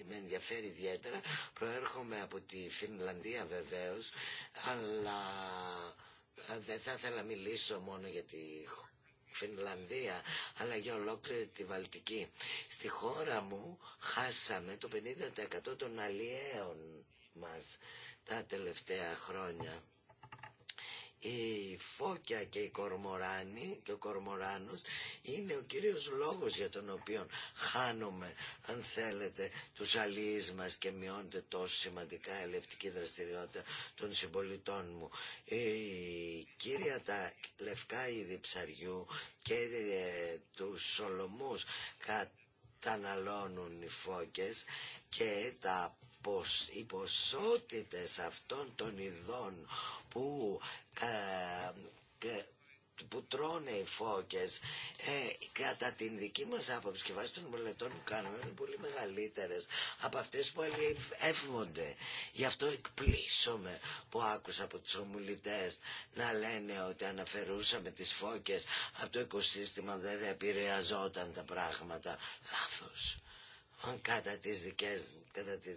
με ενδιαφέρει ιδιαίτερα. Προέρχομαι από τη Φινλανδία βεβαίως, αλλά ε, δεν θα ήθελα να μιλήσω μόνο για τη Φινλανδία, αλλά για ολόκληρη τη Βαλτική. Στη χώρα μου χάσαμε το 50% των αλλιέων μας τα τελευταία χρόνια η Φώκια και η Κορμοράνη και ο Κορμοράνος είναι ο κυρίως λόγος για τον οποίο χάνουμε αν θέλετε τους αλληλείς μας και μειώνεται τόσο σημαντικά η ελευτική δραστηριότητα των συμπολιτών μου η κύρια τα λευκά είδη ψαριού και ε, τους σολομούς καταναλώνουν οι φώκες και τα οι ποσότητες αυτών των ειδών που που τρώνε οι φώκες ε, κατά την δική μας άποψη και βάσει των μελετών που κάνουμε είναι πολύ μεγαλύτερες από αυτές που αλλιεύονται. Γι' αυτό εκπλήσωμαι που άκουσα από τους ομιλητές να λένε ότι αναφερούσαμε τις φώκες από το οικοσύστημα δεν επηρεαζόταν τα πράγματα. Λάθος κατά τις δικές, κατά τις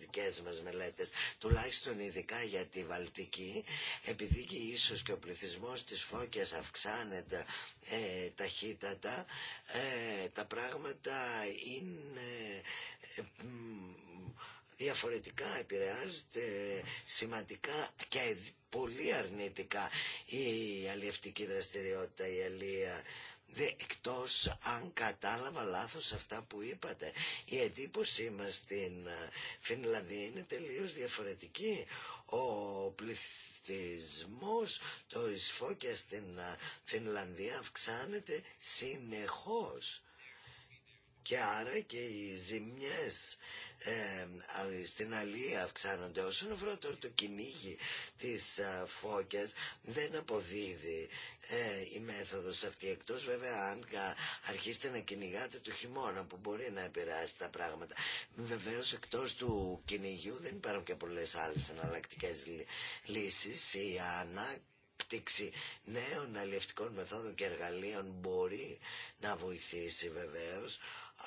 δικές μας μελέτες, τουλάχιστον ειδικά για τη Βαλτική, επειδή και ίσως και ο πληθυσμός της Φώκιας αυξάνεται ε, ταχύτατα, ε, τα πράγματα είναι... Ε, διαφορετικά επηρεάζονται, σημαντικά και πολύ αρνητικά η αλλιευτική δραστηριότητα, η αλλία Δε, εκτός αν κατάλαβα λάθος αυτά που είπατε, η εντύπωσή μας στην ε, Φινλανδία είναι τελείως διαφορετική. Ο πληθυσμός, το εισφόκια στην ε, Φινλανδία αυξάνεται συνεχώς και άρα και οι ζημιές στην αλία αυξάνονται όσον αφορά το, το κυνήγι της ε, δεν αποδίδει ε, η μέθοδος αυτή εκτός βέβαια αν αρχίσετε να κυνηγάτε το χειμώνα που μπορεί να επηρεάσει τα πράγματα Βεβαίω εκτός του κυνηγιού δεν υπάρχουν και πολλές άλλες εναλλακτικέ λύσεις η ανάγκη ανάπτυξη νέων αλληλευτικών μεθόδων και εργαλείων μπορεί να βοηθήσει βεβαίως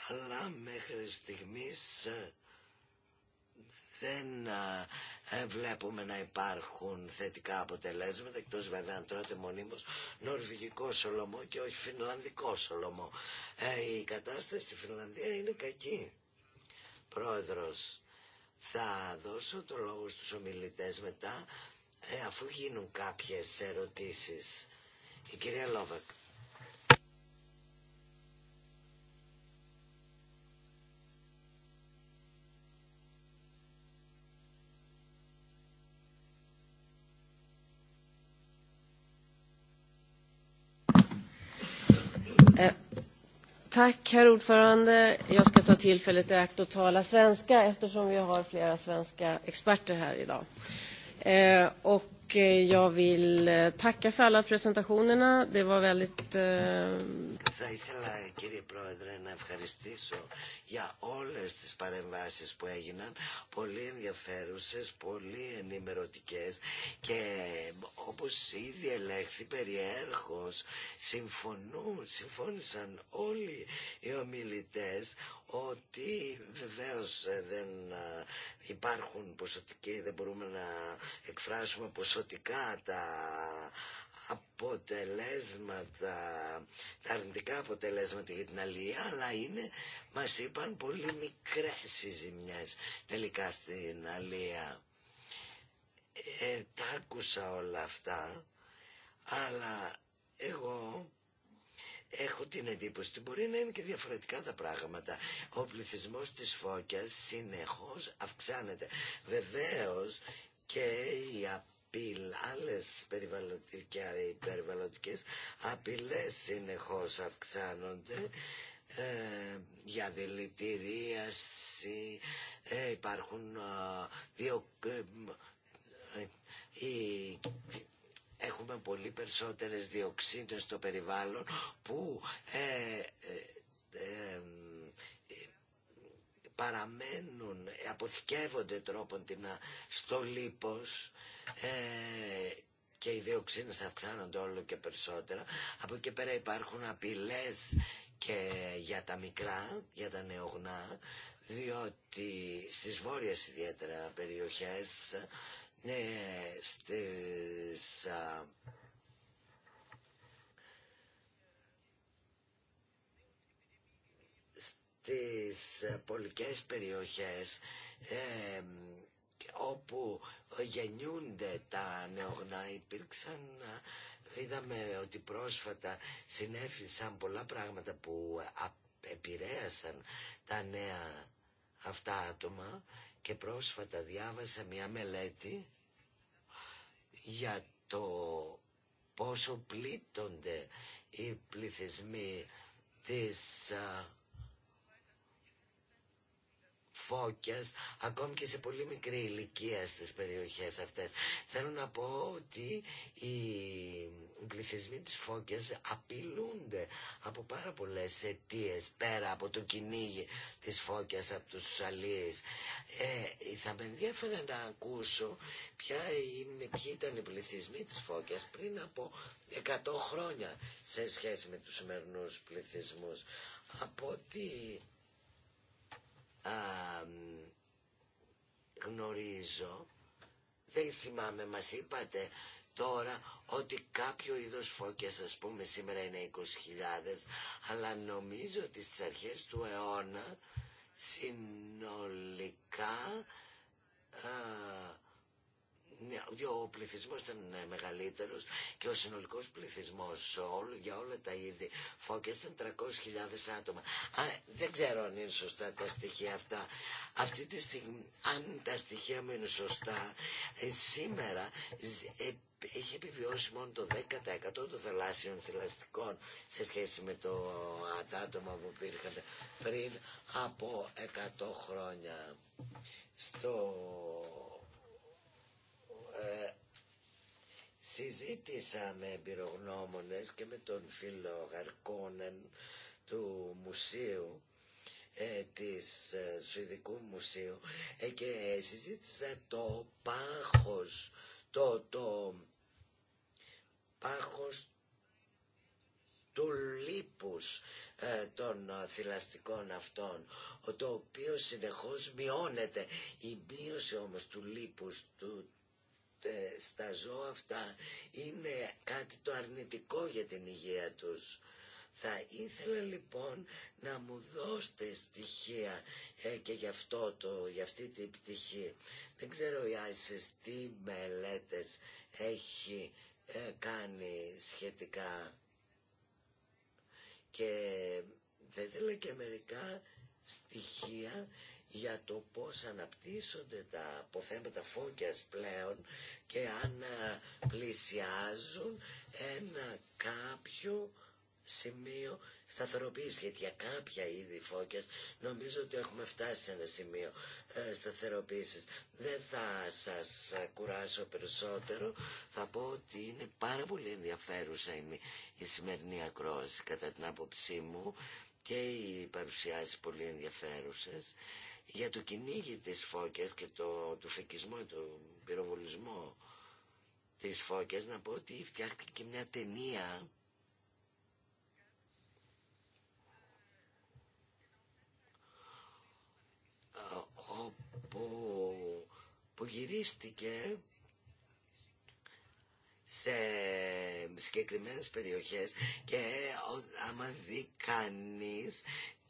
αλλά μέχρι στιγμής ε, δεν ε, ε, βλέπουμε να υπάρχουν θετικά αποτελέσματα εκτός βέβαια αν τρώτε μονίμως νορβηγικό σολομό και όχι φινλανδικό σολομό η κατάσταση στη Φινλανδία είναι κακή πρόεδρος θα δώσω το λόγο στους ομιλητές μετά αφού γίνουν κάποιες ερωτήσεις η κυρία Λόβακ Tack, herr ordförande. Jag ska ta tillfället i akt och tala svenska eftersom vi har flera svenska experter här idag. Och Eh, vill eh, Det var väldigt... Eh, Θα ήθελα κύριε Πρόεδρε να ευχαριστήσω για όλες τις παρεμβάσεις που έγιναν, πολύ ενδιαφέρουσες, πολύ ενημερωτικές και όπως ήδη ελέγχθη περιέρχως συμφωνούν, συμφώνησαν όλοι οι ομιλητές ότι βεβαίως ε, δεν ε, υπάρχουν ποσοτικοί, δεν μπορούμε να εκφράσουμε ποσοτικά τα αποτελέσματα, τα αρνητικά αποτελέσματα για την αλληλεία, αλλά είναι, μας είπαν, πολύ μικρές οι ζημιές τελικά στην αλληλεία. Ε, τα άκουσα όλα αυτά, αλλά εγώ έχω την εντύπωση ότι μπορεί να είναι και διαφορετικά τα πράγματα. Ο πληθυσμό της Φώκιας συνεχώς αυξάνεται. Βεβαίως και η άλλες περιβαλλοντικές απειλές συνεχώς αυξάνονται ε, για δηλητηρίαση ε, υπάρχουν δύο ε, ε, έχουμε πολύ περισσότερες διοξίνες στο περιβάλλον που ε, ε, ε παραμένουν, αποθηκεύονται τρόπον την, στο λίπος ε, και οι διοξίνες αυξάνονται όλο και περισσότερα. Από εκεί πέρα υπάρχουν απειλές και για τα μικρά, για τα νεογνά, διότι στις βόρειες ιδιαίτερα περιοχές ε, στις στις πολικές περιοχές ε, όπου γεννιούνται τα νεογνά υπήρξαν είδαμε ότι πρόσφατα συνέφησαν πολλά πράγματα που επηρέασαν τα νέα αυτά άτομα και πρόσφατα διάβασα μια μελέτη για το πόσο πλήττονται οι πληθυσμοί της α, ακόμη και σε πολύ μικρή ηλικία στις περιοχές αυτές. Θέλω να πω ότι οι πληθυσμοί της Φώκιας απειλούνται από πάρα πολλές αιτίε πέρα από το κυνήγι της Φώκιας από τους σαλίες Ε, θα με ενδιαφέρε να ακούσω ποια είναι, ποιοι ήταν οι πληθυσμοί της Φώκιας πριν από 100 χρόνια σε σχέση με τους σημερινού πληθυσμούς. Από ό,τι γνωρίζω, δεν θυμάμαι, μας είπατε τώρα ότι κάποιο είδος φώκιας ας πούμε σήμερα είναι 20.000 αλλά νομίζω ότι στις αρχές του αιώνα συνολικά α, ναι, ο πληθυσμό ήταν ε, μεγαλύτερο και ο συνολικό πληθυσμό για όλα τα είδη φόκια ήταν 300.000 άτομα. Α, δεν ξέρω αν είναι σωστά τα στοιχεία αυτά. Αυτή τη στιγμή, αν τα στοιχεία μου είναι σωστά, ε, σήμερα ε, έχει επιβιώσει μόνο το 10% των θαλάσσιων θηλαστικών σε σχέση με το αντάτομα που υπήρχαν πριν από 100 χρόνια στο ε, συζήτησα με εμπειρογνώμονες και με τον φίλο Γαρκόνεν του Μουσείου ε, της ε, Σουηδικού Μουσείου ε, και συζήτησα το πάχος το, το πάχος του λίπους ε, των ε, θηλαστικών αυτών το οποίο συνεχώς μειώνεται η μείωση όμως του λίπους του, ε, στα ζώα αυτά είναι κάτι το αρνητικό για την υγεία τους θα ήθελα λοιπόν να μου δώσετε στοιχεία και γι' αυτό το, για αυτή την πτυχή. Δεν ξέρω οι Άισες τι μελέτες έχει ε, κάνει σχετικά και δεν θέλει και μερικά στοιχεία για το πώς αναπτύσσονται τα αποθέματα φώκιας πλέον και αν ε, πλησιάζουν ένα κάποιο σημείο σταθεροποίηση γιατί για κάποια είδη φώκες νομίζω ότι έχουμε φτάσει σε ένα σημείο ε, σταθεροποίησης δεν θα σας κουράσω περισσότερο θα πω ότι είναι πάρα πολύ ενδιαφέρουσα η, σημερινή ακρόαση κατά την άποψή μου και οι παρουσιάσει πολύ ενδιαφέρουσε για το κυνήγι της φώκια και το, το φεκισμό, το πυροβολισμό της φώκια, να πω ότι φτιάχτηκε μια ταινία όπου, που γυρίστηκε σε συγκεκριμένες περιοχές και άμα δει κανείς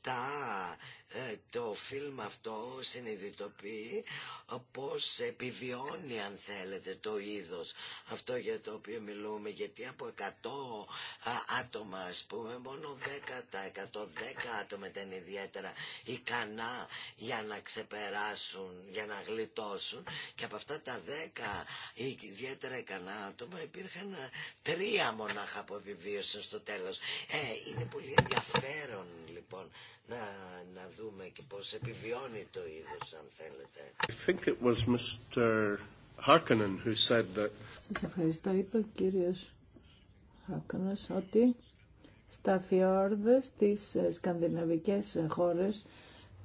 τα ε, το φιλμ αυτό συνειδητοποιεί ε, πώς επιβιώνει αν θέλετε το είδος αυτό για το οποίο μιλούμε γιατί από 100 ε, άτομα ας πούμε μόνο 10 τα 110 άτομα ήταν ιδιαίτερα ικανά για να ξεπεράσουν για να γλιτώσουν και από αυτά τα 10 ιδιαίτερα ικανά άτομα υπήρχαν τρία μονάχα που επιβίωσαν στο τέλος ε, είναι πολύ ενδιαφέρον λοιπόν να, να δούμε δούμε και πώς επιβιώνει το είδος, αν θέλετε. I think it was Mr. Harkonnen who said that... Σας ευχαριστώ, είπε ο κύριος Harkonnen ότι στα φιόρδες της ε, σκανδιναβικές χώρες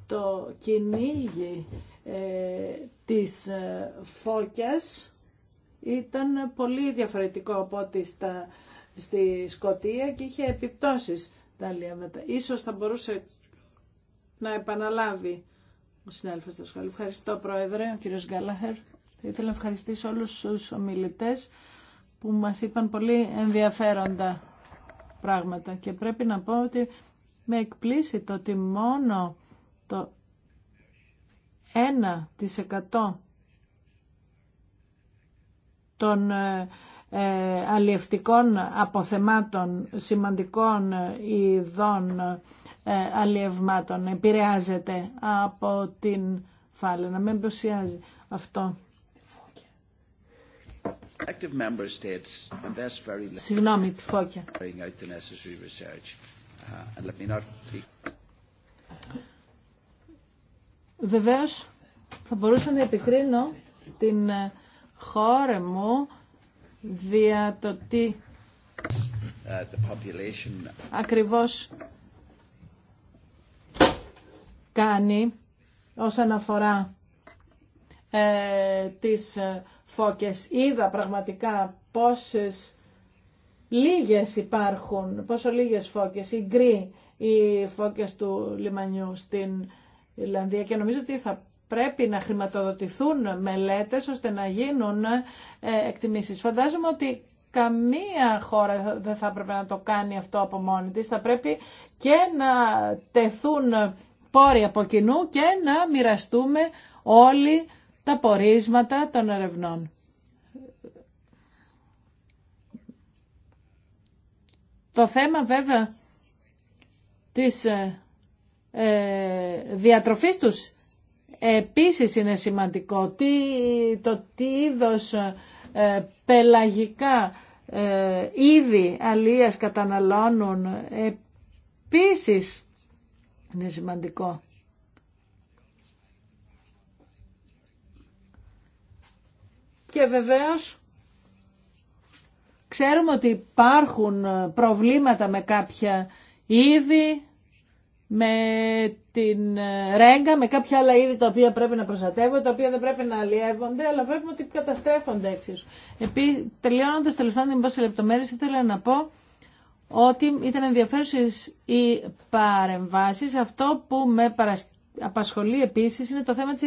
το κυνήγι ε, της ε, φώκιας ήταν πολύ διαφορετικό από ό,τι στα, στη Σκοτία και είχε επιπτώσεις τα λέμε. Ίσως θα μπορούσε να επαναλάβει ο συνάδελφος σχολείου. Ευχαριστώ Πρόεδρε, ο κύριος Γκάλαχερ. Θα ήθελα να ευχαριστήσω όλους τους ομιλητέ που μας είπαν πολύ ενδιαφέροντα πράγματα και πρέπει να πω ότι με εκπλήσει το ότι μόνο το 1% των ε, ε, αλλιευτικών αποθεμάτων σημαντικών ε, ειδών ε, αλλιευμάτων επηρεάζεται από την φάλα, να με εμποσιάζει αυτό. Συγγνώμη, τη φώκια. Uh, Βεβαίως, θα μπορούσα να επικρίνω την ε, χώρα μου δια το τι uh, ακριβώς κάνει όσον αφορά ε, τις φώκες. Είδα πραγματικά πόσες λίγες υπάρχουν, πόσο λίγες φώκες, οι γκρι, οι φώκες του λιμανιού στην Ιρλανδία και νομίζω ότι θα πρέπει να χρηματοδοτηθούν μελέτες ώστε να γίνουν ε, εκτιμήσεις. Φαντάζομαι ότι καμία χώρα δεν θα έπρεπε να το κάνει αυτό από μόνη της. Θα πρέπει και να τεθούν πόροι από κοινού και να μοιραστούμε όλοι τα πορίσματα των ερευνών. Το θέμα βέβαια της ε, ε διατροφής τους επίσης είναι σημαντικό. Τι, το τι είδος ε, πελαγικά ε, είδη αλίας καταναλώνουν επίσης είναι σημαντικό. Και βεβαίως ξέρουμε ότι υπάρχουν προβλήματα με κάποια είδη, με την ρέγγα, με κάποια άλλα είδη τα οποία πρέπει να προστατεύονται, τα οποία δεν πρέπει να αλλιεύονται, αλλά βλέπουμε ότι καταστρέφονται έξω. Επί, τελειώνοντας τελευταία την λεπτομέρειες, ήθελα να πω ότι ήταν ενδιαφέρουσες οι παρεμβάσεις. Αυτό που με απασχολεί επίσης είναι το θέμα της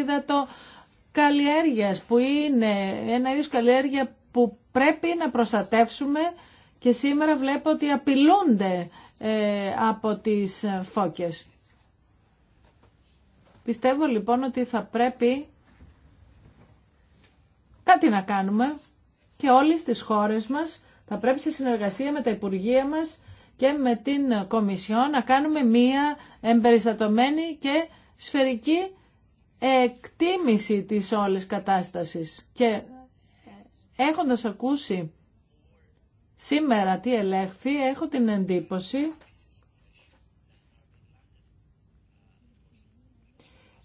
καλλιέργειας που είναι ένα είδος καλλιέργεια που πρέπει να προστατεύσουμε και σήμερα βλέπω ότι απειλούνται ε, από τις φώκες. Πιστεύω λοιπόν ότι θα πρέπει κάτι να κάνουμε και όλοι στις χώρες μας θα πρέπει σε συνεργασία με τα Υπουργεία μας και με την Κομισιόν να κάνουμε μία εμπεριστατωμένη και σφαιρική εκτίμηση της όλης κατάστασης. Και έχοντας ακούσει σήμερα τι ελέγχθη, έχω την εντύπωση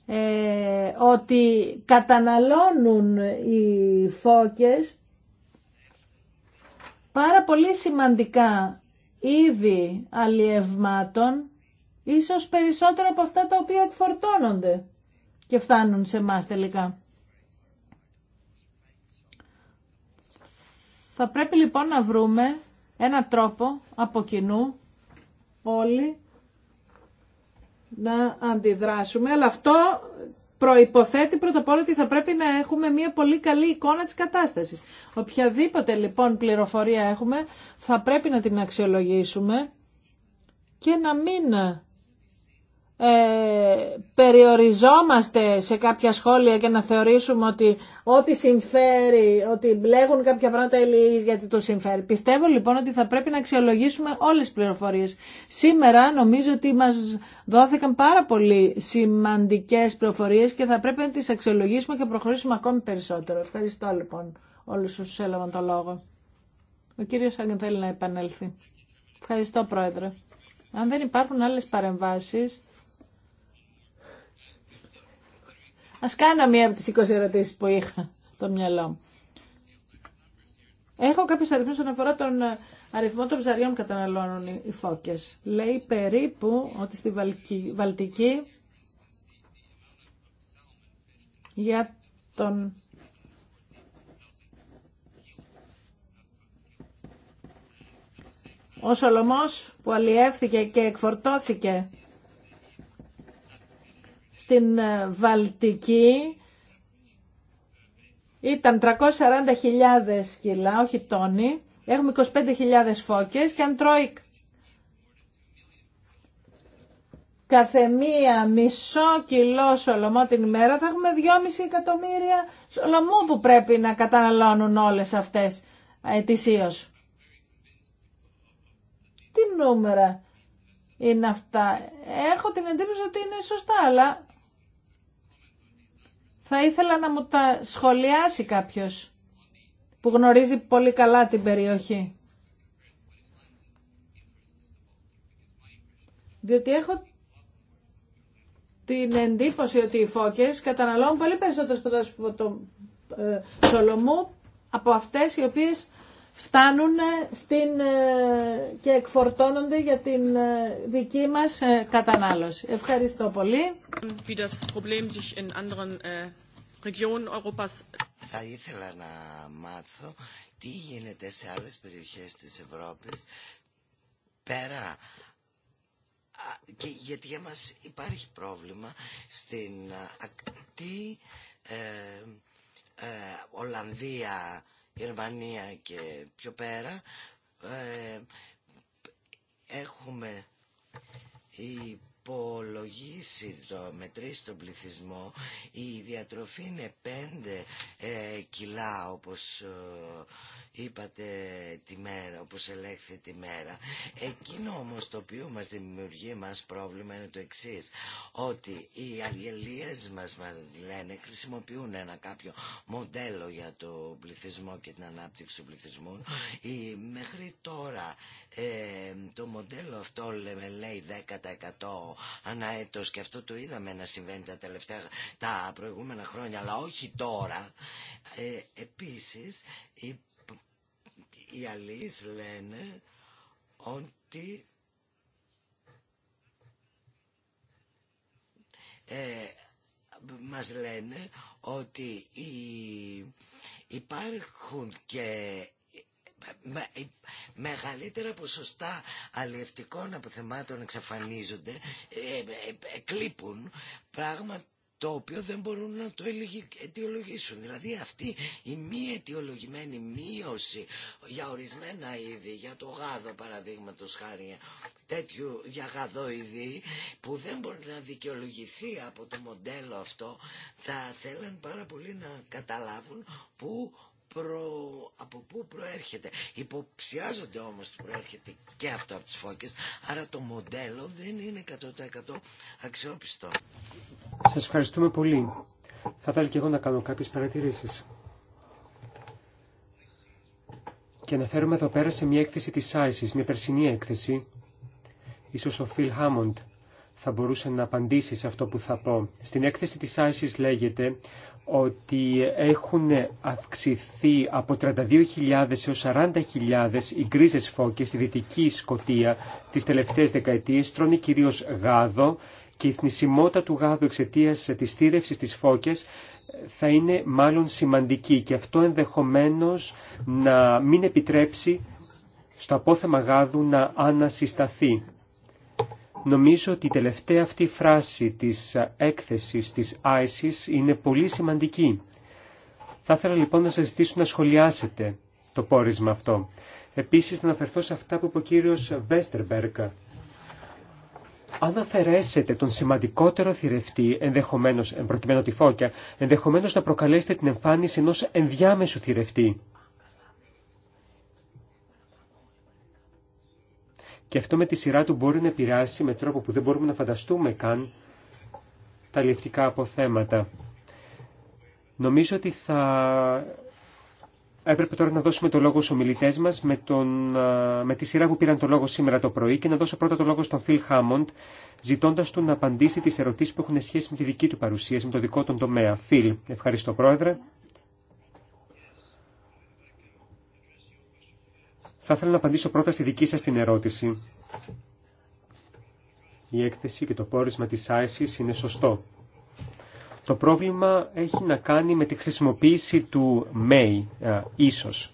ε, ότι καταναλώνουν οι φώκες πάρα πολύ σημαντικά είδη αλλιευμάτων, ίσως περισσότερα από αυτά τα οποία εκφορτώνονται και φτάνουν σε εμά τελικά. Θα πρέπει λοιπόν να βρούμε ένα τρόπο από κοινού όλοι να αντιδράσουμε, αλλά αυτό προϋποθέτει πρώτα απ' όλα ότι θα πρέπει να έχουμε μια πολύ καλή εικόνα της κατάστασης. Οποιαδήποτε λοιπόν πληροφορία έχουμε θα πρέπει να την αξιολογήσουμε και να μην ε, περιοριζόμαστε σε κάποια σχόλια και να θεωρήσουμε ότι ό,τι συμφέρει, ότι μπλέγουν κάποια πράγματα οι γιατί το συμφέρει. Πιστεύω λοιπόν ότι θα πρέπει να αξιολογήσουμε όλες τις πληροφορίες. Σήμερα νομίζω ότι μας δόθηκαν πάρα πολύ σημαντικές πληροφορίες και θα πρέπει να τις αξιολογήσουμε και προχωρήσουμε ακόμη περισσότερο. Ευχαριστώ λοιπόν όλους όσους έλαβαν το λόγο. Ο κύριος Άγκεν θέλει να επανέλθει. Ευχαριστώ πρόεδρε. Αν δεν υπάρχουν άλλες παρεμβάσεις... Ας κάνω μία από τις 20 ερωτήσεις που είχα στο μυαλό μου. Έχω κάποιους αριθμούς όσον αφορά τον ε, αριθμό των ψαριών που καταναλώνουν οι φώκες. Λέει περίπου ότι στη Βαλτική για τον Ο Σολωμός που αλλιεύθηκε και εκφορτώθηκε στην ε, Βαλτική ήταν 340.000 κιλά, όχι τόνοι. Έχουμε 25.000 φώκες και αν τρώει κάθε καθεμία μισό κιλό σολομό την ημέρα θα έχουμε 2,5 εκατομμύρια σολομού που πρέπει να καταναλώνουν όλες αυτές ε, ετησίως. Τι νούμερα είναι αυτά. Έχω την εντύπωση ότι είναι σωστά, αλλά θα ήθελα να μου τα σχολιάσει κάποιος που γνωρίζει πολύ καλά την περιοχή. Διότι έχω την εντύπωση ότι οι φώκες καταναλώνουν πολύ περισσότερο το του ε, Σολομού από αυτές οι οποίες φτάνουν ε, στην, ε, και εκφορτώνονται για την ε, δική μας κατανάλωση. Ευχαριστώ πολύ. Äh, Θα ήθελα να μάθω τι γίνεται σε άλλες περιοχές της Ευρώπης πέρα και γιατί για μας υπάρχει πρόβλημα στην ακτή ε, Ολλανδία Γερμανία και πιο πέρα. Ε, έχουμε υπολογίσει το μετρήσει τον πληθυσμό η διατροφή είναι 5 ε, κιλά όπως ε, είπατε τη μέρα, όπως ελέγχθη τη μέρα. Εκείνο όμως το οποίο μας δημιουργεί μας πρόβλημα είναι το εξή. Ότι οι αλληλίε μας, μας λένε χρησιμοποιούν ένα κάποιο μοντέλο για το πληθυσμό και την ανάπτυξη του πληθυσμού. Η, μέχρι τώρα ε, το μοντέλο αυτό λέμε, λέει 10% ανά και αυτό το είδαμε να συμβαίνει τα τελευταία τα προηγούμενα χρόνια αλλά όχι τώρα. Ε, επίσης οι αλλοίς λένε ότι ε, μας λένε ότι υπάρχουν και μεγαλύτερα ποσοστά αλλιευτικών αποθεμάτων εξαφανίζονται, ε, ε, ε, κλείπουν πράγμα το οποίο δεν μπορούν να το αιτιολογήσουν. Δηλαδή αυτή η μη αιτιολογημένη μείωση για ορισμένα είδη, για το γάδο παραδείγματο χάρη, τέτοιου για γαδό είδη, που δεν μπορεί να δικαιολογηθεί από το μοντέλο αυτό, θα θέλαν πάρα πολύ να καταλάβουν που προ... από πού προέρχεται. Υποψιάζονται όμως ότι προέρχεται και αυτό από τις φώκες, άρα το μοντέλο δεν είναι 100% αξιόπιστο. Σας ευχαριστούμε πολύ. Θα ήθελα και εγώ να κάνω κάποιες παρατηρήσεις. Και φέρουμε εδώ πέρα σε μια έκθεση της ISIS, μια περσινή έκθεση. Ίσως ο Φιλ Χάμοντ θα μπορούσε να απαντήσει σε αυτό που θα πω. Στην έκθεση της ISIS λέγεται ότι έχουν αυξηθεί από 32.000 έως 40.000 οι γκρίζες φώκες στη Δυτική Σκοτία τις τελευταίες δεκαετίες, τρώνε κυρίως γάδο και η θνησιμότητα του γάδου εξαιτία της στήρευσης της φώκες θα είναι μάλλον σημαντική και αυτό ενδεχομένως να μην επιτρέψει στο απόθεμα γάδου να ανασυσταθεί. Νομίζω ότι η τελευταία αυτή φράση της έκθεσης της ISIS είναι πολύ σημαντική. Θα ήθελα λοιπόν να σας ζητήσω να σχολιάσετε το πόρισμα αυτό. Επίσης να αναφερθώ σε αυτά που είπε ο κύριος Βέστερμπεργκ. Αν αφαιρέσετε τον σημαντικότερο θηρευτή, ενδεχομένως, προκειμένου τη φώκια, ενδεχομένως να προκαλέσετε την εμφάνιση ενός ενδιάμεσου θηρευτή. και αυτό με τη σειρά του μπορεί να επηρεάσει με τρόπο που δεν μπορούμε να φανταστούμε καν τα λεφτικά αποθέματα. Νομίζω ότι θα έπρεπε τώρα να δώσουμε το λόγο στους ομιλητές μας με, τον, με τη σειρά που πήραν το λόγο σήμερα το πρωί και να δώσω πρώτα το λόγο στον Φιλ Χάμοντ ζητώντας του να απαντήσει τις ερωτήσεις που έχουν σχέση με τη δική του παρουσίαση, με το δικό τον τομέα. Φιλ, ευχαριστώ πρόεδρε. Θα ήθελα να απαντήσω πρώτα στη δική σας την ερώτηση. Η έκθεση και το πόρισμα της άεσης είναι σωστό. Το πρόβλημα έχει να κάνει με τη χρησιμοποίηση του may, ε, ίσως.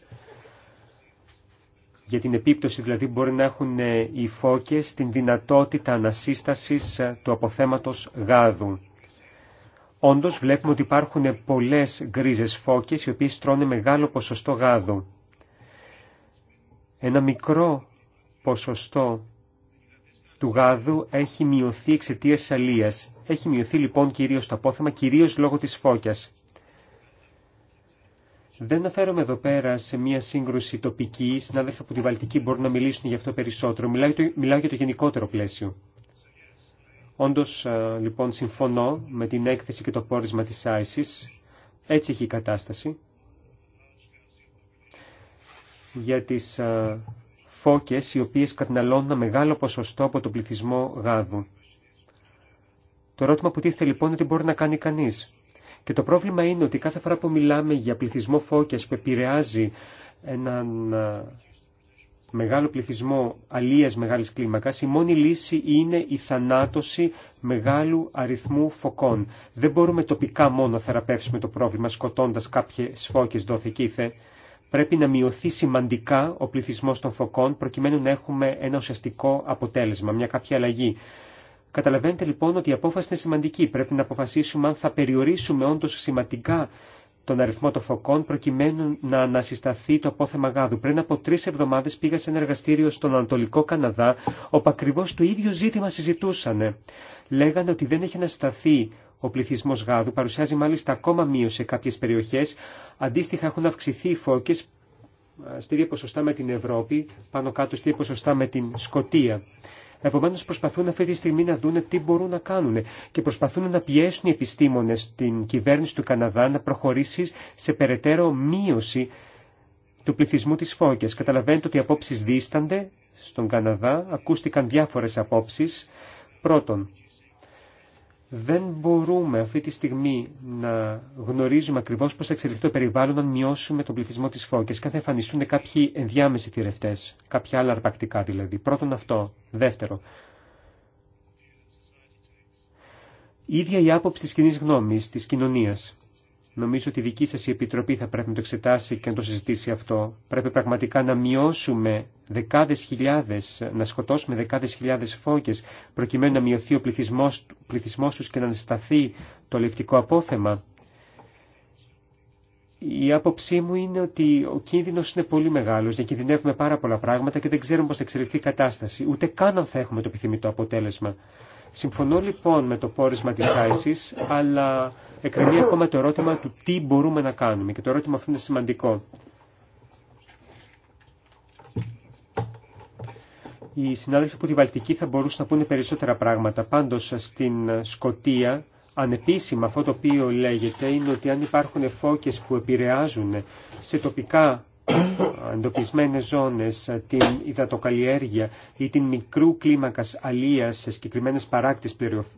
Για την επίπτωση δηλαδή μπορεί να έχουν ε, οι φώκες την δυνατότητα ανασύστασης ε, του αποθέματος γάδου. Όντως βλέπουμε ότι υπάρχουν πολλές γκρίζες φώκες οι οποίες τρώνε μεγάλο ποσοστό γάδου. Ένα μικρό ποσοστό του γάδου έχει μειωθεί εξαιτία τη Έχει μειωθεί λοιπόν κυρίω το απόθεμα, κυρίω λόγω τη φώκια. Δεν αναφέρομαι εδώ πέρα σε μια σύγκρουση τοπική. Οι συνάδελφοι από την Βαλτική μπορούν να μιλήσουν γι' αυτό περισσότερο. Μιλάω, μιλάω για το γενικότερο πλαίσιο. Όντω, λοιπόν, συμφωνώ με την έκθεση και το πόρισμα τη ISIS, Έτσι έχει η κατάσταση για τις ε, φώκες οι οποίες καταναλώνουν ένα μεγάλο ποσοστό από τον πληθυσμό γάδου. Το ερώτημα που τίθεται λοιπόν είναι τι μπορεί να κάνει κανείς. Και το πρόβλημα είναι ότι κάθε φορά που μιλάμε για πληθυσμό φώκες που επηρεάζει έναν ε, μεγάλο πληθυσμό αλίας μεγάλης κλίμακας, η μόνη λύση είναι η θανάτωση μεγάλου αριθμού φωκών. Δεν μπορούμε τοπικά μόνο να θεραπεύσουμε το πρόβλημα σκοτώντας κάποιες φώκες δόθηκήθε πρέπει να μειωθεί σημαντικά ο πληθυσμός των φωκών προκειμένου να έχουμε ένα ουσιαστικό αποτέλεσμα, μια κάποια αλλαγή. Καταλαβαίνετε λοιπόν ότι η απόφαση είναι σημαντική. Πρέπει να αποφασίσουμε αν θα περιορίσουμε όντω σημαντικά τον αριθμό των φωκών προκειμένου να ανασυσταθεί το απόθεμα γάδου. Πριν από τρει εβδομάδε πήγα σε ένα εργαστήριο στον Ανατολικό Καναδά, όπου ακριβώ το ίδιο ζήτημα συζητούσαν. Λέγανε ότι δεν έχει ανασταθεί ο πληθυσμό γάδου παρουσιάζει μάλιστα ακόμα μείωση σε κάποιε περιοχέ. Αντίστοιχα έχουν αυξηθεί οι φώκε στη ίδια ποσοστά με την Ευρώπη, πάνω κάτω στη ίδια ποσοστά με την Σκοτία. Επομένω, προσπαθούν αυτή τη στιγμή να δουν τι μπορούν να κάνουν και προσπαθούν να πιέσουν οι επιστήμονε στην κυβέρνηση του Καναδά να προχωρήσει σε περαιτέρω μείωση του πληθυσμού τη φώκια. Καταλαβαίνετε ότι οι απόψει δίστανται στον Καναδά, ακούστηκαν διάφορε απόψει. Πρώτον, δεν μπορούμε αυτή τη στιγμή να γνωρίζουμε ακριβώ πώ θα εξελιχθεί το περιβάλλον αν μειώσουμε τον πληθυσμό τη φώκια και αν θα εμφανιστούν κάποιοι ενδιάμεσοι θηρευτέ, κάποια άλλα αρπακτικά δηλαδή. Πρώτον αυτό. Δεύτερο. ίδια η άποψη τη κοινή γνώμη, τη κοινωνία. Νομίζω ότι η δική σας η Επιτροπή θα πρέπει να το εξετάσει και να το συζητήσει αυτό. Πρέπει πραγματικά να μειώσουμε δεκάδες χιλιάδες, να σκοτώσουμε δεκάδες χιλιάδες φώκες, προκειμένου να μειωθεί ο πληθυσμός, πληθυσμός τους και να σταθεί το λευτικό απόθεμα. Η άποψή μου είναι ότι ο κίνδυνος είναι πολύ μεγάλος, κινδυνεύουμε πάρα πολλά πράγματα και δεν ξέρουμε πώς θα εξελιχθεί η κατάσταση, ούτε καν αν θα έχουμε το επιθυμητό αποτέλεσμα. Συμφωνώ λοιπόν με το πόρισμα της ISIS, αλλά εκκρεμεί ακόμα το ερώτημα του τι μπορούμε να κάνουμε και το ερώτημα αυτό είναι σημαντικό. Οι συνάδελφοι από τη Βαλτική θα μπορούσαν να πούνε περισσότερα πράγματα. Πάντως στην Σκοτία Ανεπίσημα αυτό το οποίο λέγεται είναι ότι αν υπάρχουν φώκες που επηρεάζουν σε τοπικά εντοπισμένες ζώνες την υδατοκαλλιέργεια ή την μικρού κλίμακας αλίας σε συγκεκριμένες παράκτης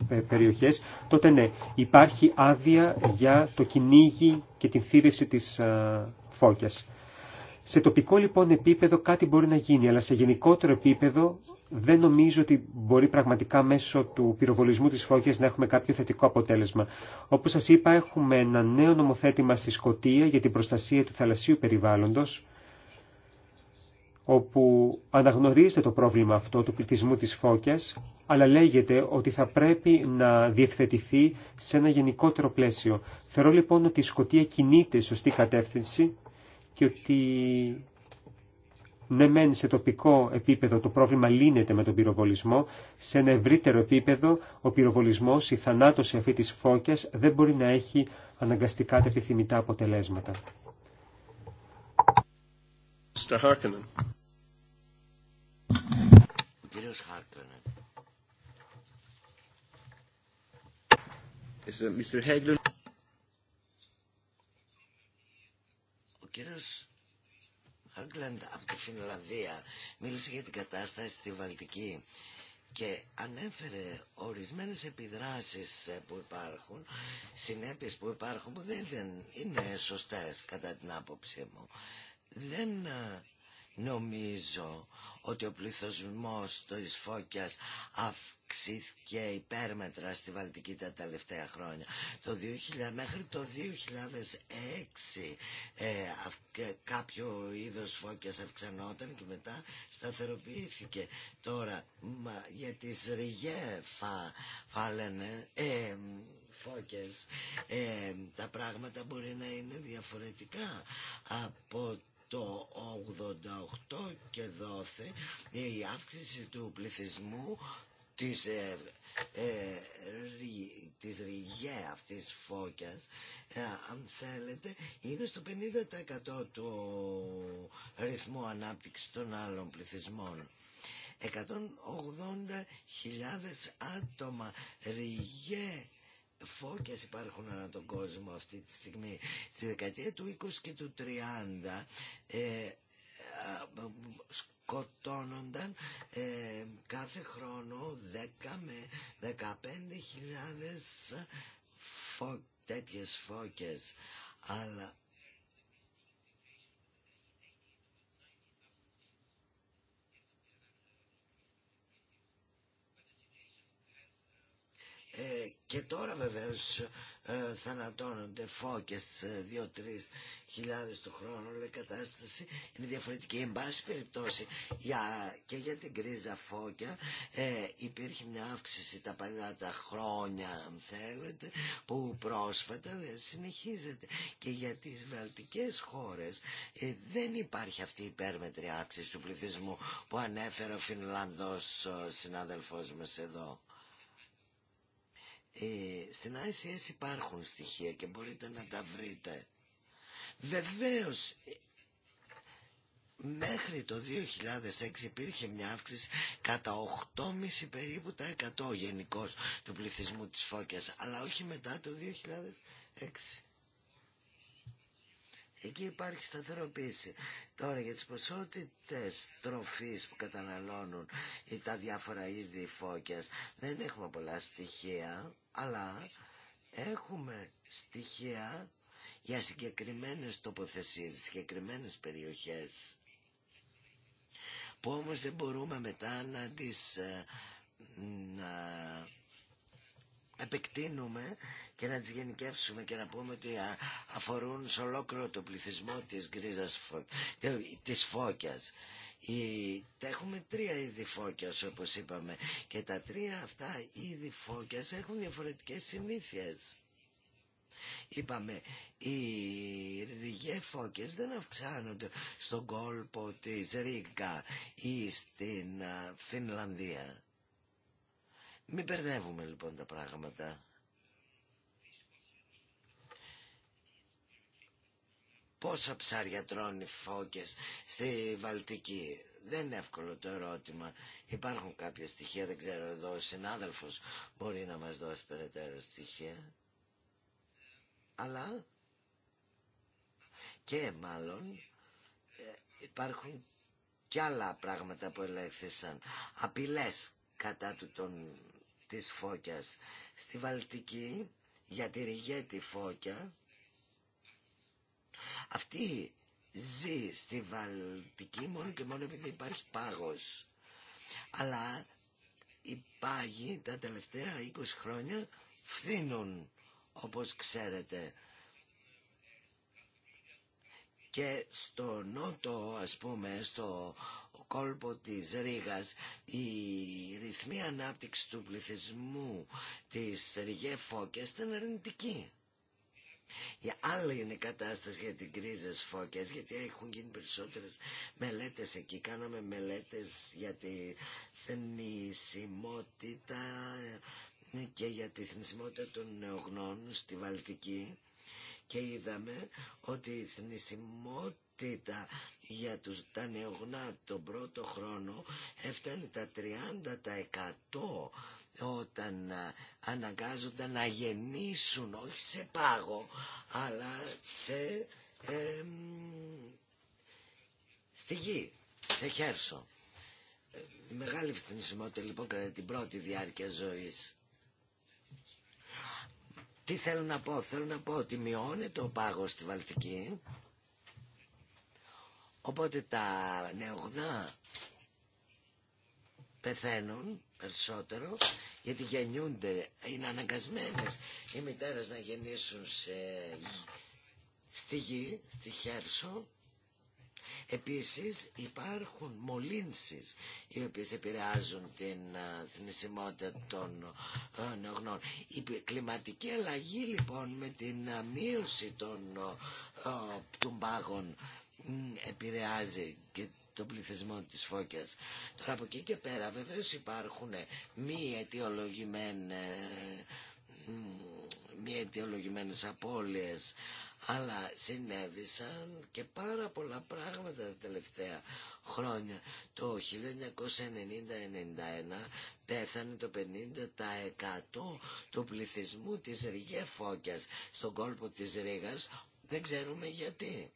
ε, περιοχές, τότε ναι, υπάρχει άδεια για το κυνήγι και την θύρευση της φώκιας. Σε τοπικό λοιπόν επίπεδο κάτι μπορεί να γίνει, αλλά σε γενικότερο επίπεδο δεν νομίζω ότι μπορεί πραγματικά μέσω του πυροβολισμού της φώκιας να έχουμε κάποιο θετικό αποτέλεσμα. Όπως σας είπα, έχουμε ένα νέο νομοθέτημα στη Σκοτία για την προστασία του θαλασσίου περιβάλλοντος, όπου αναγνωρίζεται το πρόβλημα αυτό του πληθυσμού της φώκιας, αλλά λέγεται ότι θα πρέπει να διευθετηθεί σε ένα γενικότερο πλαίσιο. Θεωρώ λοιπόν ότι η Σκοτία κινείται σωστή κατεύθυνση και ότι ναι, μεν σε τοπικό επίπεδο το πρόβλημα λύνεται με τον πυροβολισμό, σε ένα ευρύτερο επίπεδο ο πυροβολισμός, η θανάτωση αυτή της φώκιας δεν μπορεί να έχει αναγκαστικά τα επιθυμητά αποτελέσματα. Ο κύριος Άγγλαντ από τη Φινλανδία μίλησε για την κατάσταση στη Βαλτική και ανέφερε ορισμένες επιδράσεις ε, που υπάρχουν, συνέπειες που υπάρχουν που δεν είναι σωστές κατά την άποψή μου. Δεν ε, Νομίζω ότι ο πληθωσμός της Φώκιας αυξήθηκε υπέρμετρα στη Βαλτική τα τελευταία χρόνια. Το 2000, μέχρι το 2006 ε, κάποιο είδος Φώκιας αυξανόταν και μετά σταθεροποιήθηκε. Τώρα για τις ριγέ φα, ε, ε, τα πράγματα μπορεί να είναι διαφορετικά από το 88 και δόθε η αύξηση του πληθυσμού της, ε, ε της ριγέ αυτής φώκιας ε, αν θέλετε είναι στο 50% του ρυθμού ανάπτυξης των άλλων πληθυσμών 180.000 άτομα ριγέ Φώκε υπάρχουν ανά τον κόσμο αυτή τη στιγμή. Στη δεκαετία του 20 και του 30 ε, σκοτώνονταν ε, κάθε χρόνο 10 με 15 φω, τέτοιες φώκες. Αλλά Ε, και τώρα βεβαίως ε, θανατώνονται φώκες 2-3 ε, χιλιάδες το χρόνο αλλά η κατάσταση είναι διαφορετική εν πάση περιπτώσει για, και για την κρίζα φώκια ε, υπήρχε μια αύξηση τα παλιά τα χρόνια αν θέλετε που πρόσφατα δεν συνεχίζεται και για τις βαλτικές χώρες ε, δεν υπάρχει αυτή η υπέρμετρη αύξηση του πληθυσμού που ανέφερε ο Φινλανδός ο συνάδελφός μας εδώ ε, στην ICS υπάρχουν στοιχεία και μπορείτε να τα βρείτε. Βεβαίως, ε, μέχρι το 2006 υπήρχε μια αύξηση κατά 8,5 περίπου τα 100 γενικώ του πληθυσμού της Φώκιας, αλλά όχι μετά το 2006. Εκεί υπάρχει σταθεροποίηση. Τώρα για τις ποσότητες τροφής που καταναλώνουν ή τα διάφορα είδη φώκιας δεν έχουμε πολλά στοιχεία, αλλά έχουμε στοιχεία για συγκεκριμένες τοποθεσίες, συγκεκριμένες περιοχές που όμως δεν μπορούμε μετά να τις ε, να επεκτείνουμε και να τις γενικεύσουμε και να πούμε ότι αφορούν σε ολόκληρο το πληθυσμό της γκρίζας της φώκιας. Η... Έχουμε τρία είδη φώκιας όπως είπαμε και τα τρία αυτά είδη φώκιας έχουν διαφορετικές συνήθειες. Είπαμε, οι ριγέ φώκε δεν αυξάνονται στον κόλπο της Ρίγκα ή στην Φινλανδία. Μην μπερδεύουμε λοιπόν τα πράγματα. Πόσα ψάρια τρώνε φώκες στη Βαλτική. Δεν είναι εύκολο το ερώτημα. Υπάρχουν κάποια στοιχεία, δεν ξέρω εδώ, ο συνάδελφος μπορεί να μας δώσει περαιτέρω στοιχεία. Αλλά και μάλλον ε, υπάρχουν και άλλα πράγματα που ελέγχθησαν. Απειλές κατά του των της Φώκιας. Στη Βαλτική, για τη Ριγέτη Φώκια, αυτή ζει στη Βαλτική μόνο και μόνο επειδή υπάρχει πάγος. Αλλά οι πάγοι τα τελευταία 20 χρόνια φθήνουν, όπως ξέρετε. Και στο νότο, ας πούμε, στο κόλπο της Ρήγας η ρυθμή ανάπτυξη του πληθυσμού της Ριγέ Φώκιας ήταν αρνητική. Η άλλη είναι η κατάσταση για την κρίση φώκιας, γιατί έχουν γίνει περισσότερες μελέτες εκεί. Κάναμε μελέτες για τη θνησιμότητα ε, και για τη θνησιμότητα των νεογνών στη Βαλτική και είδαμε ότι η θνησιμότητα για τους, τα νεογνά τον πρώτο χρόνο έφτανε τα 30% όταν αναγκάζονταν να γεννήσουν όχι σε πάγο αλλά σε ε, στη γη, σε χέρσο. Ε, μεγάλη φθηνισμότητα λοιπόν κατά την πρώτη διάρκεια ζωής. Τι θέλω να πω, θέλω να πω ότι μειώνεται ο πάγος στη Βαλτική Οπότε τα νεογνά πεθαίνουν περισσότερο γιατί γεννιούνται, είναι αναγκασμένες οι μητέρες να γεννήσουν σε, στη γη, στη χέρσο. Επίσης υπάρχουν μολύνσεις οι οποίες επηρεάζουν την θνησιμότητα των νεογνών. Η κλιματική αλλαγή λοιπόν με την μείωση των, των πάγων επηρεάζει και τον πληθυσμό της Φώκιας. Τώρα από εκεί και πέρα βεβαίως υπάρχουν μη αιτιολογημένες μη απώλειες αλλά συνέβησαν και πάρα πολλά πράγματα τα τελευταία χρόνια. Το 1990-91 πέθανε το 50% του πληθυσμού της Ριγέ Φώκιας στον κόλπο της Ρήγας. Δεν ξέρουμε γιατί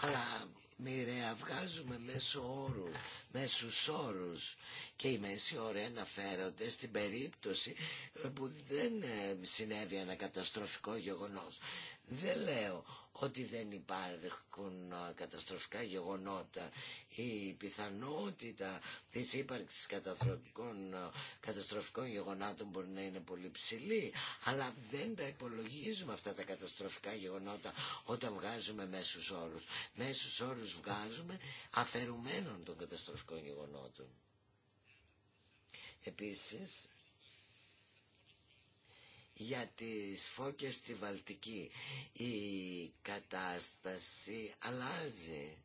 αλλά μοιραία βγάζουμε μέσω όρου, μέσους όρους και οι μέση όροι αναφέρονται στην περίπτωση που δεν ε, συνέβη ένα καταστροφικό γεγονός. Δεν λέω ότι δεν υπάρχουν ε, καταστροφικά γεγονότα. Η πιθανότητα της ύπαρξης ε, καταστροφικών γεγονότων μπορεί να είναι πολύ ψηλή, αλλά δεν τα υπολογίζουμε αυτά τα καταστροφικά γεγονότα όταν βγάζουμε μέσους όρους. Μέσους όρους βγάζουμε αφαιρουμένων των καταστροφικών γεγονότων. Επίσης, για τις φώκες στη Βαλτική. Η κατάσταση αλλάζει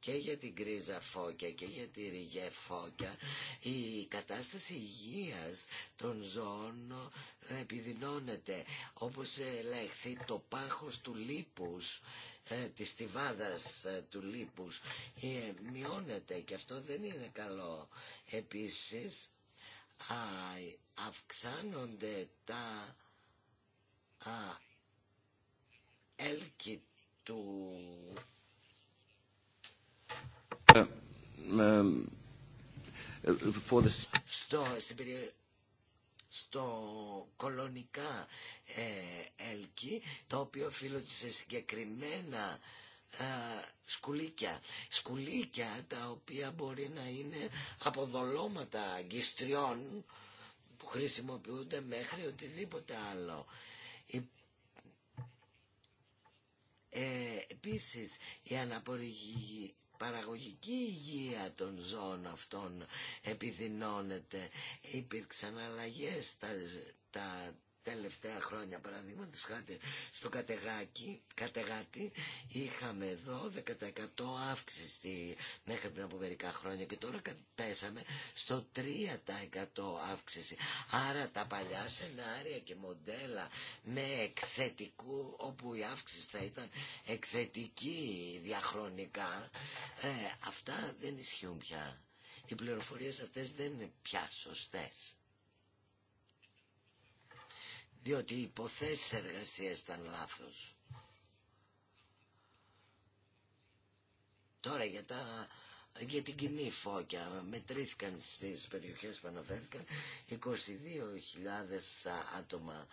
και για την κρίζα φώκια και για τη ριγέ φώκια η κατάσταση υγείας των ζώων ε, επιδεινώνεται όπως ελέγχθη το πάχος του λίπους ε, της στιβάδας ε, του λίπους μειώνεται και αυτό δεν είναι καλό επίσης α, αυξάνονται τα α, έλκη του ε, ε, στο, κολονικά ε, έλκη το οποίο οφείλονται σε συγκεκριμένα ε, σκουλίκια. Σκουλίκια τα οποία μπορεί να είναι αποδολώματα αγκιστριών χρησιμοποιούνται μέχρι οτιδήποτε άλλο. Ε, επίσης η αναπορική παραγωγική υγεία των ζώων αυτών επιδεινώνεται. Υπήρξαν αλλαγές στα, τα, τελευταία χρόνια παραδείγματο χάρη στο κατεγάκι, κατεγάτι είχαμε 12% αύξηση μέχρι πριν από μερικά χρόνια και τώρα πέσαμε στο 3% αύξηση. Άρα τα παλιά σενάρια και μοντέλα με εκθετικού όπου η αύξηση θα ήταν εκθετική διαχρονικά ε, αυτά δεν ισχύουν πια. Οι πληροφορίες αυτές δεν είναι πια σωστές διότι οι υποθέσεις εργασίας ήταν λάθος. Τώρα για, για την κοινή φώκια μετρήθηκαν στις περιοχές που αναφέρθηκαν 22.000 άτομα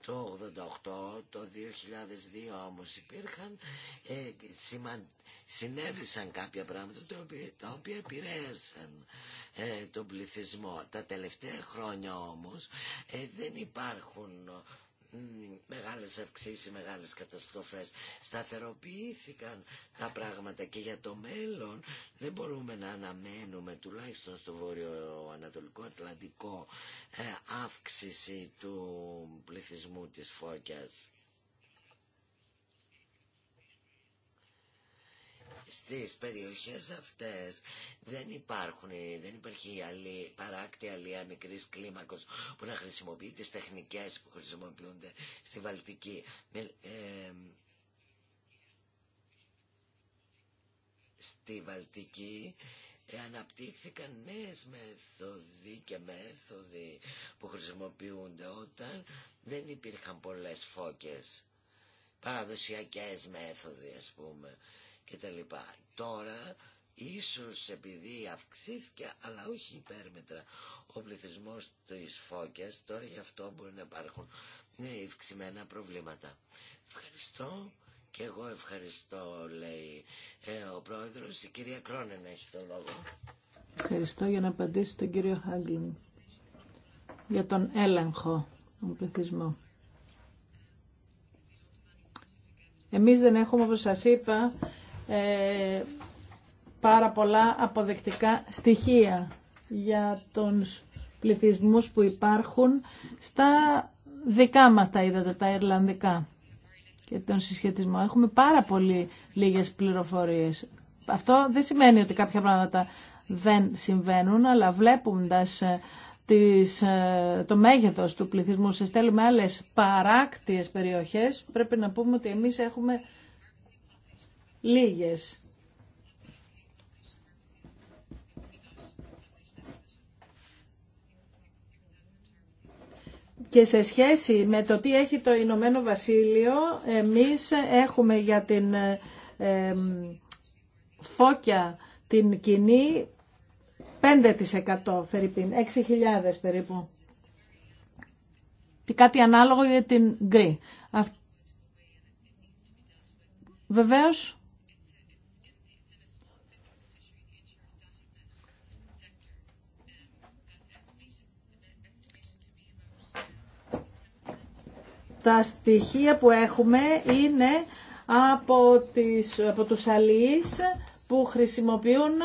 το 88, το 2002 όμως υπήρχαν, ε, συνέβησαν κάποια πράγματα τα οποία, τα επηρέασαν ε, τον πληθυσμό. Τα τελευταία χρόνια όμως ε, δεν υπάρχουν μεγάλες αυξήσεις, μεγάλες καταστροφές. Σταθεροποιήθηκαν τα πράγματα και για το μέλλον δεν μπορούμε να αναμένουμε τουλάχιστον στο βόρειο-ανατολικό Ατλαντικό ε, αύξηση του πληθυσμού της φώκιας. στις περιοχές αυτές δεν υπάρχουν, δεν υπάρχει αλή, παράκτη αλία μικρής κλίμακος που να χρησιμοποιεί τι τεχνικές που χρησιμοποιούνται στη Βαλτική. στη Βαλτική αναπτύχθηκαν νέες μέθοδοι και μέθοδοι που χρησιμοποιούνται όταν δεν υπήρχαν πολλές φώκες παραδοσιακές μέθοδοι ας πούμε και τα λοιπά. Τώρα ίσως επειδή αυξήθηκε αλλά όχι υπέρμετρα ο πληθυσμό της φώκιας τώρα γι' αυτό μπορεί να υπάρχουν ναι, ε, ευξημένα προβλήματα. Ευχαριστώ και εγώ ευχαριστώ λέει ε, ο πρόεδρος η κυρία Κρόνεν έχει το λόγο. Ευχαριστώ για να απαντήσει τον κύριο Χάγκλιν για τον έλεγχο τον πληθυσμό. Εμείς δεν έχουμε, όπως σας είπα, ε, πάρα πολλά αποδεκτικά στοιχεία για τους πληθυσμούς που υπάρχουν στα δικά μας τα είδατε, τα Ιρλανδικά και τον συσχετισμό. Έχουμε πάρα πολύ λίγες πληροφορίες. Αυτό δεν σημαίνει ότι κάποια πράγματα δεν συμβαίνουν, αλλά βλέποντας ε, τις, ε, το μέγεθος του πληθυσμού σε στέλνουμε άλλες παράκτιες περιοχές, πρέπει να πούμε ότι εμείς έχουμε λίγες. Και σε σχέση με το τι έχει το Ηνωμένο Βασίλειο, εμείς έχουμε για την ε, φώκια την κοινή 5% φερρυπίν, 6.000 περίπου. Και κάτι ανάλογο για την γκρι. Βεβαίως, τα στοιχεία που έχουμε είναι από, τις, από τους αλληλείς που χρησιμοποιούν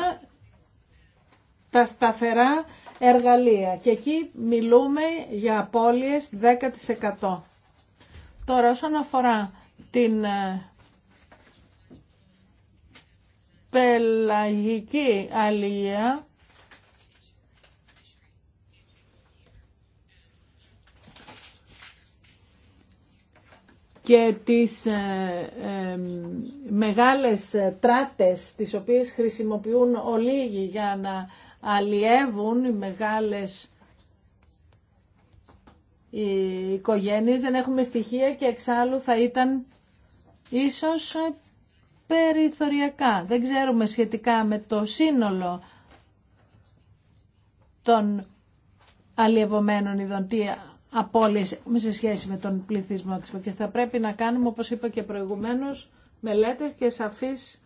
τα σταθερά εργαλεία. Και εκεί μιλούμε για απώλειες 10%. Τώρα όσον αφορά την ε, πελαγική αλία και τις ε, μεγάλες τράτες τις οποίες χρησιμοποιούν ολίγοι για να αλλιεύουν οι μεγάλες οι οικογένειες δεν έχουμε στοιχεία και εξάλλου θα ήταν ίσως περιθωριακά. Δεν ξέρουμε σχετικά με το σύνολο των αλλιευωμένων ειδών απώλειες σε σχέση με τον πληθυσμό της. Και θα πρέπει να κάνουμε, όπως είπα και προηγουμένως, μελέτες και σαφείς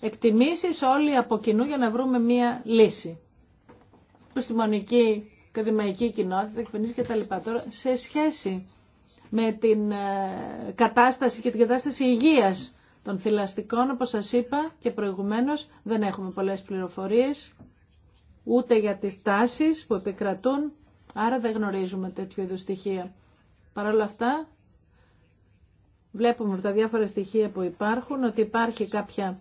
εκτιμήσεις όλοι από κοινού για να βρούμε μία λύση. Προστημονική, ακαδημαϊκή κοινότητα, εκπαινήσεις και τα λοιπά. Τώρα, σε σχέση με την ε, κατάσταση και την κατάσταση υγείας των θηλαστικών, όπως σας είπα και προηγουμένως, δεν έχουμε πολλές πληροφορίες, ούτε για τις τάσεις που επικρατούν, Άρα δεν γνωρίζουμε τέτοιου είδους στοιχεία. Παρ' όλα αυτά, βλέπουμε από τα διάφορα στοιχεία που υπάρχουν ότι υπάρχει κάποια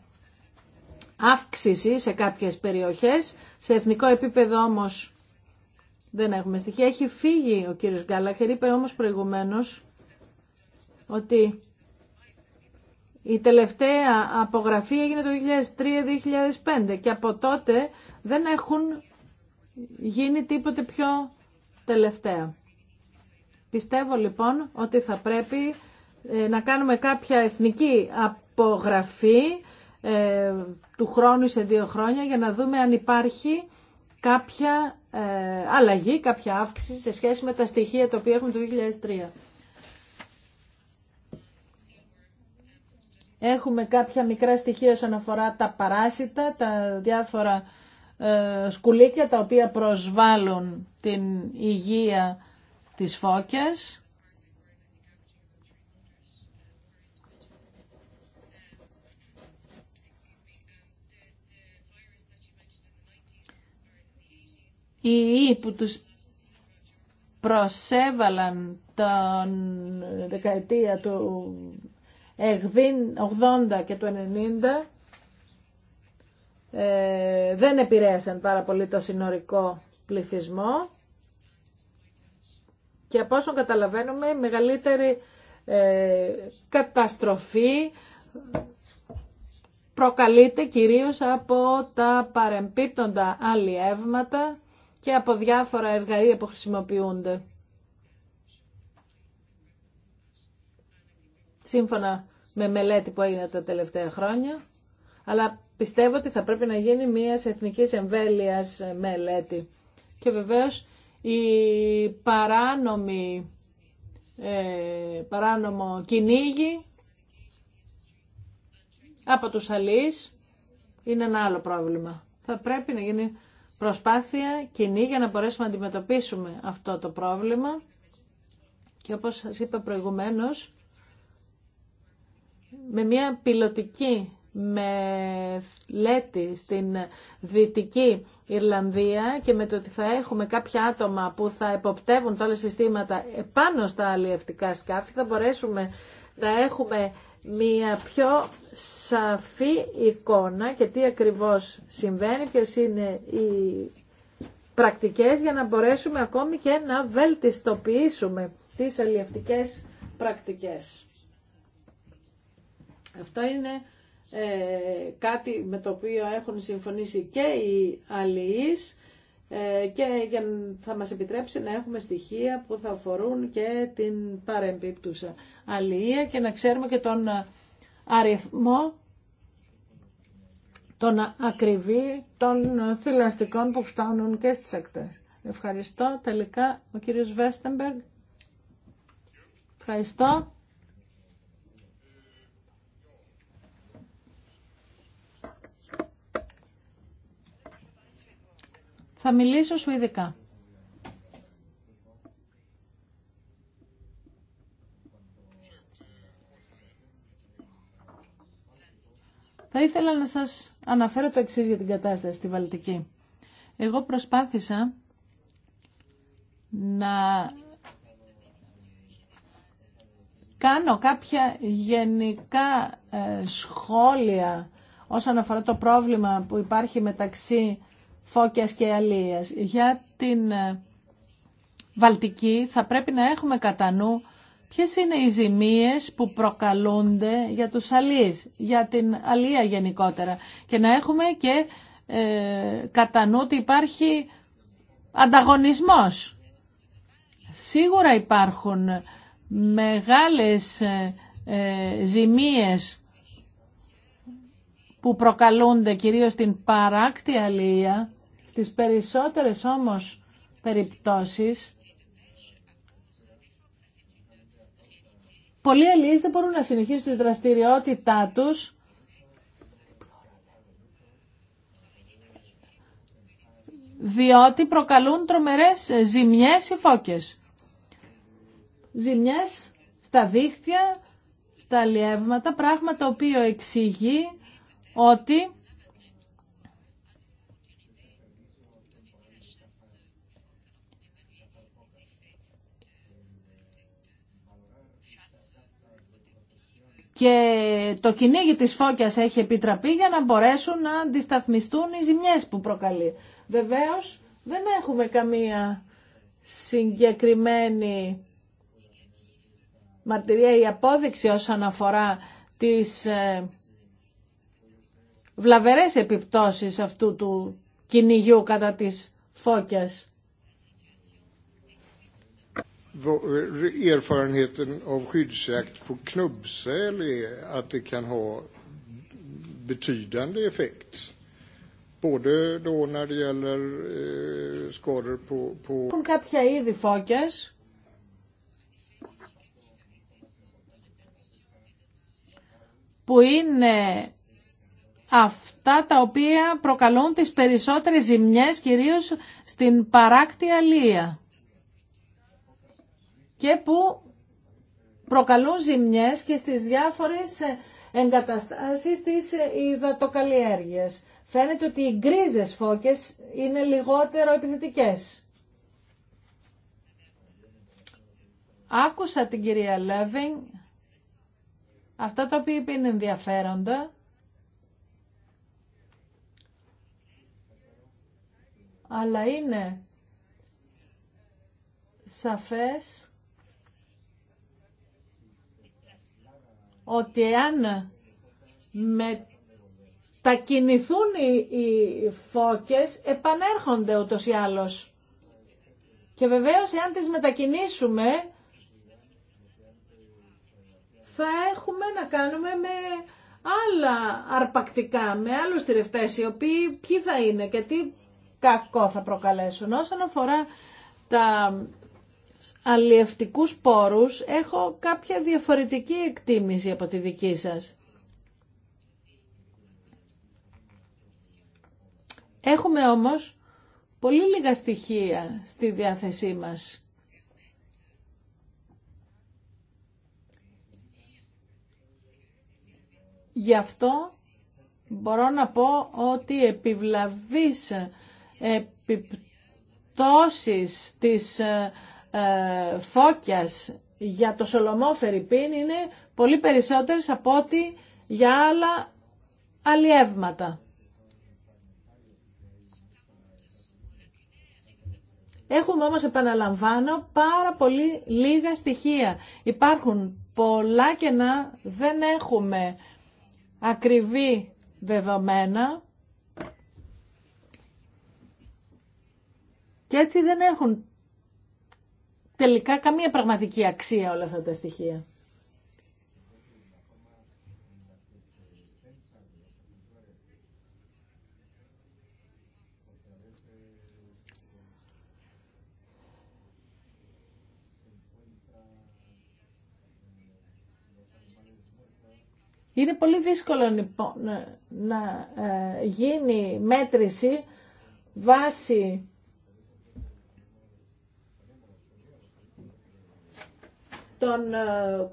αύξηση σε κάποιες περιοχές. Σε εθνικό επίπεδο όμως δεν έχουμε στοιχεία. Έχει φύγει ο κύριος Γκάλαχερ, είπε όμως προηγουμένως ότι η τελευταία απογραφή έγινε το 2003-2005 και από τότε δεν έχουν γίνει τίποτε πιο τελευταία. Πιστεύω λοιπόν ότι θα πρέπει ε, να κάνουμε κάποια εθνική απογραφή ε, του χρόνου σε δύο χρόνια για να δούμε αν υπάρχει κάποια ε, αλλαγή, κάποια αύξηση σε σχέση με τα στοιχεία τα οποία έχουμε το 2003. Έχουμε κάποια μικρά στοιχεία όσον αφορά τα παράσιτα, τα διάφορα ε, σκουλίκια τα οποία προσβάλλουν την υγεία της φώκιας. Οι Ιη που τους προσέβαλαν τον δεκαετία του 80 και του 90 ε, δεν επηρέασαν πάρα πολύ το συνορικό πληθυσμό και από όσο καταλαβαίνουμε η μεγαλύτερη ε, καταστροφή προκαλείται κυρίως από τα παρεμπίπτοντα αλλιεύματα και από διάφορα εργαλεία που χρησιμοποιούνται. Σύμφωνα με μελέτη που έγινε τα τελευταία χρόνια, αλλά πιστεύω ότι θα πρέπει να γίνει μια εθνικής εμβέλειας μελέτη. Και βεβαίως η παράνομη, ε, παράνομο κυνήγι από τους αλείς είναι ένα άλλο πρόβλημα. Θα πρέπει να γίνει προσπάθεια κοινή για να μπορέσουμε να αντιμετωπίσουμε αυτό το πρόβλημα και όπως σας είπα προηγουμένως με μια πιλωτική με λέτη στην Δυτική Ιρλανδία και με το ότι θα έχουμε κάποια άτομα που θα εποπτεύουν τα όλα συστήματα επάνω στα αλλιευτικά σκάφη θα μπορέσουμε να έχουμε μια πιο σαφή εικόνα και τι ακριβώς συμβαίνει, ποιες είναι οι πρακτικές για να μπορέσουμε ακόμη και να βελτιστοποιήσουμε τις αλλιευτικές πρακτικές. Αυτό είναι ε, κάτι με το οποίο έχουν συμφωνήσει και οι αλληλείς ε, και για, θα μας επιτρέψει να έχουμε στοιχεία που θα αφορούν και την παρεμπίπτουσα αλληλεία και να ξέρουμε και τον αριθμό τον ακριβή των θηλαστικών που φτάνουν και στις ακτές. Ευχαριστώ. Τελικά ο κύριος Βέστεμπεργκ. Ευχαριστώ. Θα μιλήσω σου ειδικά. Θα ήθελα να σας αναφέρω το εξής για την κατάσταση στη Βαλτική. Εγώ προσπάθησα να κάνω κάποια γενικά ε, σχόλια όσον αφορά το πρόβλημα που υπάρχει μεταξύ φώκιας και αλίας. Για την ε, Βαλτική θα πρέπει να έχουμε κατά νου ποιες είναι οι ζημίες που προκαλούνται για τους αλίες, για την αλία γενικότερα. Και να έχουμε και ε, κατά νου ότι υπάρχει ανταγωνισμός. Σίγουρα υπάρχουν μεγάλες ε, ε ζημίες που προκαλούνται κυρίως την παράκτη αλία στις περισσότερες όμως περιπτώσεις, πολλοί αλληλείς δεν μπορούν να συνεχίσουν τη δραστηριότητά τους διότι προκαλούν τρομερές ζημιές ή φώκες. Ζημιές στα δίχτυα, στα αλλιεύματα, πράγμα το οποίο εξηγεί ότι και το κυνήγι της φώκιας έχει επιτραπεί για να μπορέσουν να αντισταθμιστούν οι ζημιές που προκαλεί. Βεβαίως δεν έχουμε καμία συγκεκριμένη μαρτυρία ή απόδειξη όσον αφορά τις ε, βλαβερές επιπτώσεις αυτού του κυνηγιού κατά της φώκιας erfarenheten av skyddsjakt på knubbsäl är att det kan ha betydande effekt. Både då när det gäller eh, skador på... på... Έχουν κάποια είδη φώκες που είναι αυτά τα οποία προκαλούν τις περισσότερες ζημιές κυρίως στην παράκτη αλία και που προκαλούν ζημιές και στις διάφορες ε, εγκαταστάσεις της ε, υδατοκαλλιέργειας. Φαίνεται ότι οι γκρίζες φώκες είναι λιγότερο επιθετικές. Άκουσα την κυρία Λέβινγκ, αυτά τα οποία είπε είναι ενδιαφέροντα. Αλλά είναι σαφές ότι εάν μετακινηθούν οι, οι φώκες, επανέρχονται ούτως ή άλλως. Και βεβαίως, εάν τις μετακινήσουμε, θα έχουμε να κάνουμε με άλλα αρπακτικά, με άλλους τυρευτές, οι οποίοι ποιοι θα είναι και τι κακό θα προκαλέσουν. Όσον αφορά τα αλλιευτικούς πόρους έχω κάποια διαφορετική εκτίμηση από τη δική σας. Έχουμε όμως πολύ λίγα στοιχεία στη διάθεσή μας. Γι' αυτό μπορώ να πω ότι επιβλαβείς επιπτώσεις της ε, ε, φώκιας για το Σολομό Φερρυπίν είναι πολύ περισσότερες από ό,τι για άλλα αλλιεύματα. Έχουμε όμως, επαναλαμβάνω, πάρα πολύ λίγα στοιχεία. Υπάρχουν πολλά κενά, δεν έχουμε ακριβή δεδομένα και έτσι δεν έχουν τελικά καμία πραγματική αξία όλα αυτά τα στοιχεία. Είναι πολύ δύσκολο λοιπόν να ε, γίνει μέτρηση βάσει των ε,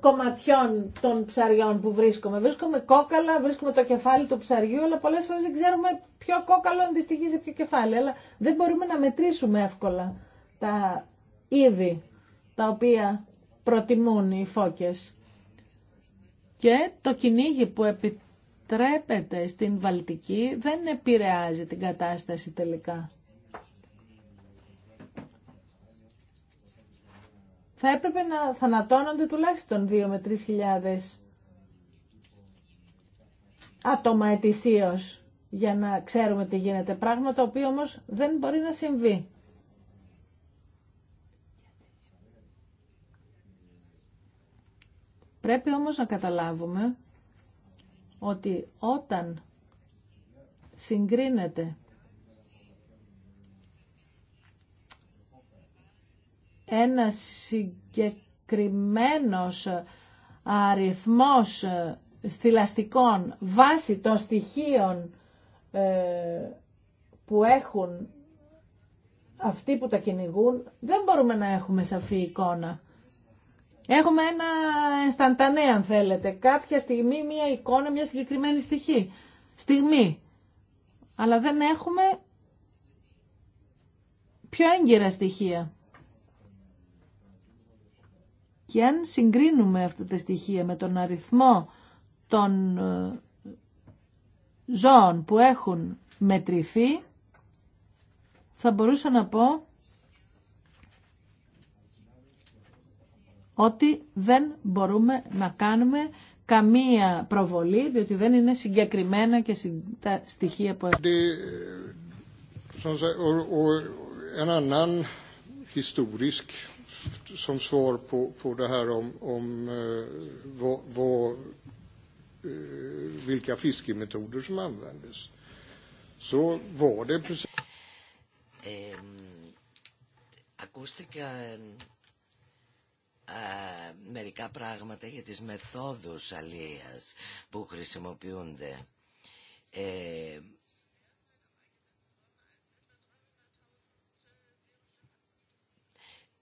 κομματιών των ψαριών που βρίσκουμε. Βρίσκουμε κόκαλα, βρίσκουμε το κεφάλι του ψαριού, αλλά πολλέ φορέ δεν ξέρουμε ποιο κόκαλο αντιστοιχεί σε ποιο κεφάλι. Αλλά δεν μπορούμε να μετρήσουμε εύκολα τα είδη τα οποία προτιμούν οι φώκες. Και το κυνήγι που επιτρέπεται στην Βαλτική δεν επηρεάζει την κατάσταση τελικά. θα έπρεπε να θανατώνονται τουλάχιστον 2 με 3 χιλιάδες άτομα ετησίως για να ξέρουμε τι γίνεται. Πράγμα το οποίο όμως δεν μπορεί να συμβεί. Πρέπει όμως να καταλάβουμε ότι όταν συγκρίνεται ένα συγκεκριμένος αριθμός στηλαστικών βάσει των στοιχείων ε, που έχουν αυτοί που τα κυνηγούν, δεν μπορούμε να έχουμε σαφή εικόνα. Έχουμε ένα ενσταντανέ, αν θέλετε, κάποια στιγμή μία εικόνα, μία συγκεκριμένη στοιχή. Στιγμή. Αλλά δεν έχουμε πιο έγκυρα στοιχεία. Και αν συγκρίνουμε αυτά τα στοιχεία με τον αριθμό των ε, ζώων που έχουν μετρηθεί, θα μπορούσα να πω ότι δεν μπορούμε να κάνουμε καμία προβολή, διότι δεν είναι συγκεκριμένα και τα στοιχεία που έχουν. Ε, Ένα som svar på, på det här om, om vad, vad, vilka fiskemetoder som användes så var det precis... Eh, ακούστηκαν μερικά πράγματα για τις μεθόδους αλίας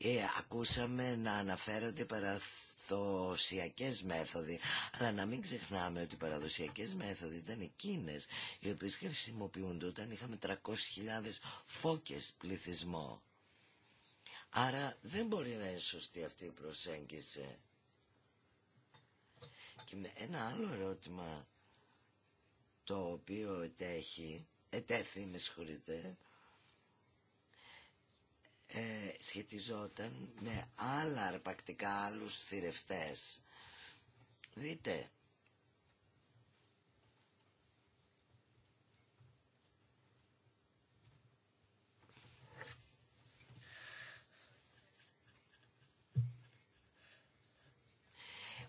Ε, ακούσαμε να αναφέρονται παραδοσιακές μέθοδοι αλλά να μην ξεχνάμε ότι οι παραδοσιακές μέθοδοι ήταν εκείνες οι οποίες χρησιμοποιούνται όταν είχαμε 300.000 φώκες πληθυσμό άρα δεν μπορεί να είναι σωστή αυτή η προσέγγιση και ένα άλλο ερώτημα το οποίο ετέχει ετέθη με συγχωρείτε ε, σχετιζόταν με άλλα αρπακτικά άλλους θηρευτές. Δείτε,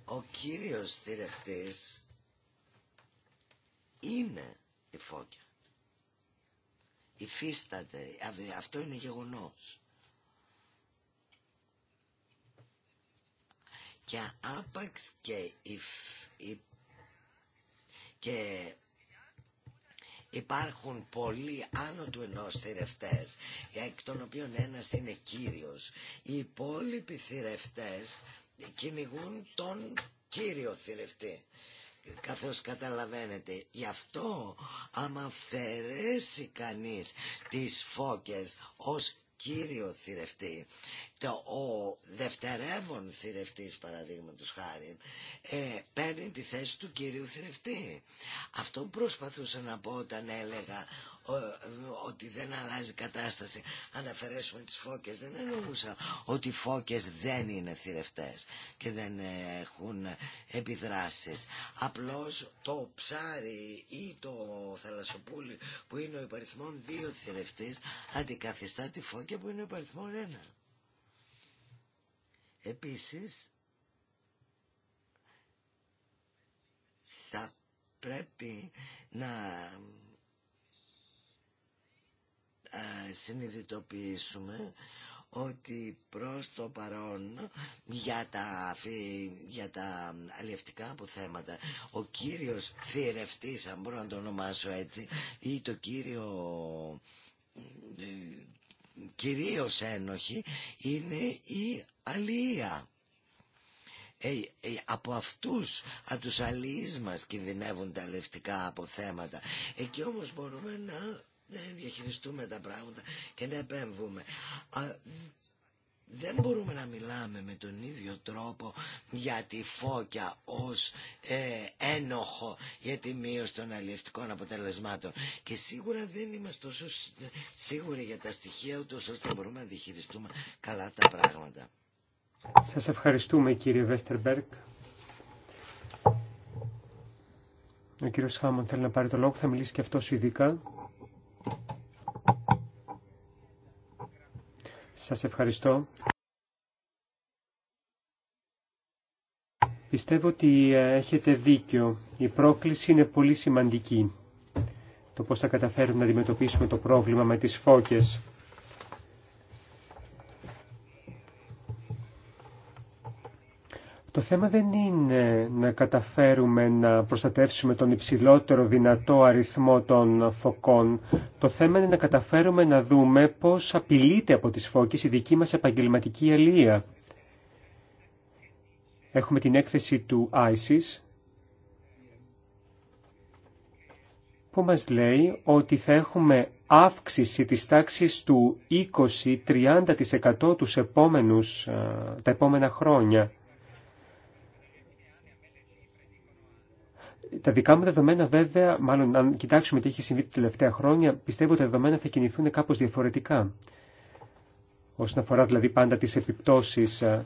ο κύριος θηρευτής είναι η φώκια. Υφίσταται, αυτό είναι γεγονός. και άπαξ και και υπάρχουν πολλοί άνω του ενός θηρευτές εκ των οποίων ένας είναι κύριος οι υπόλοιποι θηρευτές κυνηγούν τον κύριο θηρευτή καθώς καταλαβαίνετε γι' αυτό άμα αφαιρέσει κανείς τις φώκες ως κύριο θηρευτή το, ο δευτερεύον θηρευτής παραδείγματος χάρη ε, παίρνει τη θέση του κυρίου θηρευτή. Αυτό προσπαθούσα να πω όταν έλεγα ότι δεν αλλάζει κατάσταση αν αφαιρέσουμε τις φώκες δεν εννοούσα ότι οι φώκες δεν είναι θηρευτές και δεν έχουν επιδράσεις απλώς το ψάρι ή το θαλασσοπούλι που είναι ο υπαριθμόν δύο θηρευτής αντικαθιστά τη φώκια που είναι ο υπαριθμόν ένα Επίσης, θα πρέπει να συνειδητοποιήσουμε ότι προς το παρόν για τα, για τα αλλιευτικά αποθέματα ο κύριος θηρευτής αν μπορώ να το ονομάσω έτσι ή το κύριο ε, κυρίως ένοχη είναι η αλία. Ε, ε, από αυτούς, από τους κι μας κινδυνεύουν τα λευτικά αποθέματα. Εκεί όμως μπορούμε να ε, διαχειριστούμε τα πράγματα και να επέμβουμε. Α, δεν μπορούμε να μιλάμε με τον ίδιο τρόπο για τη φώκια ως ε, ένοχο για τη μείωση των αλληλευτικών αποτελεσμάτων και σίγουρα δεν είμαστε τόσο ε, σίγουροι για τα στοιχεία ούτως ώστε να μπορούμε να διχειριστούμε καλά τα πράγματα. Σας ευχαριστούμε κύριε Βέστερμπερκ. Ο κύριος Χάμον θέλει να πάρει το λόγο, θα μιλήσει και αυτός ειδικά. Σας ευχαριστώ. Πιστεύω ότι ε, έχετε δίκιο. Η πρόκληση είναι πολύ σημαντική. Το πώς θα καταφέρουμε να αντιμετωπίσουμε το πρόβλημα με τις φώκες. Το θέμα δεν είναι να καταφέρουμε να προστατεύσουμε τον υψηλότερο δυνατό αριθμό των φωκών. Το θέμα είναι να καταφέρουμε να δούμε πώς απειλείται από τις φώκες η δική μας επαγγελματική αλία. Έχουμε την έκθεση του ISIS που μας λέει ότι θα έχουμε αύξηση της τάξης του 20-30% ε, τα επόμενα χρόνια. τα δικά μου δεδομένα βέβαια, μάλλον αν κοιτάξουμε τι έχει συμβεί τα τελευταία χρόνια, πιστεύω ότι τα δεδομένα θα κινηθούν κάπως διαφορετικά. Όσον αφορά δηλαδή πάντα τις επιπτώσεις ε,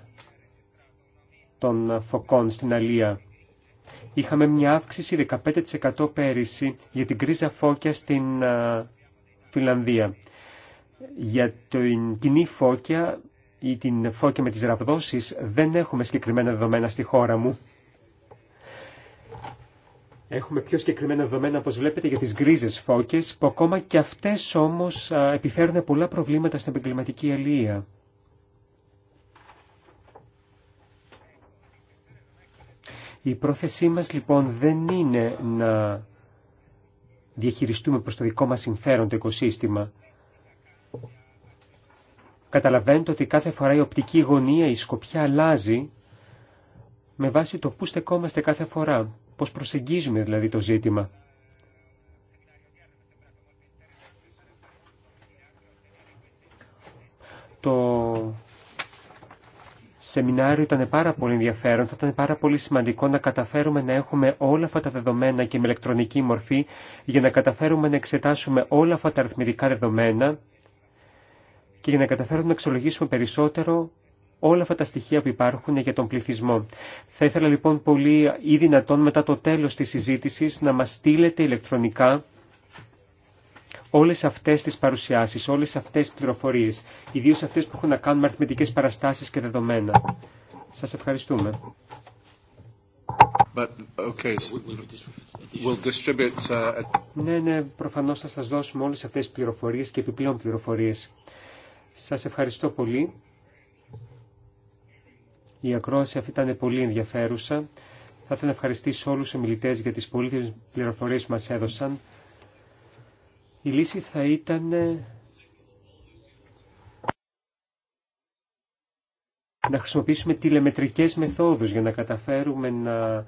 των φωκών στην Αλία. Είχαμε μια αύξηση 15% πέρυσι για την κρίζα φώκια στην ε, Φιλανδία. Για την κοινή φώκια ή την φώκια με τις ραβδόσεις δεν έχουμε συγκεκριμένα δεδομένα στη χώρα μου. Έχουμε πιο συγκεκριμένα δεδομένα, όπως βλέπετε, για τις γκρίζες φώκες, που ακόμα και αυτές όμως επιφέρουν πολλά προβλήματα στην επαγγελματική αλληλεία. Η πρόθεσή μας λοιπόν δεν είναι να διαχειριστούμε προς το δικό μας συμφέρον το οικοσύστημα. Καταλαβαίνετε ότι κάθε φορά η οπτική γωνία, η σκοπιά αλλάζει με βάση το που στεκόμαστε κάθε φορά πώς προσεγγίζουμε δηλαδή το ζήτημα. Το σεμινάριο ήταν πάρα πολύ ενδιαφέρον. Θα ήταν πάρα πολύ σημαντικό να καταφέρουμε να έχουμε όλα αυτά τα δεδομένα και με ηλεκτρονική μορφή για να καταφέρουμε να εξετάσουμε όλα αυτά τα αριθμητικά δεδομένα και για να καταφέρουμε να εξολογήσουμε περισσότερο όλα αυτά τα στοιχεία που υπάρχουν για τον πληθυσμό. Θα ήθελα λοιπόν πολύ ή δυνατόν μετά το τέλος της συζήτησης να μας στείλετε ηλεκτρονικά όλες αυτές τις παρουσιάσεις, όλες αυτές τις πληροφορίες, ιδίως αυτές που έχουν να κάνουν με αριθμητικές παραστάσεις και δεδομένα. Σας ευχαριστούμε. But, okay, distribute, uh, Ναι, ναι, προφανώς θα σας δώσουμε όλες αυτές τις πληροφορίες και επιπλέον πληροφορίες. Σας ευχαριστώ πολύ. Η ακρόαση αυτή ήταν πολύ ενδιαφέρουσα. Θα ήθελα να ευχαριστήσω όλους τους μιλητές για τις πολύτιμες πληροφορίες που μας έδωσαν. Η λύση θα ήταν ε, να χρησιμοποιήσουμε τηλεμετρικές μεθόδους για να καταφέρουμε να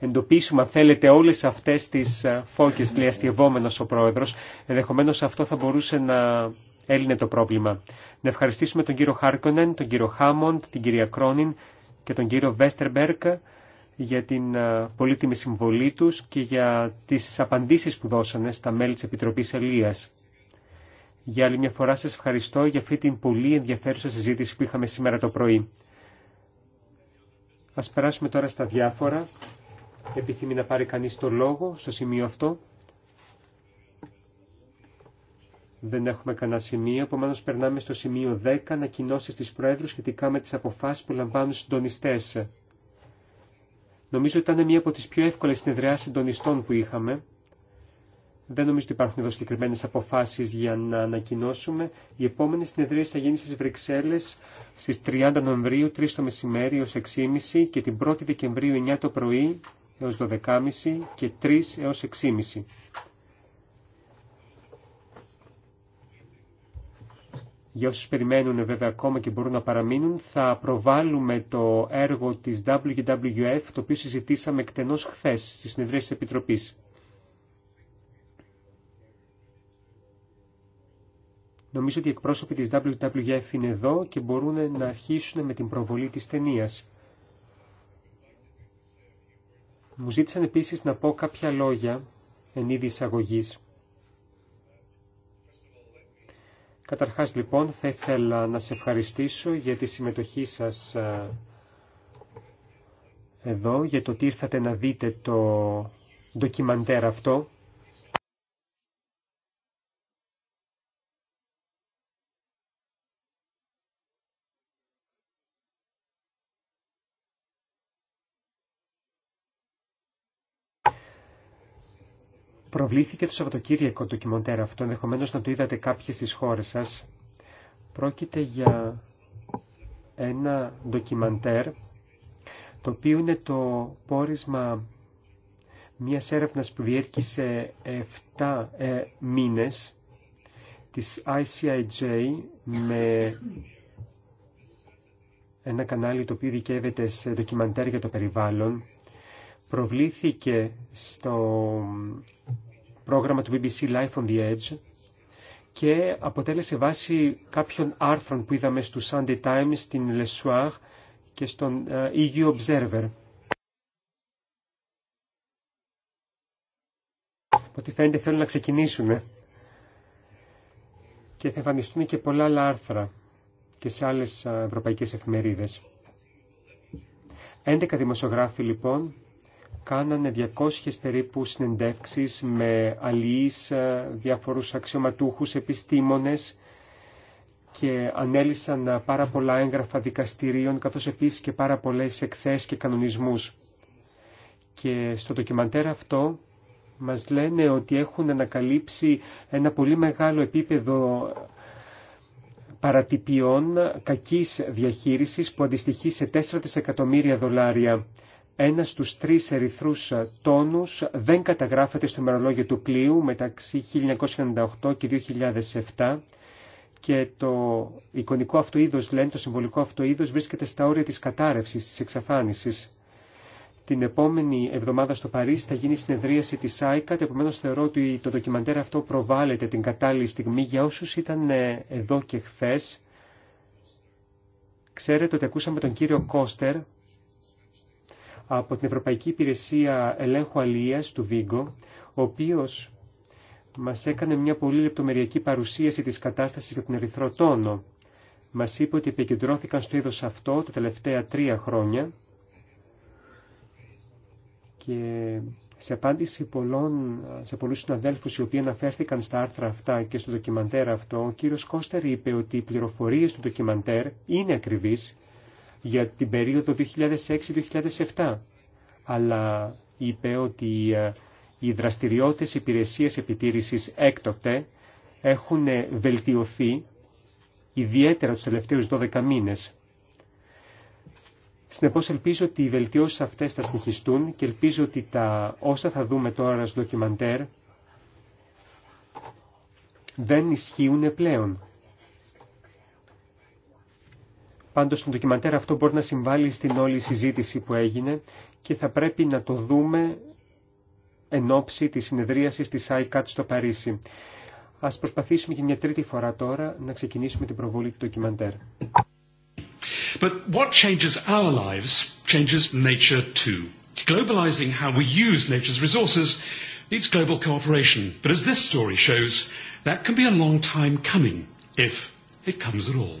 εντοπίσουμε, αν θέλετε, όλες αυτές τις ε, φώκες, λέει αστευόμενος ο Πρόεδρος. Ενδεχομένως αυτό θα μπορούσε να έλυνε το πρόβλημα. Να ευχαριστήσουμε τον κύριο Χάρκονεν, τον κύριο Χάμοντ, την κυρία Κρόνιν και τον κύριο Βέστερμπερκ για την πολύτιμη συμβολή τους και για τις απαντήσεις που δώσανε στα μέλη της Επιτροπής Ελίας. Για άλλη μια φορά σας ευχαριστώ για αυτή την πολύ ενδιαφέρουσα συζήτηση που είχαμε σήμερα το πρωί. Ας περάσουμε τώρα στα διάφορα. Επιθυμεί να πάρει κανείς το λόγο στο σημείο αυτό. Δεν έχουμε κανένα σημείο, επομένω περνάμε στο σημείο 10, ανακοινώσει τη Προέδρου σχετικά με τι αποφάσει που λαμβάνουν οι συντονιστέ. Νομίζω ότι ήταν μία από τι πιο εύκολε συνεδριάσει συντονιστών που είχαμε. Δεν νομίζω ότι υπάρχουν εδώ συγκεκριμένε αποφάσει για να ανακοινώσουμε. Η επόμενη συνεδρία θα γίνει στι Βρυξέλλε στι 30 Νοεμβρίου, 3 το μεσημέρι έω 6.30 και την 1η Δεκεμβρίου 9 το πρωί έω 12.30 και 3 έω 6.30. Για όσους περιμένουν βέβαια ακόμα και μπορούν να παραμείνουν, θα προβάλλουμε το έργο της WWF, το οποίο συζητήσαμε εκτενώς χθες στη συνεδρία της Επιτροπής. Νομίζω ότι οι εκπρόσωποι της WWF είναι εδώ και μπορούν να αρχίσουν με την προβολή της ταινία. Μου ζήτησαν επίσης να πω κάποια λόγια εν είδη εισαγωγής. Καταρχάς λοιπόν θα ήθελα να σε ευχαριστήσω για τη συμμετοχή σας ε, εδώ, για το ότι ήρθατε να δείτε το ντοκιμαντέρ αυτό. Προβλήθηκε το Σαββατοκύριακο το αυτό, ενδεχομένως να το είδατε κάποιες στις χώρες σας. Πρόκειται για ένα ντοκιμαντέρ, το οποίο είναι το πόρισμα μιας έρευνας που διέρχησε 7 ε, μήνες της ICIJ με ένα κανάλι το οποίο δικαίβεται σε ντοκιμαντέρ για το περιβάλλον προβλήθηκε στο πρόγραμμα του BBC Life on the Edge και αποτέλεσε βάση κάποιων άρθρων που είδαμε στους Sunday Times, στην Le Soir και στον ε, EU Observer. Ότι φαίνεται θέλουν να ξεκινήσουν ε. και θα εμφανιστούν και πολλά άλλα άρθρα και σε άλλες ε, ευρωπαϊκές εφημερίδες. 11 δημοσιογράφοι λοιπόν κάνανε 200 περίπου συνεντεύξεις με αλληλείς, ε, διάφορους αξιωματούχους, επιστήμονες και ανέλησαν ε, πάρα πολλά έγγραφα δικαστηρίων καθώς επίσης και πάρα πολλές εκθέσεις και κανονισμούς. Και στο ντοκιμαντέρ αυτό μας λένε ότι έχουν ανακαλύψει ένα πολύ μεγάλο επίπεδο ε, παρατυπιών κακής διαχείρισης που αντιστοιχεί σε 4 δισεκατομμύρια δολάρια ένας στους τρεις ερυθρούς ε, τόνους δεν καταγράφεται στο μερολόγιο του πλοίου μεταξύ 1998 και 2007 και το εικονικό αυτό είδος, λένε, το συμβολικό αυτό είδος βρίσκεται στα όρια της κατάρρευσης, της εξαφάνισης. Την επόμενη εβδομάδα στο Παρίσι θα γίνει συνεδρίαση της ΆΙΚΑΤ, επομένω θεωρώ ότι το ντοκιμαντέρ αυτό προβάλλεται την κατάλληλη στιγμή για όσους ήταν ε, εδώ και χθε. Ξέρετε ότι ακούσαμε τον κύριο Κώστερ, από την Ευρωπαϊκή Υπηρεσία Ελέγχου Αλίας του Βίγκο, ο οποίος μας έκανε μια πολύ λεπτομεριακή παρουσίαση της κατάστασης για τον ερυθρό τόνο. Μας είπε ότι επικεντρώθηκαν στο είδος αυτό τα τελευταία τρία χρόνια και σε απάντηση πολλών, σε πολλούς συναδέλφους οι οποίοι αναφέρθηκαν στα άρθρα αυτά και στο ντοκιμαντέρ αυτό, ο κύριος Κώστερ είπε ότι οι πληροφορίες του ντοκιμαντέρ είναι ακριβείς για την περίοδο 2006-2007. Αλλά είπε ότι ε, οι δραστηριότητες υπηρεσίες επιτήρησης έκτοτε έχουν ε, βελτιωθεί ιδιαίτερα τους τελευταίους 12 μήνες. Συνεπώ ελπίζω ότι οι βελτιώσεις αυτές θα συνεχιστούν και ελπίζω ότι τα όσα θα δούμε τώρα στο ντοκιμαντέρ δεν ισχύουν πλέον. Πάντως το ντοκιμαντέρ αυτό μπορεί να συμβάλλει στην όλη συζήτηση που έγινε και θα πρέπει να το δούμε εν ώψη της συνεδρίασης της ICAT στο Παρίσι. Ας προσπαθήσουμε και μια τρίτη φορά τώρα να ξεκινήσουμε την προβολή του ντοκιμαντέρ. But what changes our lives changes nature too. Globalizing how we use nature's resources needs global cooperation. But as this story shows, that can be a long time coming, if it comes at all.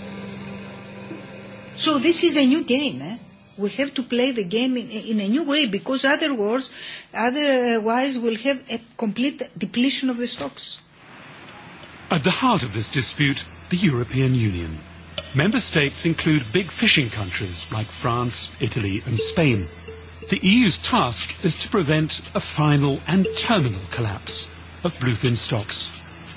So this is a new game. Eh? We have to play the game in, in a new way because otherwise, otherwise we'll have a complete depletion of the stocks. At the heart of this dispute, the European Union. Member states include big fishing countries like France, Italy and Spain. The EU's task is to prevent a final and terminal collapse of bluefin stocks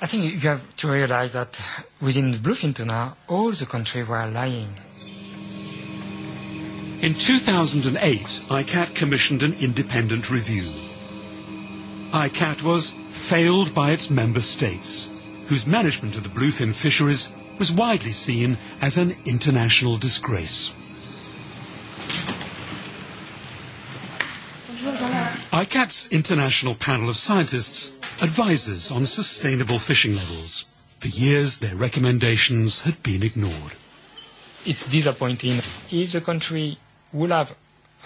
I think you have to realize that within the bluefin tuna, all the country were lying. In 2008, ICAT commissioned an independent review. ICAT was failed by its member states, whose management of the bluefin fisheries was widely seen as an international disgrace. ICAT's international panel of scientists advisers on sustainable fishing levels. For years, their recommendations had been ignored. It's disappointing. If the country would have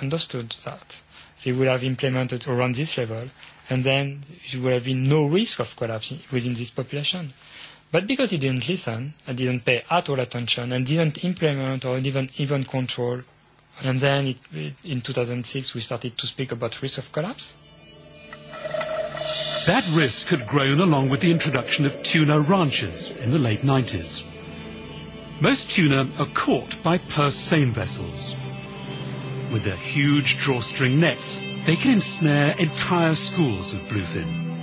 understood that, they would have implemented around this level, and then there would have been no risk of collapse within this population. But because he didn't listen and didn't pay at all attention and didn't implement or even even control, and then in 2006 we started to speak about risk of collapse, That risk had grown along with the introduction of tuna ranches in the late 90s. Most tuna are caught by purse seine vessels. With their huge drawstring nets, they can ensnare entire schools of bluefin.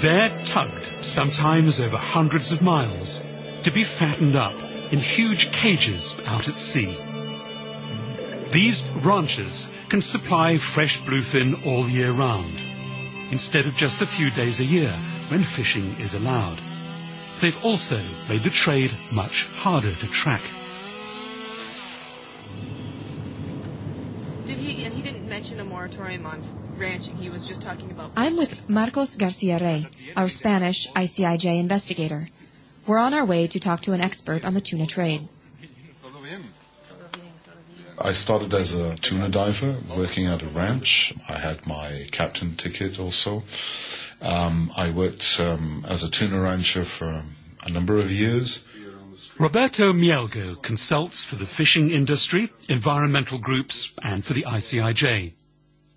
They're tugged, sometimes over hundreds of miles, to be fattened up in huge cages out at sea. These ranches can supply fresh bluefin all year round, instead of just a few days a year when fishing is allowed. They've also made the trade much harder to track. Did he? And he didn't mention a moratorium on ranching. He was just talking about. I'm with Marcos Garcia Rey, our Spanish ICIJ investigator. We're on our way to talk to an expert on the tuna trade. I started as a tuna diver working at a ranch. I had my captain ticket also. Um, I worked um, as a tuna rancher for a number of years. Roberto Mielgo consults for the fishing industry, environmental groups, and for the ICIJ.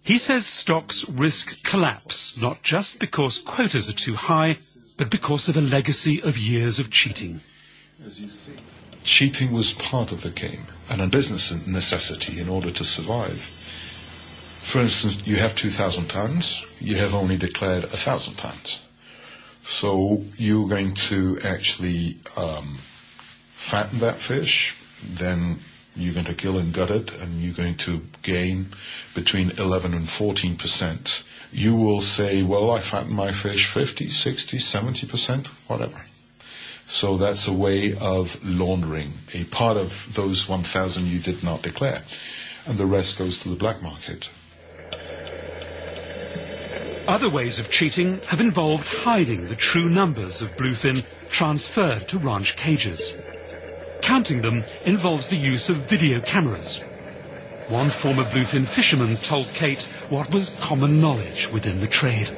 He says stocks risk collapse, not just because quotas are too high, but because of a legacy of years of cheating. Cheating was part of the game and a business necessity in order to survive. For instance, you have 2,000 tons, you have only declared 1,000 tons. So you're going to actually um, fatten that fish, then you're going to kill and gut it, and you're going to gain between 11 and 14 percent. You will say, well, I fatten my fish 50, 60, 70 percent, whatever. So that's a way of laundering a part of those 1,000 you did not declare. And the rest goes to the black market. Other ways of cheating have involved hiding the true numbers of bluefin transferred to ranch cages. Counting them involves the use of video cameras. One former bluefin fisherman told Kate what was common knowledge within the trade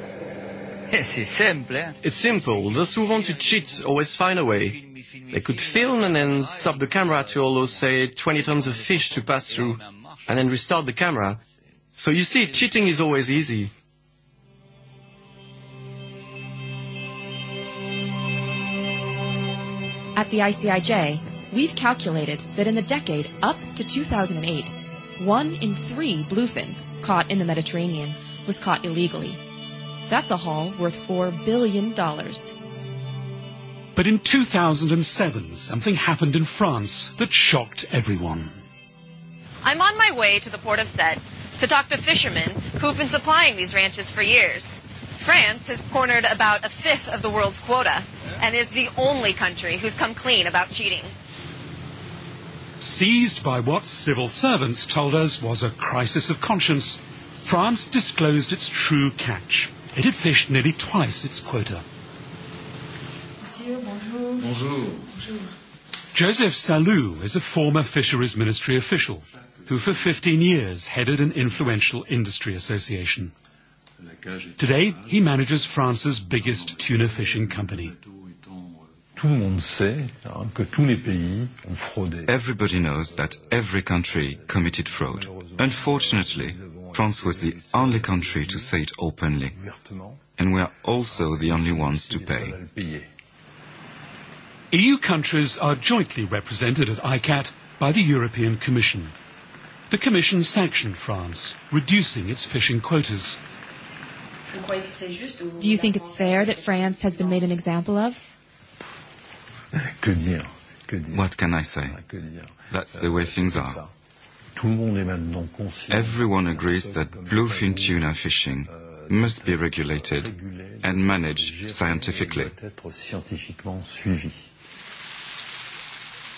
it's simple. It's simple. Those who want to cheat always find a way. They could film and then stop the camera to allow, say, 20 tons of fish to pass through, and then restart the camera. So you see, cheating is always easy. At the ICIJ, we've calculated that in the decade up to 2008, one in three bluefin caught in the Mediterranean was caught illegally. That's a haul worth $4 billion. dollars. But in 2007, something happened in France that shocked everyone. I'm on my way to the port of Set to talk to fishermen who've been supplying these ranches for years. France has cornered about a fifth of the world's quota and is the only country who's come clean about cheating. Seized by what civil servants told us was a crisis of conscience, France disclosed its true catch It had fished nearly twice its quota. Bonjour. Joseph Salou is a former fisheries ministry official who for 15 years headed an influential industry association. Today, he manages France's biggest tuna fishing company. Everybody knows that every country committed fraud. Unfortunately, France was the only country to say it openly, and we are also the only ones to pay. EU countries are jointly represented at ICAT by the European Commission. The Commission sanctioned France, reducing its fishing quotas. Do you think it's fair that France has been made an example of? What can I say? That's the way things are. Everyone agrees that bluefin tuna fishing must be regulated and managed scientifically.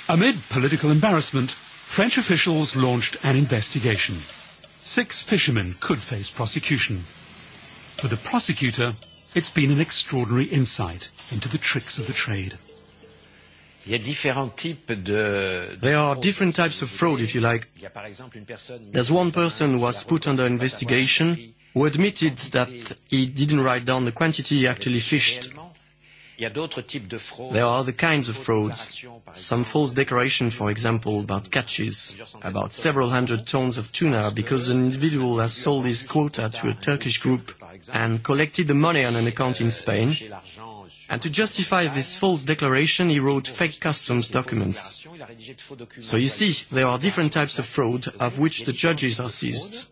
Amid political embarrassment, French officials launched an investigation. Six fishermen could face prosecution. For the prosecutor, it's been an extraordinary insight into the tricks of the trade. There are different types of fraud if you like. There's one person who was put under investigation who admitted that he didn't write down the quantity he actually fished. There are other kinds of frauds, some false declaration, for example, about catches, about several hundred tons of tuna because an individual has sold his quota to a Turkish group and collected the money on an account in Spain, And to justify this false declaration, he wrote fake customs documents. So you see, there are different types of fraud of which the judges are seized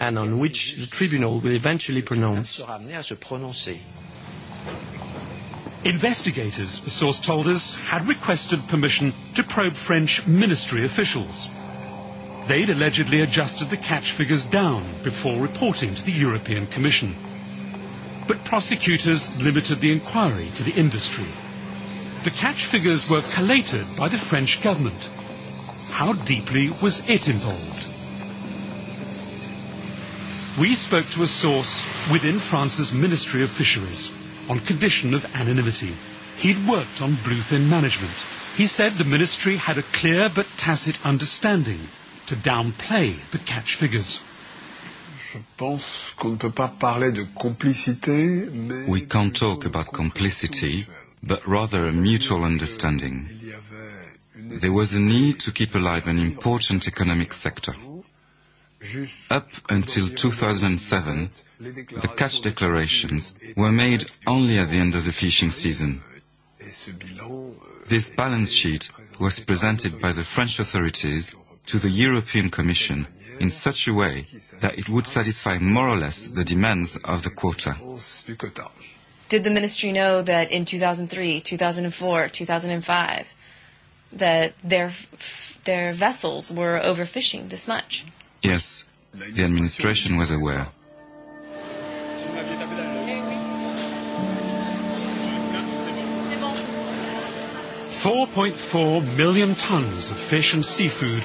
and on which the tribunal will eventually pronounce. Investigators, the source told us, had requested permission to probe French ministry officials. They'd allegedly adjusted the catch figures down before reporting to the European Commission but prosecutors limited the inquiry to the industry. The catch figures were collated by the French government. How deeply was it involved? We spoke to a source within France's Ministry of Fisheries on condition of anonymity. He'd worked on bluefin management. He said the ministry had a clear but tacit understanding to downplay the catch figures. We can't talk about complicity, but rather a mutual understanding. There was a need to keep alive an important economic sector. Up until 2007, the catch declarations were made only at the end of the fishing season. This balance sheet was presented by the French authorities to the European Commission in such a way that it would satisfy more or less the demands of the quota. Did the ministry know that in 2003, 2004, 2005, that their their vessels were overfishing this much? Yes, the administration was aware. Four point million tons of fish and seafood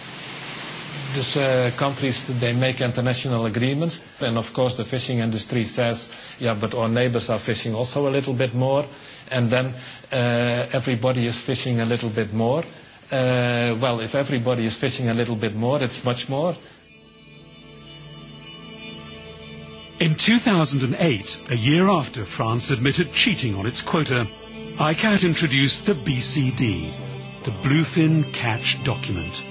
these countries, they make international agreements. And of course, the fishing industry says, yeah, but our neighbors are fishing also a little bit more. And then everybody is fishing a little bit more. Well, if everybody is fishing a little bit more, it's much more. In 2008, a year after France admitted cheating on its quota, ICAT introduced the BCD, the Bluefin Catch Document.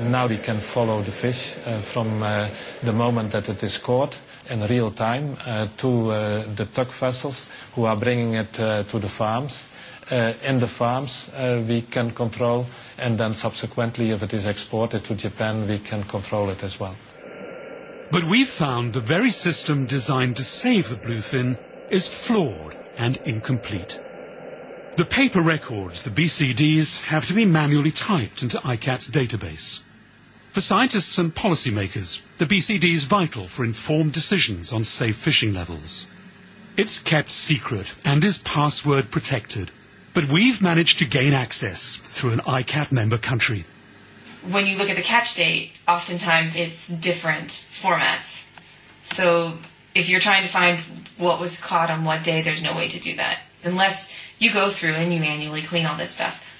Now we can follow the fish from the moment that it is caught in real time to the tug vessels who are bringing it to the farms. In the farms we can control and then subsequently if it is exported to Japan we can control it as well. But we've found the very system designed to save the bluefin is flawed and incomplete. The paper records, the BCDs, have to be manually typed into ICAT's database. For scientists and policymakers, the BCD is vital for informed decisions on safe fishing levels. It's kept secret and is password protected, but we've managed to gain access through an ICAT member country. When you look at the catch date, oftentimes it's different formats. So if you're trying to find what was caught on what day, there's no way to do that unless you go through and you manually clean all this stuff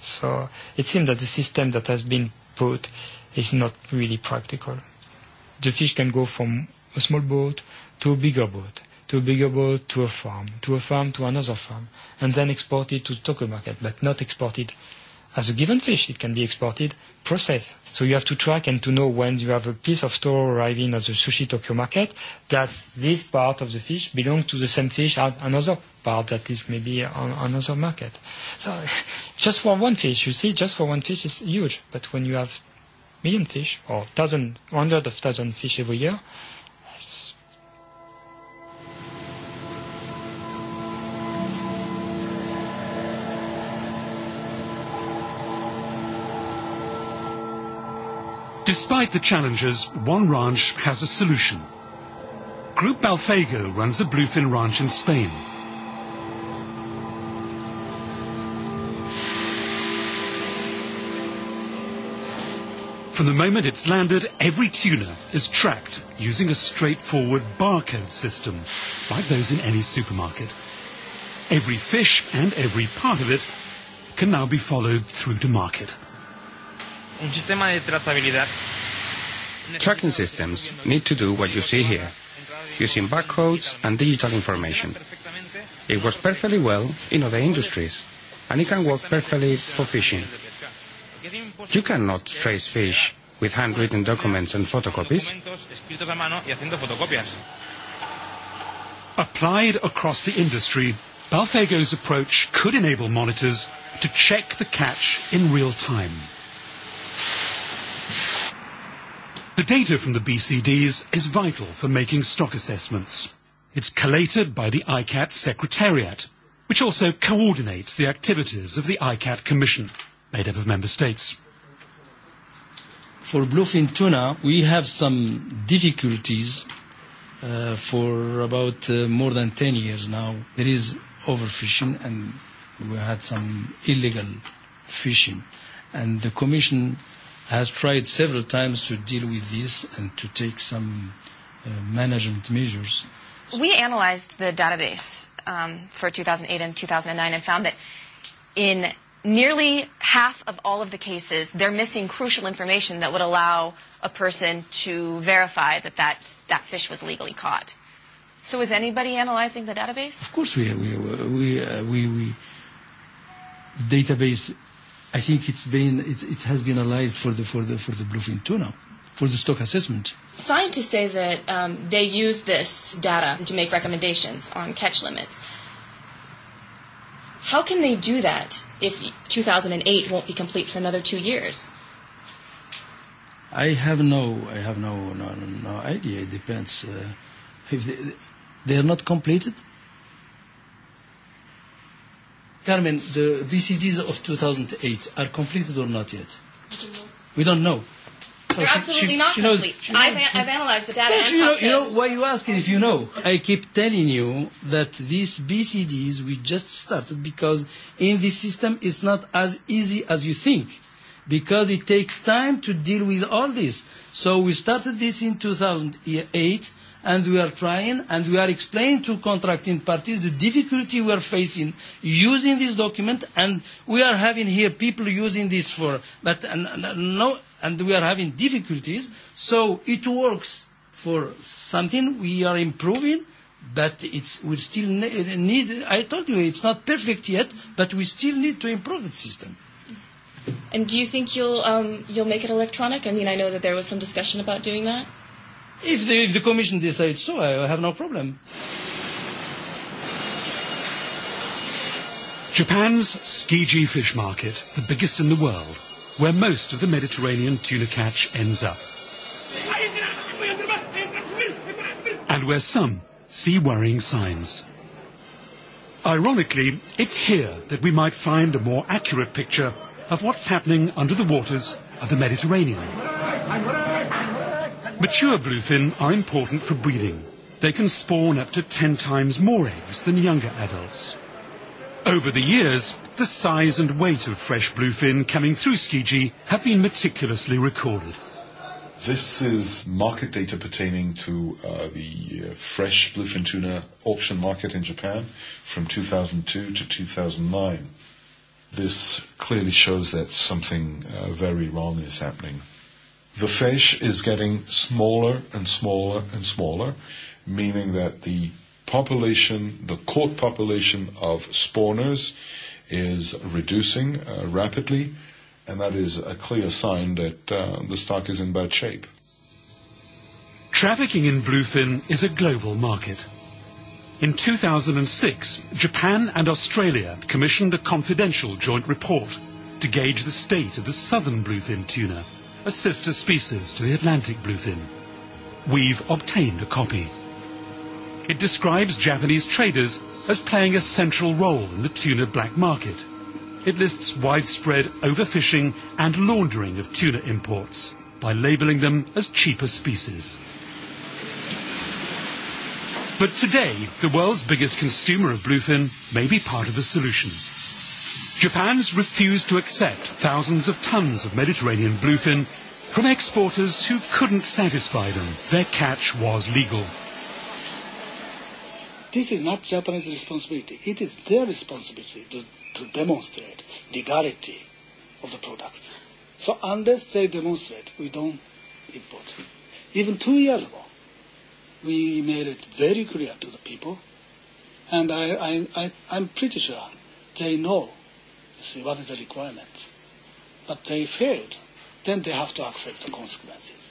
So it seems that the system that has been put is not really practical. The fish can go from a small boat to a bigger boat, to a bigger boat to a farm, to a farm to another farm, and then export it to the market, but not exported as a given fish. It can be exported, processed. So you have to track and to know when you have a piece of store arriving at the sushi Tokyo market that this part of the fish belongs to the same fish at another part that is maybe on another market. So just for one fish, you see, just for one fish is huge. But when you have million fish or thousand, hundreds of thousand fish every year, Despite the challenges, one ranch has a solution. Group Balfago runs a bluefin ranch in Spain. From the moment it's landed, every tuna is tracked using a straightforward barcode system, like those in any supermarket. Every fish and every part of it can now be followed through to market. Tracking systems need to do what you see here, using barcodes and digital information. It works perfectly well in other industries, and it can work perfectly for fishing. You cannot trace fish with handwritten documents and photocopies. Applied across the industry, Balfego's approach could enable monitors to check the catch in real time. The data from the BCDs is vital for making stock assessments. It's collated by the ICAT Secretariat, which also coordinates the activities of the ICAT Commission, made up of member states. For bluefin tuna, we have some difficulties for about more than 10 years now. There is overfishing and we had some illegal fishing. And the Commission has tried several times to deal with this and to take some management measures. We analyzed the database for 2008 and 2009 and found that in nearly half of all of the cases, they're missing crucial information that would allow a person to verify that that, that fish was legally caught. So is anybody analyzing the database? Of course we, we, we, we, we database I think it's been it has been analyzed for the for the for the bluefin tuna, for the stock assessment. Scientists say that um they use this data to make recommendations on catch limits. How can they do that if 2008 won't be complete for another two years? I have no I have no no no idea. It depends. uh if they, they are not completed, Carmen, the BCDs of 2008 are completed or not yet? We don't know. They're absolutely not complete. I've analyzed the data. You know, you know why you asking if you know. I keep telling you that these BCDs we just started because in this system it's not as easy as you think, because it takes time to deal with all this. So we started this in 2008 and we are trying and we are explaining to contracting parties the difficulty we are facing using this document and we are having here people using this for but no and we are having difficulties so it works for something we are improving but it's we still need I told you it's not perfect yet but we still need to improve the system and do you think you'll um you'll make it electronic I mean I know that there was some discussion about doing that If the, if the Commission decides so, I have no problem. Japan's Skiji fish market, the biggest in the world, where most of the Mediterranean tuna catch ends up. And where some see worrying signs. Ironically, it's here that we might find a more accurate picture of what's happening under the waters of the Mediterranean. Mature bluefin are important for breeding. They can spawn up to 10 times more eggs than younger adults. Over the years, the size and weight of fresh bluefin coming through Skiji have been meticulously recorded. This is market data pertaining to the fresh bluefin tuna auction market in Japan from 2002 to 2009. This clearly shows that something very wrong is happening. The fish is getting smaller and smaller and smaller, meaning that the population, the caught population of spawners is reducing rapidly, and that is a clear sign that the stock is in bad shape. Trafficking in bluefin is a global market. In 2006, Japan and Australia commissioned a confidential joint report to gauge the state of the southern bluefin tuna a sister species to the Atlantic bluefin. We've obtained a copy. It describes Japanese traders as playing a central role in the tuna black market. It lists widespread overfishing and laundering of tuna imports by labelling them as cheaper species. But today, the world's biggest consumer of bluefin may be part of the solution. Japan's refused to accept thousands of tons of Mediterranean bluefin from exporters who couldn't satisfy them. Their catch was legal. This is not Japanese responsibility. It is their responsibility to, to demonstrate legality of the products. So unless they demonstrate, we don't import. Even two years ago, we made it very clear to the people, and I, I, I, I'm pretty sure they know see what is the requirement. But they failed. Then they have to accept the consequences.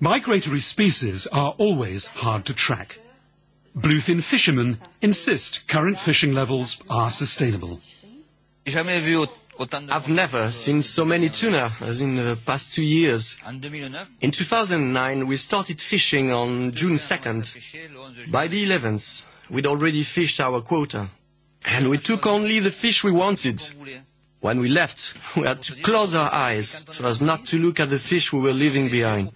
Migratory species are always hard to track. Bluefin fishermen insist current fishing levels are sustainable. I've never seen so many tuna as in the past two years. In 2009, we started fishing on June 2nd. By the 11th, we'd already fished our quota. And we took only the fish we wanted. When we left, we had to close our eyes so as not to look at the fish we were leaving behind.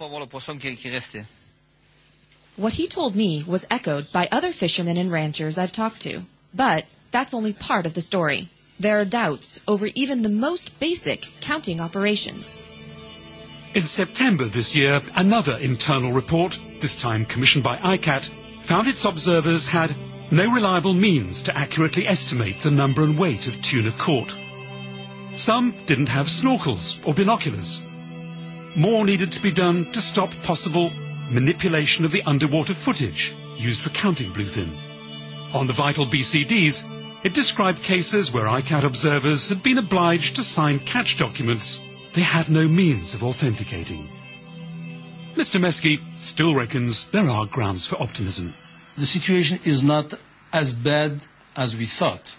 What he told me was echoed by other fishermen and ranchers I've talked to. But that's only part of the story. There are doubts over even the most basic counting operations. In September this year, another internal report, this time commissioned by ICAT, found its observers had no reliable means to accurately estimate the number and weight of tuna caught. Some didn't have snorkels or binoculars. More needed to be done to stop possible manipulation of the underwater footage used for counting bluefin. On the vital BCDs, it described cases where ICAT observers had been obliged to sign catch documents they had no means of authenticating. Mr. Meskey still reckons there are grounds for optimism the situation is not as bad as we thought.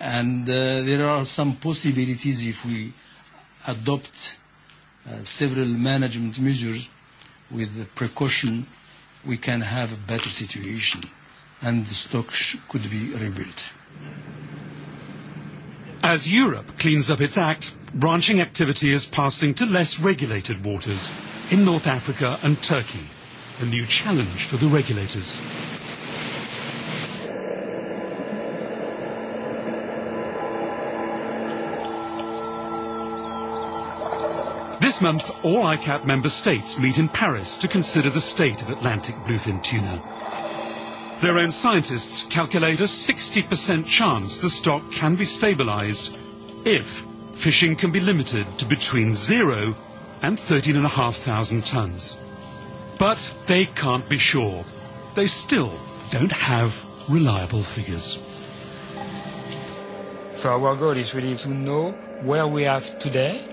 And there are some possibilities if we adopt several management measures with the precaution, we can have a better situation and the stocks could be rebuilt. As Europe cleans up its act, branching activity is passing to less regulated waters in North Africa and Turkey a new challenge for the regulators. This month, all ICAP member states meet in Paris to consider the state of Atlantic bluefin tuna. Their own scientists calculate a 60% chance the stock can be stabilized if fishing can be limited to between zero and 13,500 tons. But they can't be sure. They still don't have reliable figures. So our goal is really to know where we are today.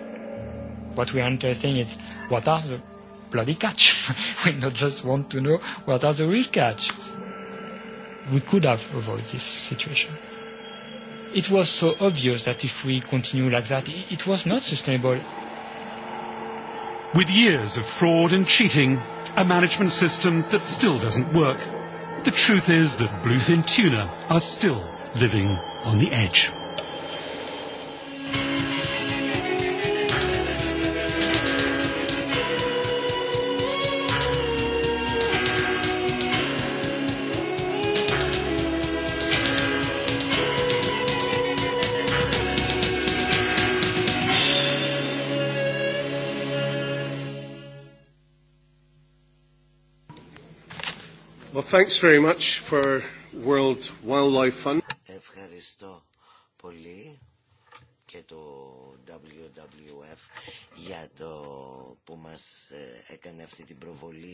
What we are interested is what are the bloody catch. we not just want to know what are the real catch. We could have avoided this situation. It was so obvious that if we continue like that, it was not sustainable With years of fraud and cheating, a management system that still doesn't work, the truth is that bluefin tuna are still living on the edge. Ευχαριστώ πολύ και το WWF για το που μας ε, έκανε αυτή την προβολή